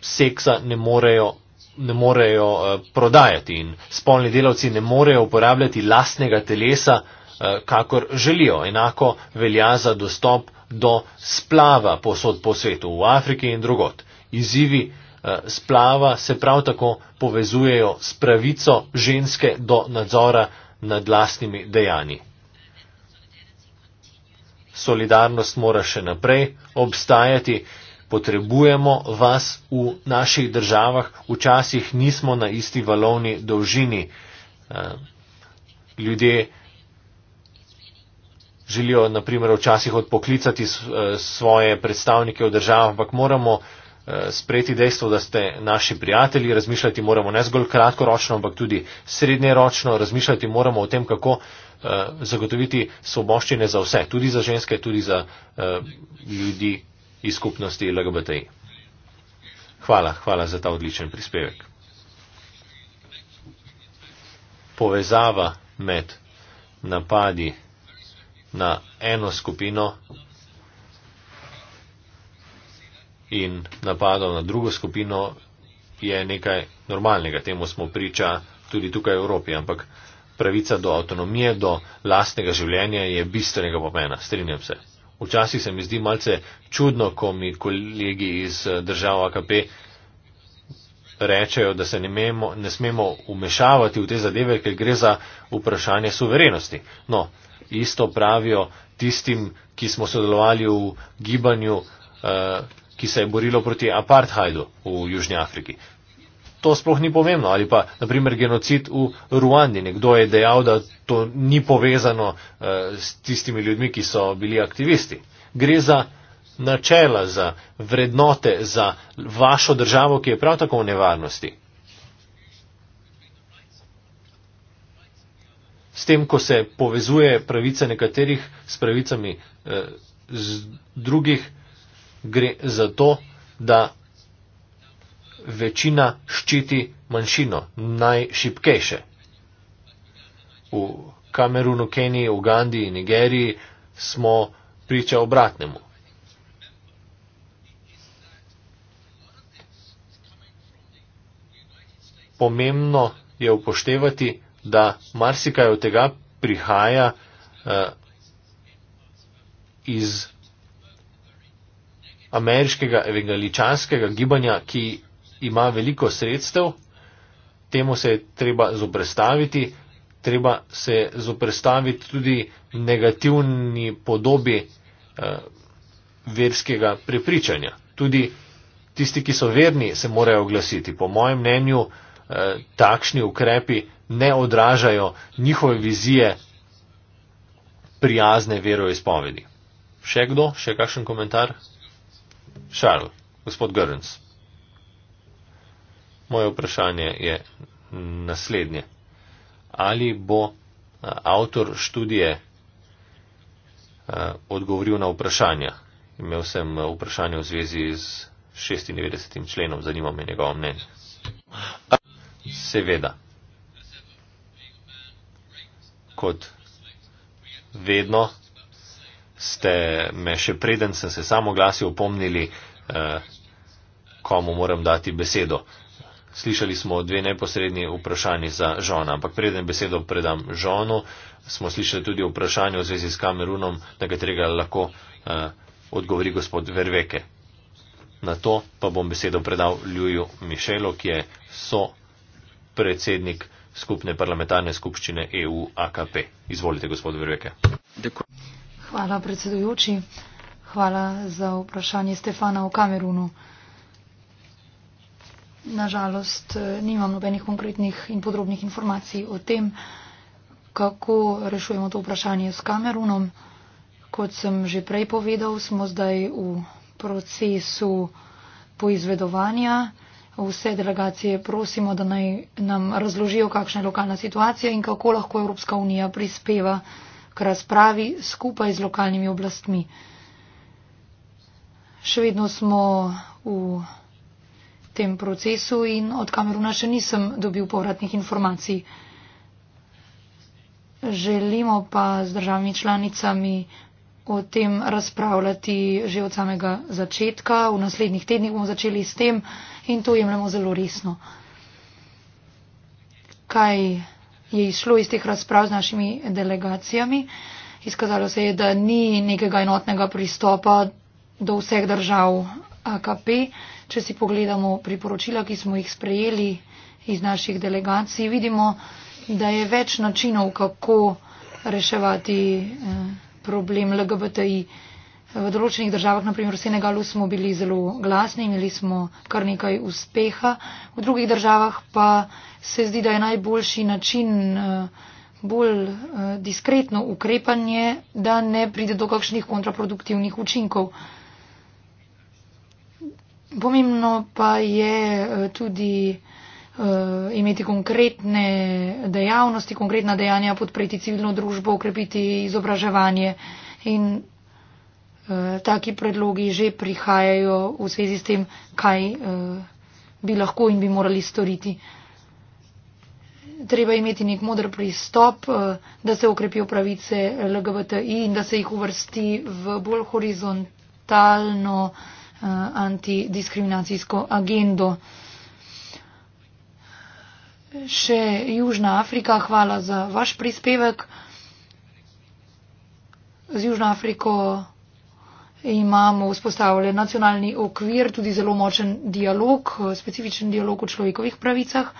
seksa ne morejo, ne morejo eh, prodajati in spolni delavci ne morejo uporabljati lastnega telesa, eh, kakor želijo. Enako velja za dostop do splava posod po svetu, v Afriki in drugot. Izzivi eh, splava se prav tako povezujejo s pravico ženske do nadzora nad lastnimi dejanji. Solidarnost mora še naprej obstajati, potrebujemo vas v naših državah, včasih nismo na isti valovni dolžini. Eh, ljudje želijo naprimer včasih odpoklicati eh, svoje predstavnike v državah, ampak moramo eh, sprejeti dejstvo, da ste naši prijatelji, razmišljati moramo ne zgolj kratkoročno, ampak tudi srednjeročno, razmišljati moramo o tem, kako eh, zagotoviti svoboščine za vse, tudi za ženske, tudi za ljudi iz skupnosti LGBTI. Hvala, hvala za ta odličen prispevek. Povezava med napadi na eno skupino in napadal na drugo skupino, je nekaj normalnega. Temu smo priča tudi tukaj v Evropi, ampak pravica do avtonomije, do lastnega življenja je bistvenega pomena. Strinjam se. Včasih se mi zdi malce čudno, ko mi kolegi iz eh, država AKP rečejo, da se ne, memo, ne smemo umešavati v te zadeve, ker gre za vprašanje suverenosti. No, isto pravijo tistim, ki smo sodelovali v gibanju, eh, ki se je borilo proti apartheidu v Južnji Afriki. To sploh ni pomembno. Ali pa, naprimer, genocid v Ruandi. Nekdo je dejal, da to ni povezano eh, s tistimi ljudmi, ki so bili aktivisti. Gre za načela, za vrednote, za vašo državo, ki je prav tako v nevarnosti. s tem, ko se povezuje pravice nekaterih s pravicami eh, z drugih, gre za to, da večina ščiti manjšino, najšipkejše. V Kamerunu, Keniji, Ugandi in Nigeriji smo priča obratnemu. Pomembno je upoštevati, da marsikaj od tega prihaja uh, iz ameriškega evangeličanskega gibanja, ki ima veliko sredstev, temu se je treba zoprestaviti, treba se zoprestaviti tudi negativni podobi uh, verskega prepričanja. Tudi tisti, ki so verni, se morajo oglasiti. Po mojem mnenju, uh, takšni ukrepi ne odražajo njihove vizije prijazne veroizpovedi. Še kdo? Še kakšen komentar? Šarl, gospod Grns. Moje vprašanje je naslednje. Ali bo avtor študije odgovoril na vprašanja? Imel sem vprašanje v zvezi z 96. členom, zanima me njegovo mnenje. Seveda. Kot vedno ste me še preden sem se samo glasil opomnili, eh, komu moram dati besedo. Slišali smo dve neposrednji vprašanji za žona, ampak preden besedo predam žonu, smo slišali tudi vprašanje v zvezi s Kamerunom, na katerega lahko eh, odgovori gospod Verveke. Na to pa bom besedo predal Ljuju Mišelu, ki je so predsednik skupne parlamentarne skupščine EU AKP. Izvolite, gospod Verveke. Hvala, predsedujoči. Hvala za vprašanje Stefana v Kamerunu. Nažalost, nimam nobenih konkretnih in podrobnih informacij o tem, kako rešujemo to vprašanje s Kamerunom. Kot sem že prej povedal, smo zdaj v procesu poizvedovanja vse delegacije prosimo, da naj nam razložijo, kakšna je lokalna situacija in kako lahko Evropska unija prispeva k razpravi skupaj z lokalnimi oblastmi. Še vedno smo v tem procesu in od Kameruna še nisem dobil povratnih informacij. Želimo pa z državami članicami o tem razpravljati že od samega začetka. V naslednjih tednih bomo začeli s tem in to jemljemo zelo resno. Kaj je išlo iz teh razprav z našimi delegacijami? Izkazalo se je, da ni nekega enotnega pristopa do vseh držav AKP. Če si pogledamo priporočila, ki smo jih sprejeli iz naših delegacij, vidimo, da je več načinov, kako reševati. Eh, problem LGBTI. V določenih državah, naprimer v Senegalu, smo bili zelo glasni, imeli smo kar nekaj uspeha. V drugih državah pa se zdi, da je najboljši način eh, bolj eh, diskretno ukrepanje, da ne pride do kakšnih kontraproduktivnih učinkov. Pomembno pa je eh, tudi Eh, imeti konkretne dejavnosti, konkretna dejanja, podpreti civilno družbo, ukrepiti izobraževanje. In eh, taki predlogi že prihajajo v svezi s tem, kaj eh, bi lahko in bi morali storiti. Treba imeti nek modr pristop, da se ukrepijo pravice LGBTI in da se jih uvrsti v bolj horizontalno antidiskriminacijsko agendo še Južna Afrika. Hvala za vaš prispevek. Z Južno Afriko imamo vzpostavljen nacionalni okvir, tudi zelo močen dialog, specifičen dialog o človekovih pravicah.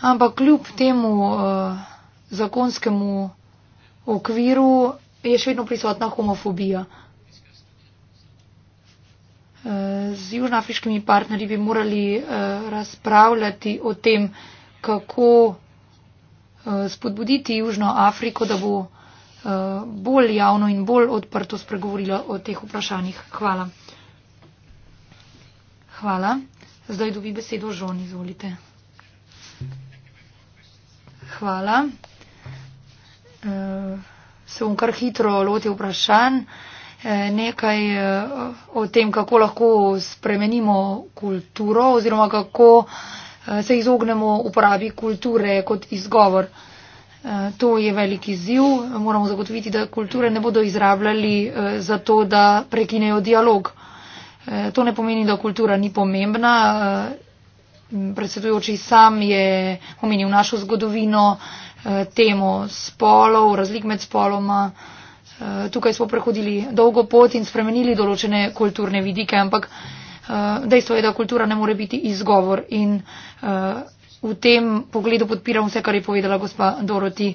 Ampak kljub temu eh, zakonskemu okviru je še vedno prisotna homofobija z južnoafriškimi partnerji bi morali eh, razpravljati o tem, kako eh, spodbuditi Južno Afriko, da bo eh, bolj javno in bolj odprto spregovorila o teh vprašanjih. Hvala. Hvala. Zdaj dobi besedo žon, izvolite. Hvala. Se bom kar hitro lotil vprašanj nekaj eh, o tem, kako lahko spremenimo kulturo oziroma kako eh, se izognemo uporabi kulture kot izgovor. Eh, to je velik izziv. Moramo zagotoviti, da kulture ne bodo izrabljali za to, da prekinejo dialog. To ne pomeni, da kultura ni pomembna. Predsedujoči sam je omenil našo zgodovino, temo spolov, razlik med spoloma. Eh, tukaj smo prehodili dolgo pot in spremenili določene kulturne vidike, ampak eh, dejstvo je, da kultura ne more biti izgovor in eh, v tem pogledu podpiram vse, kar je povedala gospa Doroti.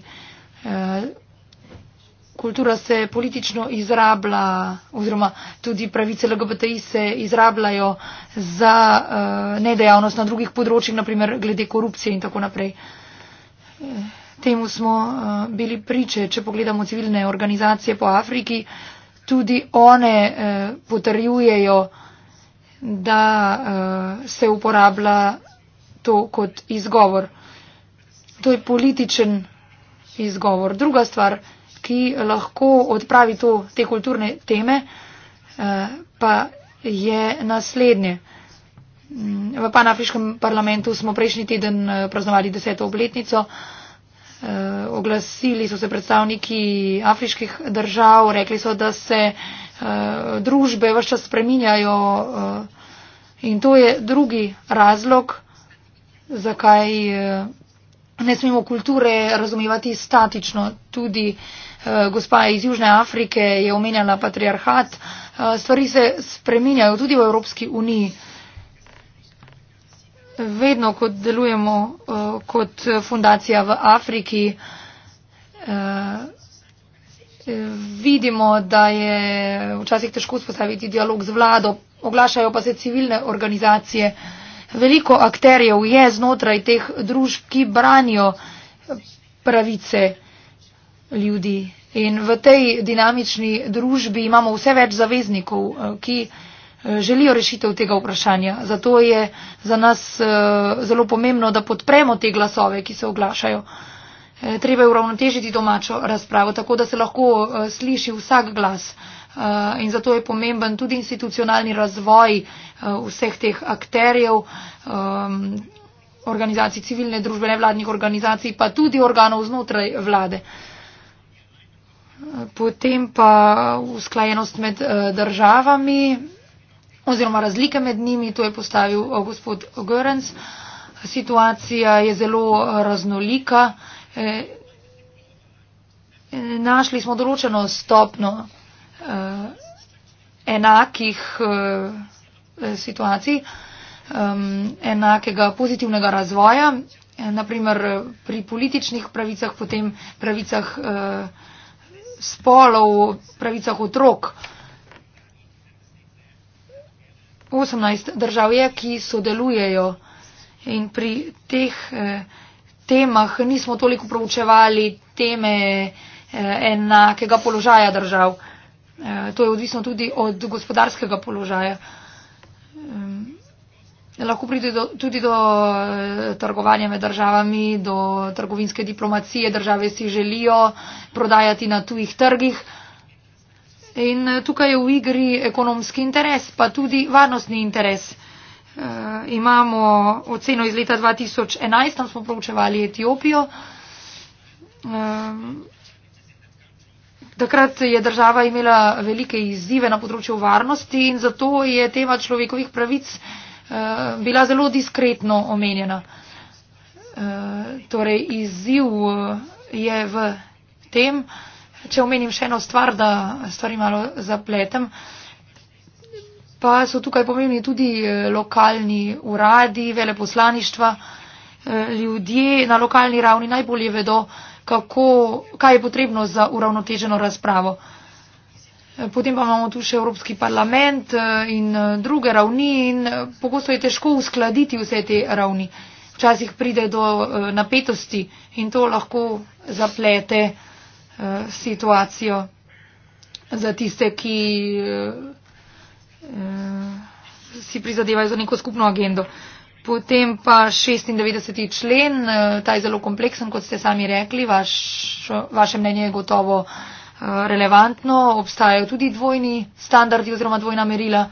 Kultura se politično izrablja oziroma tudi pravice LGBTI se izrabljajo za nedejavnost na drugih področjih, naprimer glede korupcije in tako naprej temu smo eh, bili priče, če pogledamo civilne organizacije po Afriki, tudi one eh, potrjujejo, da eh, se uporablja to kot izgovor. To je političen izgovor. Druga stvar, ki lahko odpravi to, te kulturne teme, pa je naslednje. V Panafriškem parlamentu smo prejšnji teden praznovali deseto obletnico. Eh, oglasili so se predstavniki afriških držav, rekli so, da se eh, družbe vse čas spreminjajo eh, in to je drugi razlog, zakaj ne smemo kulture razumevati statično. Tudi gospa iz Južne Afrike je omenjala patriarhat. Stvari se spreminjajo tudi v Evropski uniji vedno, ko delujemo uh, kot fundacija v Afriki, uh, vidimo, da je včasih težko spostaviti dialog z vlado, oglašajo pa se civilne organizacije. Veliko akterjev je znotraj teh družb, ki branijo pravice ljudi. In v tej dinamični družbi imamo vse več zaveznikov, eh, ki Eh, želijo rešitev tega vprašanja. Zato je za nas eh, zelo pomembno, da podpremo te glasove, ki se oglašajo. Eh, treba je uravnotežiti domačo razpravo, tako da se lahko sliši vsak glas. In zato je pomemben tudi institucionalni razvoj vseh teh akterjev, organizacij civilne družbe, nevladnih organizacij, pa tudi organov znotraj vlade. Potem pa usklajenost med državami, oziroma razlike med njimi, to je postavil eh, gospod Görens. Situacija je zelo eh, raznolika. Eh, našli smo določeno stopno enakih situacij, ehm, enakega pozitivnega razvoja, naprimer pri političnih pravicah, potem pravicah spolov, pravicah otrok. 18 držav je, ki sodelujejo in pri teh eh, temah nismo toliko proučevali teme eh, enakega položaja držav. Eh, to je odvisno tudi od gospodarskega položaja. Eh, lahko pride do, tudi do eh, trgovanja med državami, do trgovinske diplomacije. Države si želijo prodajati na tujih trgih. Eh, In eh, tukaj je v igri ekonomski interes, pa tudi varnostni interes. E, imamo oceno iz leta 2011, tam smo proučevali Etiopijo. E, takrat je država imela velike izzive na področju varnosti in zato je tema človekovih pravic e, bila zelo diskretno omenjena. E, torej, izziv je v tem, Če omenim še eno stvar, da stvari malo zapletem, pa so tukaj pomembni tudi eh, lokalni uradi, veleposlaništva, eh, ljudje na lokalni ravni najbolje vedo, kako, kaj je potrebno za uravnoteženo razpravo. Eh, potem pa imamo tu še Evropski parlament in druge ravni in pogosto je težko uskladiti vse te ravni. Včasih pride do napetosti in to lahko zaplete. Eh, situacijo za tiste, ki eh, si prizadevajo za neko skupno agendo. Potem pa 96. člen, eh, ta je zelo kompleksen, kot ste sami rekli, vaš, vaše mnenje je gotovo relevantno, obstajajo tudi dvojni standardi oziroma dvojna merila.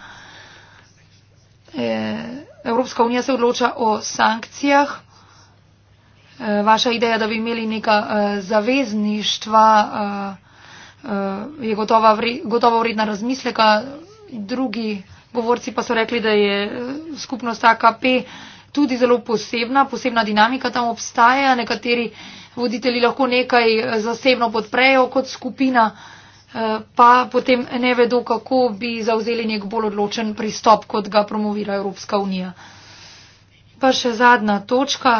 Evropska unija se odloča o sankcijah. Eh, vaša ideja, da bi imeli neka eh, zavezništva, eh, je gotovo vredna razmisleka. Drugi govorci pa so rekli, da je skupnost AKP tudi zelo posebna, posebna dinamika tam obstaja. Nekateri voditelji lahko nekaj zasebno podprejo kot skupina, pa potem ne vedo, kako bi zauzeli nek bolj odločen pristop, kot ga promovira Evropska unija. Pa še zadnja točka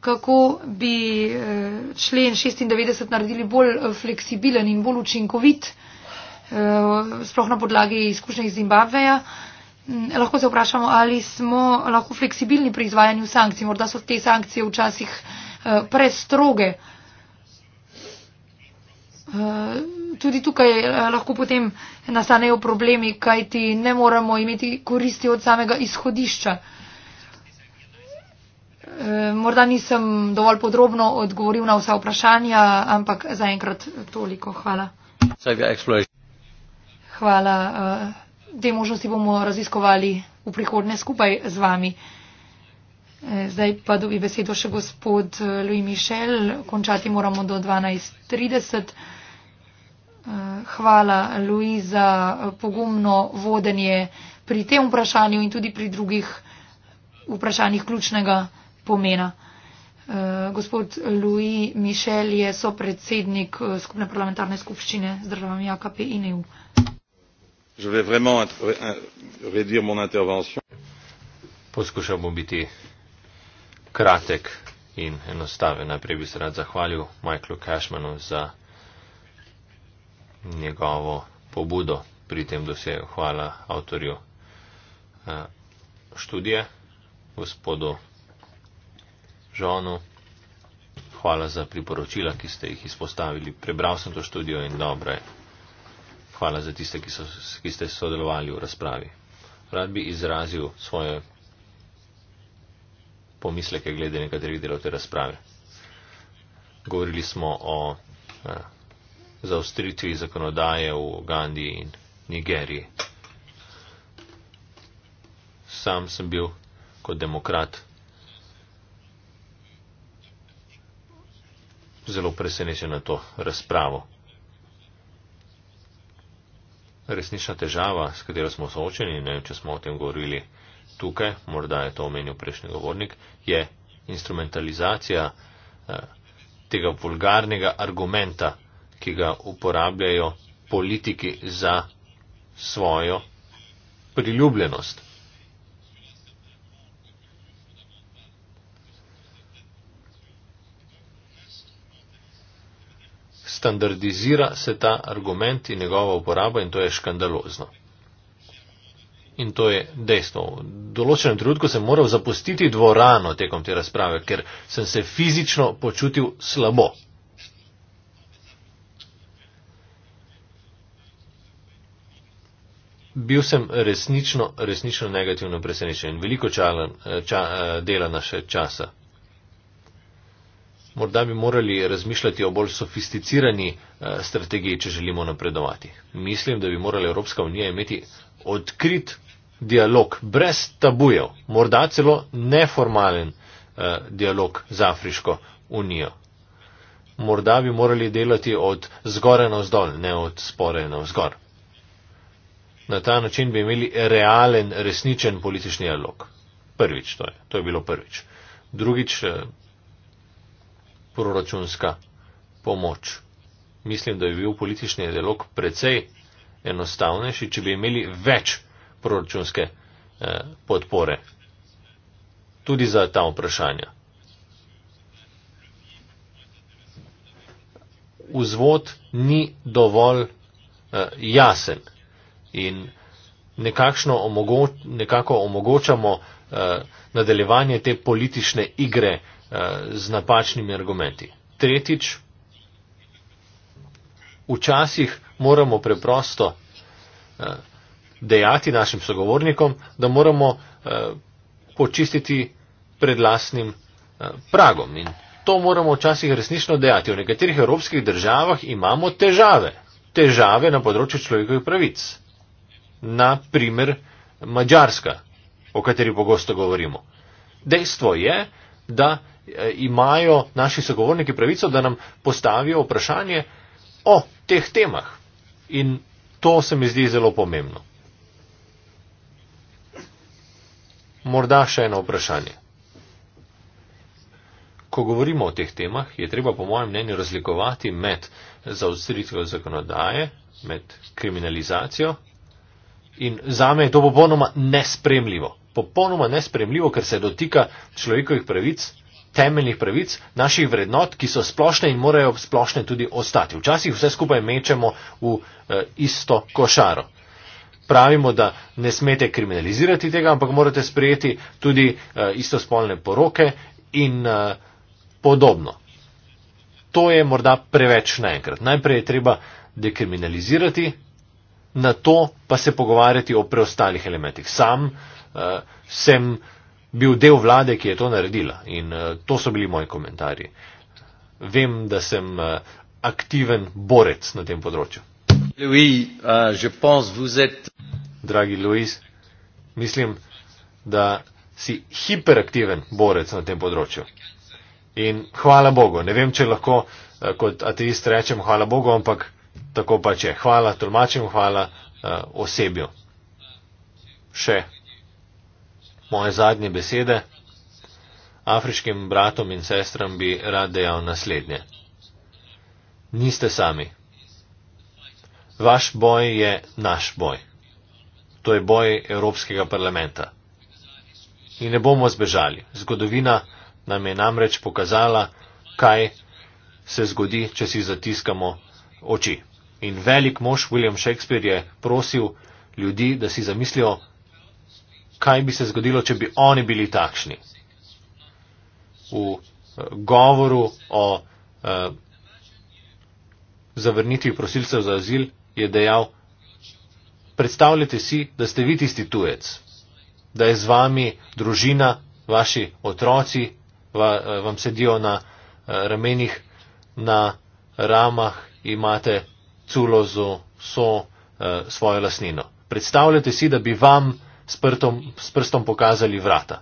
kako bi eh, člen 96 naredili bolj eh, fleksibilen in bolj učinkovit, eh, sploh na podlagi izkušnje iz Zimbabveja. Mm, lahko se vprašamo, ali smo lahko fleksibilni pri izvajanju sankcij. Morda so te sankcije včasih prestroge. Tudi tukaj lahko potem nastanejo problemi, kajti ne moramo imeti koristi od samega izhodišča. Eh, morda nisem dovolj podrobno odgovoril na vsa vprašanja, ampak zaenkrat toliko. Hvala. Hvala. Eh, te možnosti bomo raziskovali v prihodnje skupaj z vami. Eh, zdaj pa dobi besedo še gospod Louis Michel. Končati moramo do 12.30. Hvala, Louis, za pogumno vodenje pri tem vprašanju in tudi pri drugih vprašanjih ključnega pomena. Eh, gospod Louis Michel je sopredsednik eh, skupne parlamentarne skupščine z državami AKP in EU. Poskušal bom biti kratek in enostaven. Najprej bi se rad zahvalil Michaelu Cashmanu za njegovo pobudo pri tem dosegu. Hvala avtorju eh, študije, gospodu žonu. Hvala za priporočila, ki ste jih izpostavili. Prebral sem to študijo in dobro je. Hvala za tiste, ki, so, ki ste sodelovali v razpravi. Rad bi izrazil svoje pomisleke glede nekaterih delov te razprave. Govorili smo o a, eh, zaostritvi zakonodaje v Gandiji in Nigeriji. Sam sem bil kot demokrat zelo presenečen na to razpravo. Resnična težava, s katero smo soočeni, ne vem, če smo o tem govorili tukaj, morda je to omenil prejšnji govornik, je instrumentalizacija eh, tega vulgarnega argumenta, ki ga uporabljajo politiki za svojo priljubljenost. standardizira se ta argument in njegova uporaba in to je škandalozno. In to je dejstvo. V določenem trenutku sem moral zapustiti dvorano tekom te razprave, ker sem se fizično počutil slabo. Bil sem resnično, resnično negativno presenečen in veliko čala, ča, eh, dela naše časa morda bi morali razmišljati o bolj sofisticirani eh, strategiji, če želimo napredovati. Mislim, da bi morala Evropska unija imeti odkrit dialog, brez tabujev, morda celo neformalen eh, dialog z Afriško unijo. Morda bi morali delati od zgore na vzdolj, ne od spore na vzgor. Na ta način bi imeli realen, resničen politični dialog. Prvič to je. To je bilo prvič. Drugič, eh, proračunska pomoč. Mislim, da je bil politični dialog precej enostavnejši, če bi imeli več proračunske eh, podpore. Tudi za ta vprašanja. Vzvod ni dovolj eh, jasen in nekakšno omogo nekako omogočamo eh, nadaljevanje te politične igre z napačnimi argumenti. Tretjič, včasih moramo preprosto eh, dejati našim sogovornikom, da moramo eh, počistiti pred lasnim eh, pragom. In to moramo včasih resnično dejati. V nekaterih evropskih državah imamo težave. Težave na področju človekovih pravic. Naprimer Mačarska, o kateri pogosto govorimo. Dejstvo je, da Eh, imajo naši sogovorniki pravico, da nam postavijo vprašanje o teh temah. In to se mi zdi zelo pomembno. Morda še eno vprašanje. Ko govorimo o teh temah, je treba po mojem mnenju razlikovati med zaustritvijo zakonodaje, med kriminalizacijo in zame je to popolnoma nespremljivo. Popolnoma nespremljivo, ker se dotika človekovih pravic temeljnih pravic, naših vrednot, ki so splošne in morajo splošne tudi ostati. Včasih vse skupaj mečemo v eh, isto košaro. Pravimo, da ne smete kriminalizirati tega, ampak morate sprejeti tudi eh, istospolne poroke in eh, podobno. To je morda preveč naenkrat. Najprej je treba dekriminalizirati, na to pa se pogovarjati o preostalih elementih. Sam uh, sem uh, bil del vlade, ki je to naredila. In uh, to so bili moji komentarji. Vem, da sem uh, aktiven borec na tem področju. Louis, uh, pense, êtes... Dragi Louis, mislim, da si hiperaktiven borec na tem področju. In hvala Bogu. Ne vem, če lahko uh, kot ateist rečem hvala Bogu, ampak tako pa če. Hvala, tolmačim, hvala uh, osebju. Še moje zadnje besede, afriškim bratom in sestram bi rad dejal naslednje. Niste sami. Vaš boj je naš boj. To je boj Evropskega parlamenta. In ne bomo zbežali. Zgodovina nam je namreč pokazala, kaj se zgodi, če si zatiskamo oči. In velik mož William Shakespeare je prosil ljudi, da si zamislijo, kaj bi se zgodilo, če bi oni bili takšni. V eh, govoru o eh, zavrnitvi prosilcev za azil je dejal, predstavljajte si, da ste vi tisti tujec, da je z vami družina, vaši otroci, va, eh, vam sedijo na eh, ramenih, na ramah, imate culo z vso eh, svojo lasnino. Predstavljajte si, da bi vam s prstom, s prstom pokazali vrata.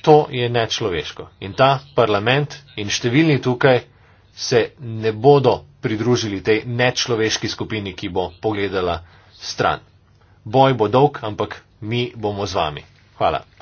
To je nečloveško. In ta parlament in številni tukaj se ne bodo pridružili tej nečloveški skupini, ki bo pogledala stran. Boj bo dolg, ampak mi bomo z vami. Hvala.